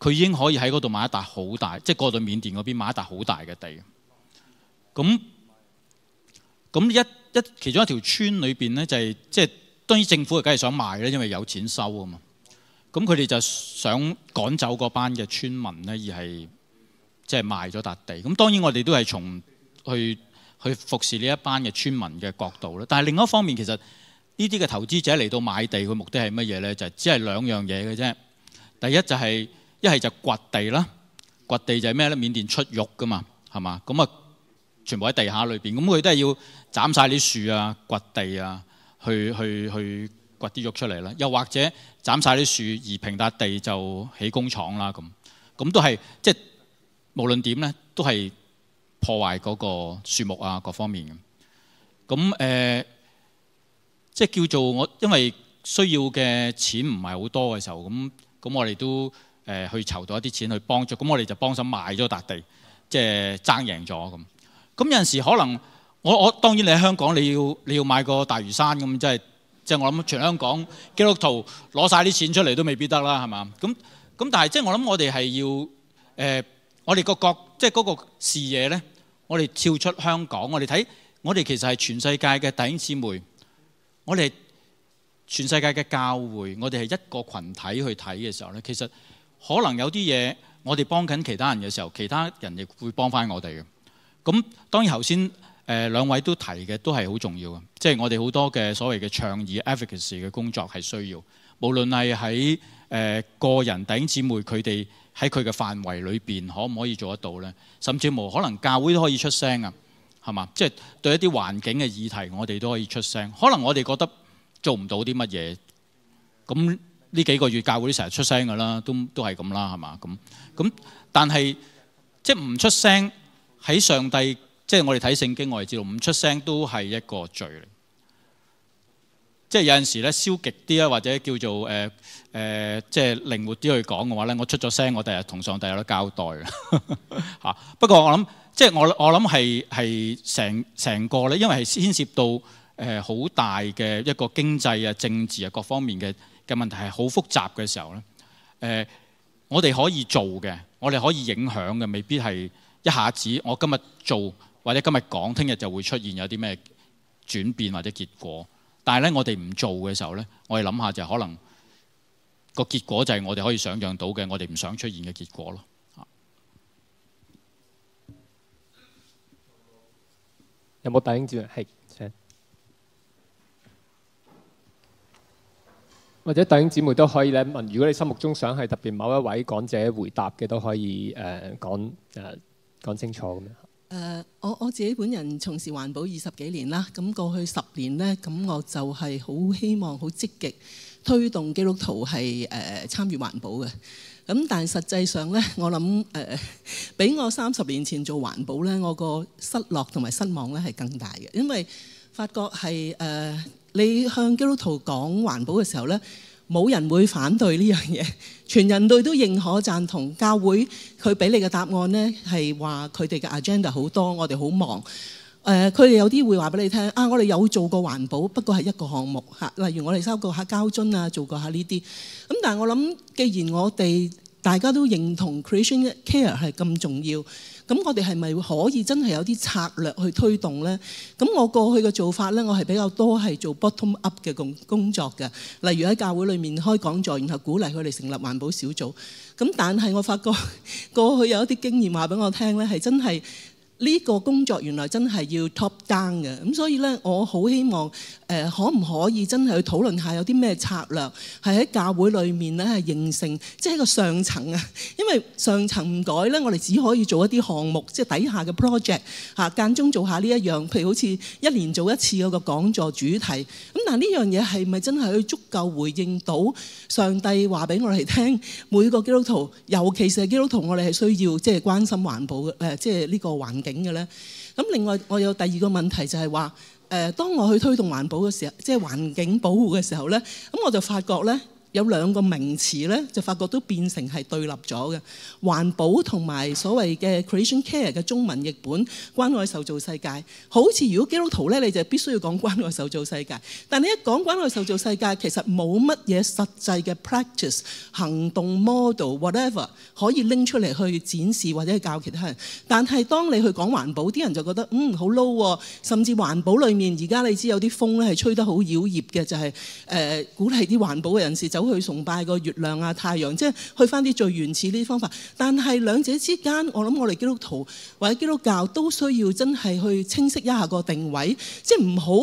佢已經可以喺嗰度買一笪好大，即係過到緬甸嗰邊買一笪好大嘅地。咁咁一一其中一條村裏邊咧，就係即係當然政府梗係想賣咧，因為有錢收啊嘛。咁佢哋就想趕走嗰班嘅村民咧，而係即係賣咗笪地。咁當然我哋都係從去去服侍呢一班嘅村民嘅角度咧。但係另一方面，其實呢啲嘅投資者嚟到買地嘅目的係乜嘢咧？就係只係兩樣嘢嘅啫。第一就係一係就掘地啦，掘地就係咩咧？緬甸出玉㗎嘛，係嘛？咁啊，全部喺地下裏邊，咁佢都係要斬晒啲樹啊、掘地啊，去去去掘啲玉出嚟啦。又或者斬晒啲樹而平笪地就起工廠啦，咁咁都係即係無論點咧，都係破壞嗰個樹木啊各方面嘅。咁誒，即係叫做我，因為需要嘅錢唔係好多嘅時候，咁咁我哋都。誒去籌到一啲錢去幫助，咁我哋就幫手買咗笪地，即係爭贏咗咁。咁有陣時候可能我我當然你喺香港，你要你要買個大嶼山咁，即係即係我諗全香港基督徒攞晒啲錢出嚟都未必得啦，係嘛？咁咁但係即係我諗我哋係要誒、呃，我哋個角，即係嗰個視野咧，我哋跳出香港，我哋睇我哋其實係全世界嘅弟兄姊妹，我哋全世界嘅教會，我哋係一個群體去睇嘅時候咧，其實。可能有啲嘢我哋幫緊其他人嘅時候，其他人亦會幫翻我哋嘅。咁當然頭先誒兩位都提嘅都係好重要嘅，即係我哋好多嘅所謂嘅倡議、advocacy 嘅工作係需要。無論係喺誒個人弟兄姊妹佢哋喺佢嘅範圍裏邊可唔可以做得到咧？甚至無可能教會都可以出聲啊，係嘛？即係對一啲環境嘅議題，我哋都可以出聲。可能我哋覺得做唔到啲乜嘢，咁。呢幾個月教會啲成日出聲噶啦，都都係咁啦，係嘛咁咁？但係即係唔出聲喺上帝，即係我哋睇聖經，我哋知道唔出聲都係一個罪嚟。即係有陣時咧，消極啲啊，或者叫做誒誒，即係靈活啲去講嘅話咧，我出咗聲，我第日同上帝有得交代啊。 不過我諗即係我我諗係係成成個咧，因為係牽涉到誒好大嘅一個經濟啊、政治啊各方面嘅。嘅問題係好複雜嘅時候咧，誒、呃，我哋可以做嘅，我哋可以影響嘅，未必係一下子。我今日做或者今日講，聽日就會出現有啲咩轉變或者結果。但係咧，我哋唔做嘅時候咧，我哋諗下就可能個結果就係我哋可以想像到嘅，我哋唔想出現嘅結果咯。有冇大等住？係。或者弟兄姊妹都可以咧，問，如果你心目中想係特別某一位講者回答嘅，都可以誒、呃、講誒、呃、講清楚咁樣。誒，我我自己本人從事環保二十幾年啦，咁過去十年咧，咁我就係好希望好積極推動基督徒係誒參與環保嘅。咁但係實際上咧，我諗誒俾我三十年前做環保咧，我個失落同埋失望咧係更大嘅，因為發覺係誒。呃你向基督徒講環保嘅時候咧，冇人會反對呢樣嘢，全人類都認可贊同。教會佢俾你嘅答案咧，係話佢哋嘅 agenda 好多，我哋好忙。誒、呃，佢哋有啲會話俾你聽啊，我哋有做過環保，不過係一個項目嚇。例如我哋收過下膠樽啊，做過下呢啲。咁但係我諗，既然我哋大家都認同 creation care 係咁重要。咁我哋係咪可以真係有啲策略去推動咧？咁我過去嘅做法咧，我係比較多係做 bottom up 嘅工工作嘅，例如喺教會裏面開講座，然後鼓勵佢哋成立環保小組。咁但係我發覺過去有一啲經驗話俾我聽咧，係真係。呢個工作原來真係要 top down 嘅，咁所以咧，我好希望誒可唔可以真係去討論下有啲咩策略係喺教會裏面咧係形成，即係一個上層啊。因為上層唔改咧，我哋只可以做一啲項目，即係底下嘅 project 吓，間中做下呢一樣，譬如好似一年做一次嗰個講座主題，咁但係呢樣嘢係咪真係去足夠回應到上帝話俾我哋聽每個基督徒，尤其是係基督徒，我哋係需要即係關心環保嘅，誒即係呢個環境。嘅咧，咁另外我有第二個問題就係話：誒，當我去推動環保嘅時候，即係環境保護嘅時候咧，咁我就發覺咧。有兩個名詞咧，就發覺都變成係對立咗嘅。環保同埋所謂嘅 Creation Care 嘅中文譯本，關愛受造世界。好似如果基督徒咧，你就必須要講關愛受造世界。但你一講關愛受造世界，其實冇乜嘢實際嘅 practice 行動 model whatever 可以拎出嚟去展示或者係教其他人。但係當你去講環保，啲人就覺得嗯好 low、哦。甚至環保裏面而家你知有啲風咧係吹得好妖孽嘅，就係、是、誒、呃、鼓勵啲環保嘅人士就。去崇拜個月亮啊、太陽，即係去翻啲最原始啲方法。但係兩者之間，我諗我哋基督徒或者基督教都需要真係去清晰一下個定位，即係唔好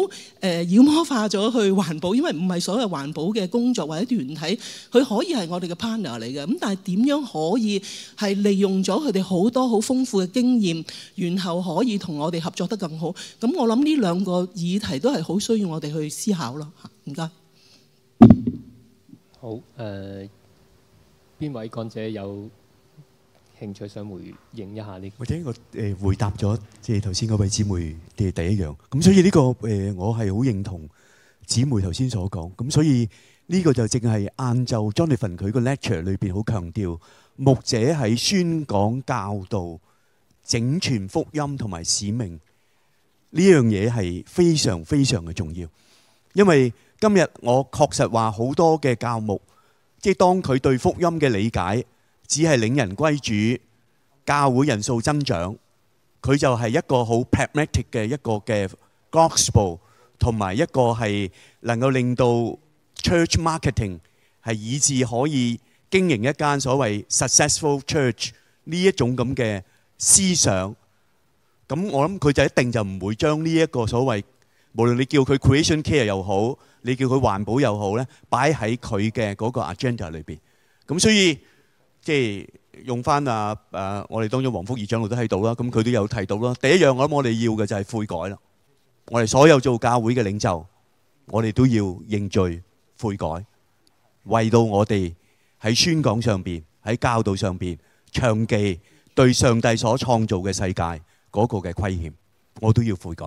誒妖魔化咗去環保，因為唔係所謂環保嘅工作或者團體，佢可以係我哋嘅 partner 嚟嘅。咁但係點樣可以係利用咗佢哋好多好豐富嘅經驗，然後可以同我哋合作得更好？咁我諗呢兩個議題都係好需要我哋去思考咯。吓，唔該。好誒，邊位講者有興趣想回應一下呢？我聽我誒回答咗即係頭先嗰位姊妹嘅第一樣，咁所以呢個誒我係好認同姊妹頭先所講，咁所以呢個就淨係晏晝 Jonathan 佢個 lecture 裏邊好強調，牧者喺宣講教導、整全福音同埋使命呢樣嘢係非常非常嘅重要，因為。今日我確實話好多嘅教牧，即係當佢對福音嘅理解只係領人歸主、教會人數增長，佢就係一個好 pragmatic 嘅一個嘅 gospel，同埋一個係能夠令到 church marketing 係以至可以經營一間所謂 successful church 呢一種咁嘅思想。咁我諗佢就一定就唔會將呢一個所謂。無論你叫佢 creation care 又好，你叫佢環保又好咧，擺喺佢嘅嗰個 agenda 裏邊，咁所以即係用翻啊誒，我哋當中黃福義長老都喺度啦，咁佢都有提到啦。第一樣我諗我哋要嘅就係悔改啦。我哋所有做教會嘅領袖，我哋都要認罪悔改，為到我哋喺宣講上邊、喺教導上邊、長期對上帝所創造嘅世界嗰個嘅虧欠，我都要悔改。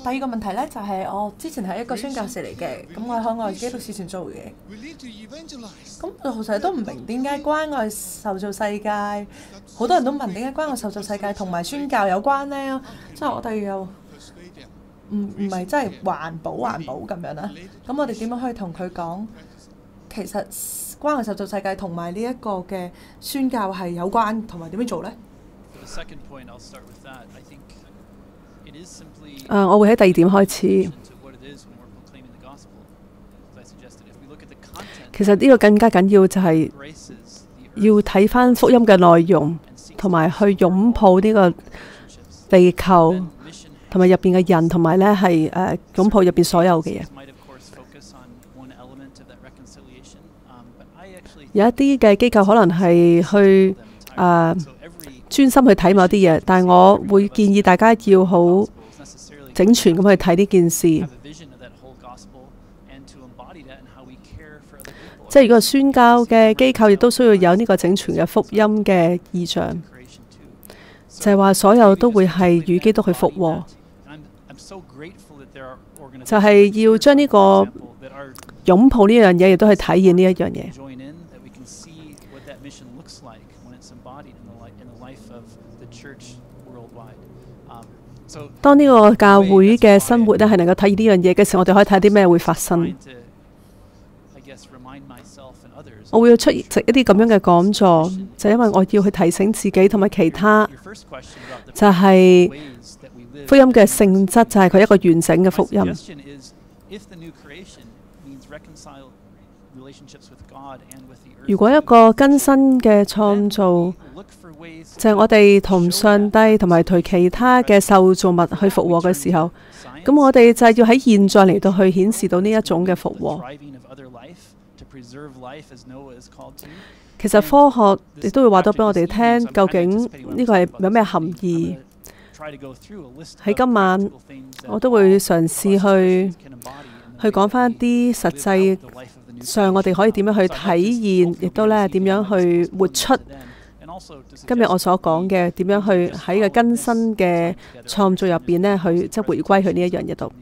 第二個問題呢，就係、是、我之前係一個宣教士嚟嘅，咁、嗯、我喺海外基督、嗯、外教事前做嘢，咁我其實都唔明點解關愛受造世界，好多人都問點解關愛受造世界同埋宣教有關呢？即係、啊、我哋又唔唔係真係環保環保咁樣啦。咁我哋點樣可以同佢講，其實關愛受造世界同埋呢一個嘅宣教係有關的，同埋點樣做呢？啊！我會喺第二點開始。其實呢個更加緊要就係要睇返福音嘅內容，同埋去擁抱呢個地球，同埋入邊嘅人，同埋咧係誒擁抱入邊所有嘅嘢。有一啲嘅機構可能係去啊。專心去睇某啲嘢，但係我會建議大家要好整全咁去睇呢件事。即係如果宣教嘅機構亦都需要有呢個整全嘅福音嘅異象，就係話所有都會係與基督去復和。就係要將呢個擁抱呢樣嘢，亦都去體現呢一樣嘢。當呢個教會嘅生活咧，係能夠體驗呢樣嘢嘅時候，我哋可以睇啲咩會發生？我會出席一啲咁樣嘅講座，就因為我要去提醒自己同埋其他，就係福音嘅性質就係佢一個完整嘅福音。如果一個更新嘅創造。就係我哋同上帝同埋同其他嘅受造物去復和嘅時候，咁我哋就係要喺現在嚟到去顯示到呢一種嘅復和。其實科學亦都會話到俾我哋聽，究竟呢個係有咩含義？喺今晚我都會嘗試去去講翻一啲實際上我哋可以點樣去體驗，亦都咧點樣去活出。今日我所講嘅點樣去喺個更新嘅創造入邊呢，即去即係回歸去呢一樣嘢度。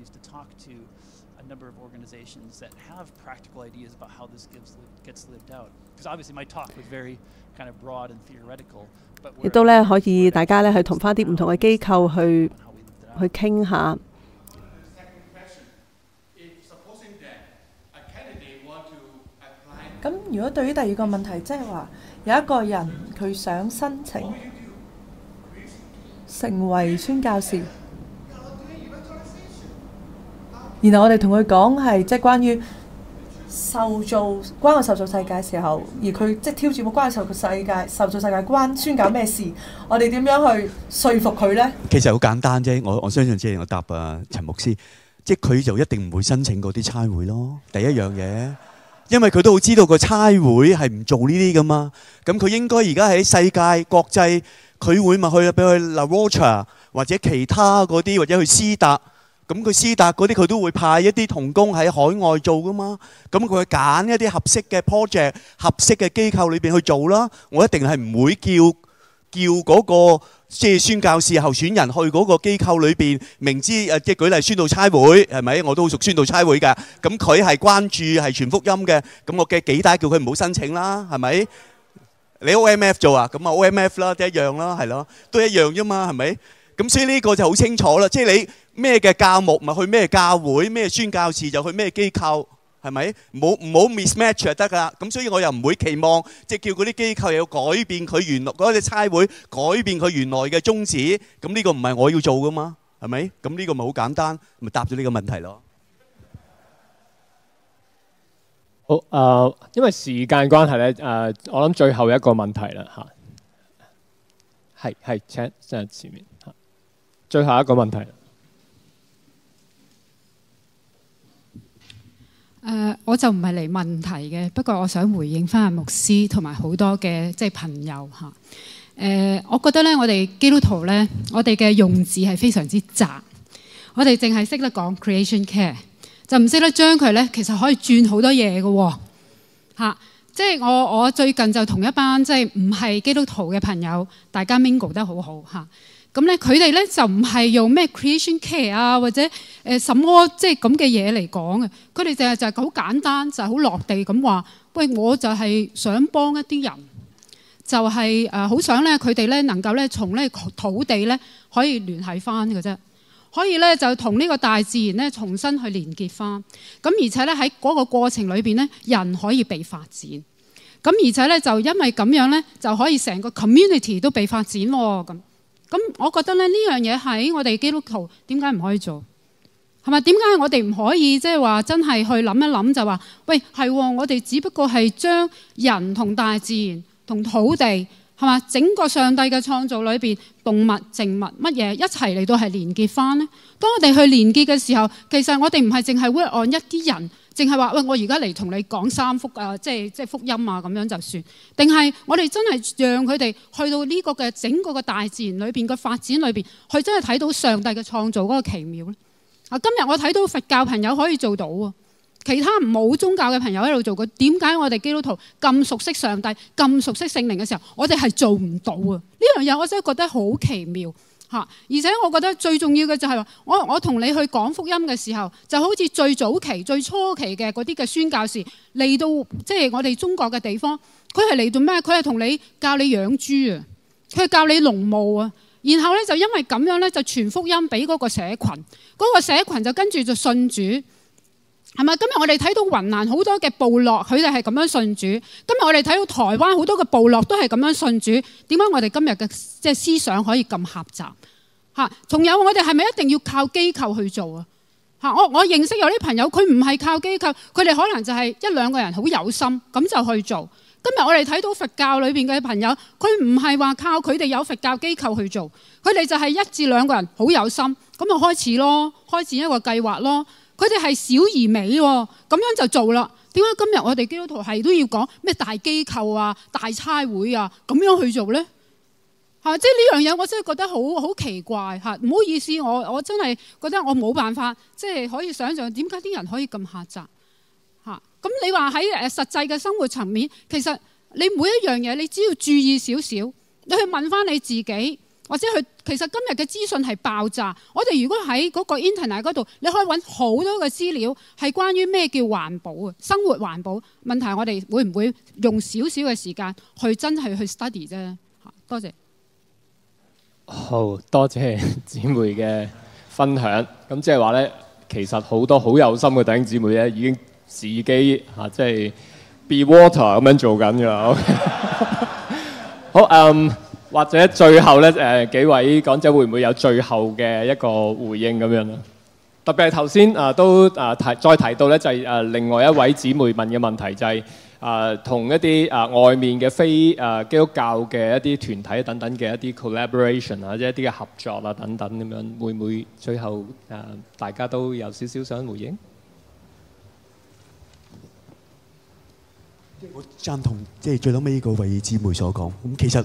亦都咧可以大家咧去同翻啲唔同嘅機構去去傾下。咁、嗯、如果對於第二個問題，即係話。有一個人佢想申請成為宣教士，然後我哋同佢講係即係關於受造關愛受造世界嘅時候，而佢即係挑戰冇關愛受造世界、受造世界關宣教咩事？我哋點樣去說服佢咧？其實好簡單啫，我我相信即係我答啊陳牧師，即係佢就一定唔會申請嗰啲差會咯。第一樣嘢。因為佢都好知道個差會係唔做呢啲噶嘛，咁佢應該而家喺世界國際佢會咪去啊俾佢嗱 A Rocha 或者其他嗰啲，或者去施達，咁佢施達嗰啲佢都會派一啲童工喺海外做噶嘛，咁佢揀一啲合適嘅 project、合適嘅機構裏邊去做啦，我一定係唔會叫。叫嗰個即宣教士候選人去嗰個機構裏邊，明知誒即舉例宣道差會係咪？我都好熟宣道差會㗎。咁佢係關注係全福音嘅，咁我嘅幾大叫佢唔好申請啦，係咪？你 OMF 做啊，咁啊 OMF 啦，都一樣啦，係咯，都一樣啫嘛，係咪？咁所以呢個就好清楚啦，即你咩嘅教牧咪去咩教會，咩宣教士就去咩機構。係咪？冇，唔好 mismatch 啊，得噶啦。咁所以我又唔會期望，即係叫嗰啲機構又要改變佢原來嗰隻差會，改變佢原來嘅宗旨。咁呢個唔係我要做噶嘛？係咪？咁呢個咪好簡單，咪答咗呢個問題咯。好啊，因為時間關係咧，誒，我諗最後一個問題啦嚇。係係，Check，前面嚇，最後一個問題。誒、uh, 我就唔係嚟問題嘅，不過我想回應翻阿牧師同埋好多嘅即係朋友嚇。誒、uh, 我覺得咧，我哋基督徒咧，我哋嘅用字係非常之窄，我哋淨係識得講 creation care，就唔識得將佢咧，其實可以轉好多嘢嘅嚇。即係我我最近就同一班即係唔係基督徒嘅朋友，大家 mingle 得好好嚇。啊。咁咧，佢哋咧就唔係用咩 creation care 啊，或者誒什麼即係咁嘅嘢嚟講嘅。佢哋淨係就係好簡單，就係好落地咁話。喂，我就係想幫一啲人，就係誒好想咧，佢哋咧能夠咧從呢土地咧可以聯繫翻嘅啫，可以咧就同呢個大自然咧重新去連結翻。咁而且咧喺嗰個過程裏邊咧，人可以被發展。咁而且咧就因為咁樣咧，就可以成個 community 都被發展喎。咁。咁我覺得咧呢樣嘢喺我哋基督徒點解唔可以做？係咪？點解我哋唔可以即係話真係去諗一諗就話，喂，係喎、哦！我哋只不過係將人同大自然同土地係嘛整個上帝嘅創造裏邊動物、植物乜嘢一齊嚟到係連結翻呢？當我哋去連結嘅時候，其實我哋唔係淨係 work on 一啲人。淨係話喂，我而家嚟同你講三福，啊，即係即係福音啊，咁樣就算。定係我哋真係讓佢哋去到呢個嘅整個嘅大自然裏邊嘅發展裏邊，去真係睇到上帝嘅創造嗰個奇妙咧。啊，今日我睇到佛教朋友可以做到，其他冇宗教嘅朋友喺度做過。點解？為什麼我哋基督徒咁熟悉上帝、咁熟悉聖靈嘅時候，我哋係做唔到啊！呢樣嘢我真係覺得好奇妙。嚇！而且我覺得最重要嘅就係我我同你去講福音嘅時候，就好似最早期最初期嘅嗰啲嘅宣教士嚟到，即係我哋中國嘅地方，佢係嚟到咩？佢係同你教你養豬啊，佢教你農務啊，然後咧就因為咁樣咧就傳福音俾嗰個社群，嗰個社群就跟住就信主。係咪今日我哋睇到雲南好多嘅部落，佢哋係咁樣信主？今日我哋睇到台灣好多嘅部落都係咁樣信主。點解我哋今日嘅即係思想可以咁狹窄？嚇，仲有我哋係咪一定要靠機構去做啊？嚇，我我認識有啲朋友，佢唔係靠機構，佢哋可能就係一兩個人好有心，咁就去做。今日我哋睇到佛教裏邊嘅朋友，佢唔係話靠佢哋有佛教機構去做，佢哋就係一至兩個人好有心，咁就開始咯，開始一個計劃咯。佢哋係小而美喎，咁樣就做啦。點解今日我哋基督徒係都要講咩大機構啊、大差會啊咁樣去做咧？嚇，即係呢樣嘢，我真係覺得好好奇怪嚇。唔好意思，我我真係覺得我冇辦法，即係可以想象點解啲人可以咁狹窄嚇。咁你話喺誒實際嘅生活層面，其實你每一樣嘢，你只要注意少少，你去問翻你自己。或者佢其實今日嘅資訊係爆炸，我哋如果喺嗰個 internet 嗰度，你可以揾好多嘅資料係關於咩叫環保啊，生活環保問題，我哋會唔會用少少嘅時間去真係去 study 啫？嚇，多謝好。好多謝姊妹嘅分享，咁即係話咧，其實好多好有心嘅弟兄姊妹咧，已經自己嚇，即係 be water 咁樣做緊㗎。Okay? 好，um, 或者最後咧，誒、呃、幾位講者會唔會有最後嘅一個回應咁樣咧？特別係頭先啊，都啊提再提到咧，就係、是、誒、啊、另外一位姊妹問嘅問題，就係、是、啊同一啲啊外面嘅非誒、啊、基督教嘅一啲團體等等嘅一啲 collaboration 啊，即一啲嘅合作啊等等咁樣，會唔會最後誒、啊、大家都有少少想回應？我贊同，即、就、係、是、最尾個位姊妹所講咁，其實。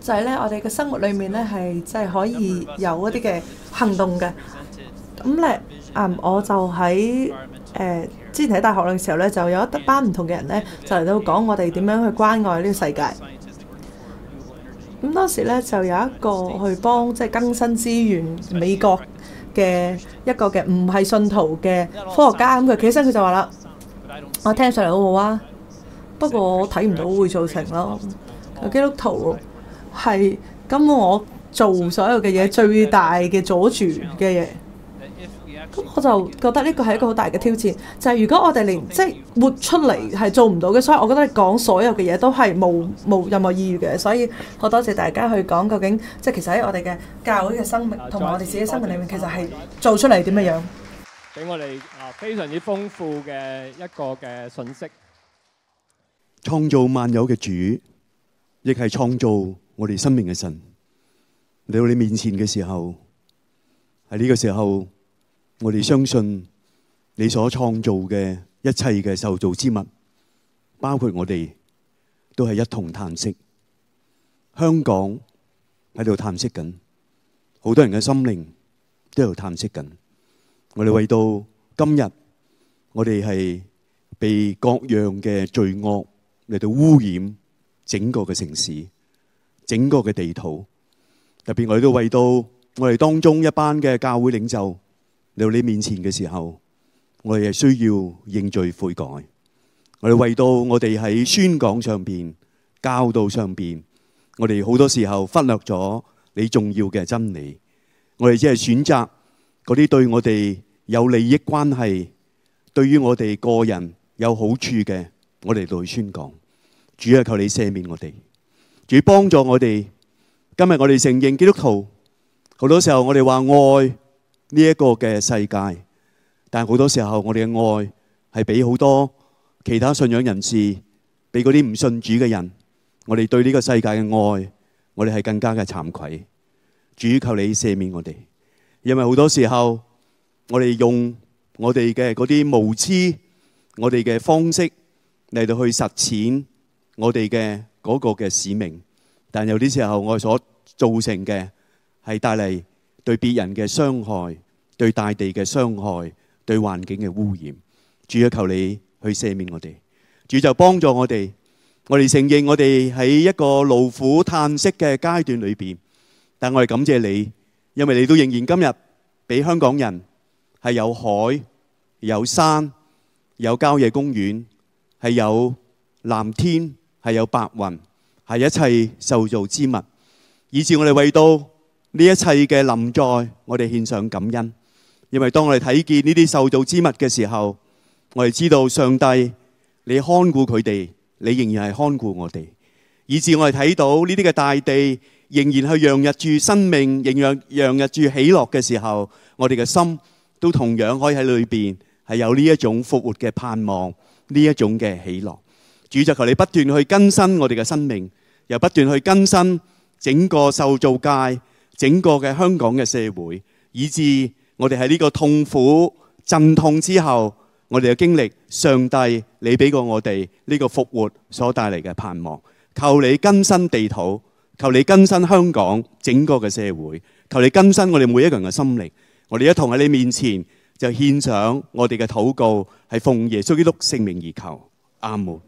就係咧，我哋嘅生活裏面咧，係即係可以有一啲嘅行動嘅。咁咧，嗯，我就喺誒、呃，之前喺大學嘅時候咧，就有一班唔同嘅人咧，就嚟到講我哋點樣去關愛呢個世界。咁、嗯、當時咧，就有一個去幫即係、就是、更新資源，美國嘅一個嘅唔係信徒嘅科學家，咁佢企起身佢就話啦，我聽上嚟好好啊，不過我睇唔到會造成咯。基督徒咯，係根本我做所有嘅嘢最大嘅阻住嘅嘢，咁我就覺得呢個係一個好大嘅挑戰。就係如果我哋連即係活出嚟係做唔到嘅，所以我覺得你講所有嘅嘢都係冇冇任何意義嘅。所以好多謝大家去講究竟，即係其實喺我哋嘅教會嘅生命，同埋我哋自己生命裏面，其實係做出嚟點樣樣。俾我哋啊，非常之豐富嘅一個嘅信息。創造萬有嘅主。亦係創造我哋生命嘅神嚟到你面前嘅時候，喺呢個時候，我哋相信你所創造嘅一切嘅受造之物，包括我哋，都係一同嘆息。香港喺度嘆息緊，好多人嘅心靈都喺度嘆息緊。我哋為到今日，我哋係被各樣嘅罪惡嚟到污染。整個嘅城市，整個嘅地圖，特別我哋都為到我哋當中一班嘅教會領袖嚟到你面前嘅時候，我哋係需要認罪悔改。我哋為到我哋喺宣講上面、教導上面，我哋好多時候忽略咗你重要嘅真理，我哋只係選擇嗰啲對我哋有利益關係、對於我哋個人有好處嘅，我哋來宣講。主啊，求你赦免我哋。主幫助我哋。今日我哋承認基督徒好多時候，我哋話愛呢一個嘅世界，但係好多時候我哋嘅愛係俾好多其他信仰人士，俾嗰啲唔信主嘅人。我哋對呢個世界嘅愛，我哋係更加嘅慚愧。主，求你赦免我哋，因為好多時候我哋用我哋嘅嗰啲無知，我哋嘅方式嚟到去實踐。我哋嘅嗰個嘅使命，但有啲時候我哋所造成嘅係帶嚟對別人嘅傷害、對大地嘅傷害、對環境嘅污染。主要求你去赦免我哋。主就幫助我哋，我哋承認我哋喺一個勞苦嘆息嘅階段裏邊。但我哋感謝你，因為你都仍然今日俾香港人係有海、有山、有郊野公園，係有藍天。係有白雲，係一切受造之物，以致我哋為到呢一切嘅臨在，我哋獻上感恩。因為當我哋睇見呢啲受造之物嘅時候，我哋知道上帝，你看顧佢哋，你仍然係看顧我哋。以致我哋睇到呢啲嘅大地仍然係洋溢住生命，仍然洋溢住喜樂嘅時候，我哋嘅心都同樣可以喺裏邊係有呢一種復活嘅盼望，呢一種嘅喜樂。主就求你不斷去更新我哋嘅生命，又不斷去更新整個受造界，整個嘅香港嘅社會，以致我哋喺呢個痛苦陣痛之後，我哋嘅經歷，上帝你俾過我哋呢個復活所帶嚟嘅盼望。求你更新地土，求你更新香港整個嘅社會，求你更新我哋每一個人嘅心靈。我哋一同喺你面前就獻上我哋嘅禱告，係奉耶穌基督聖名而求，阿門。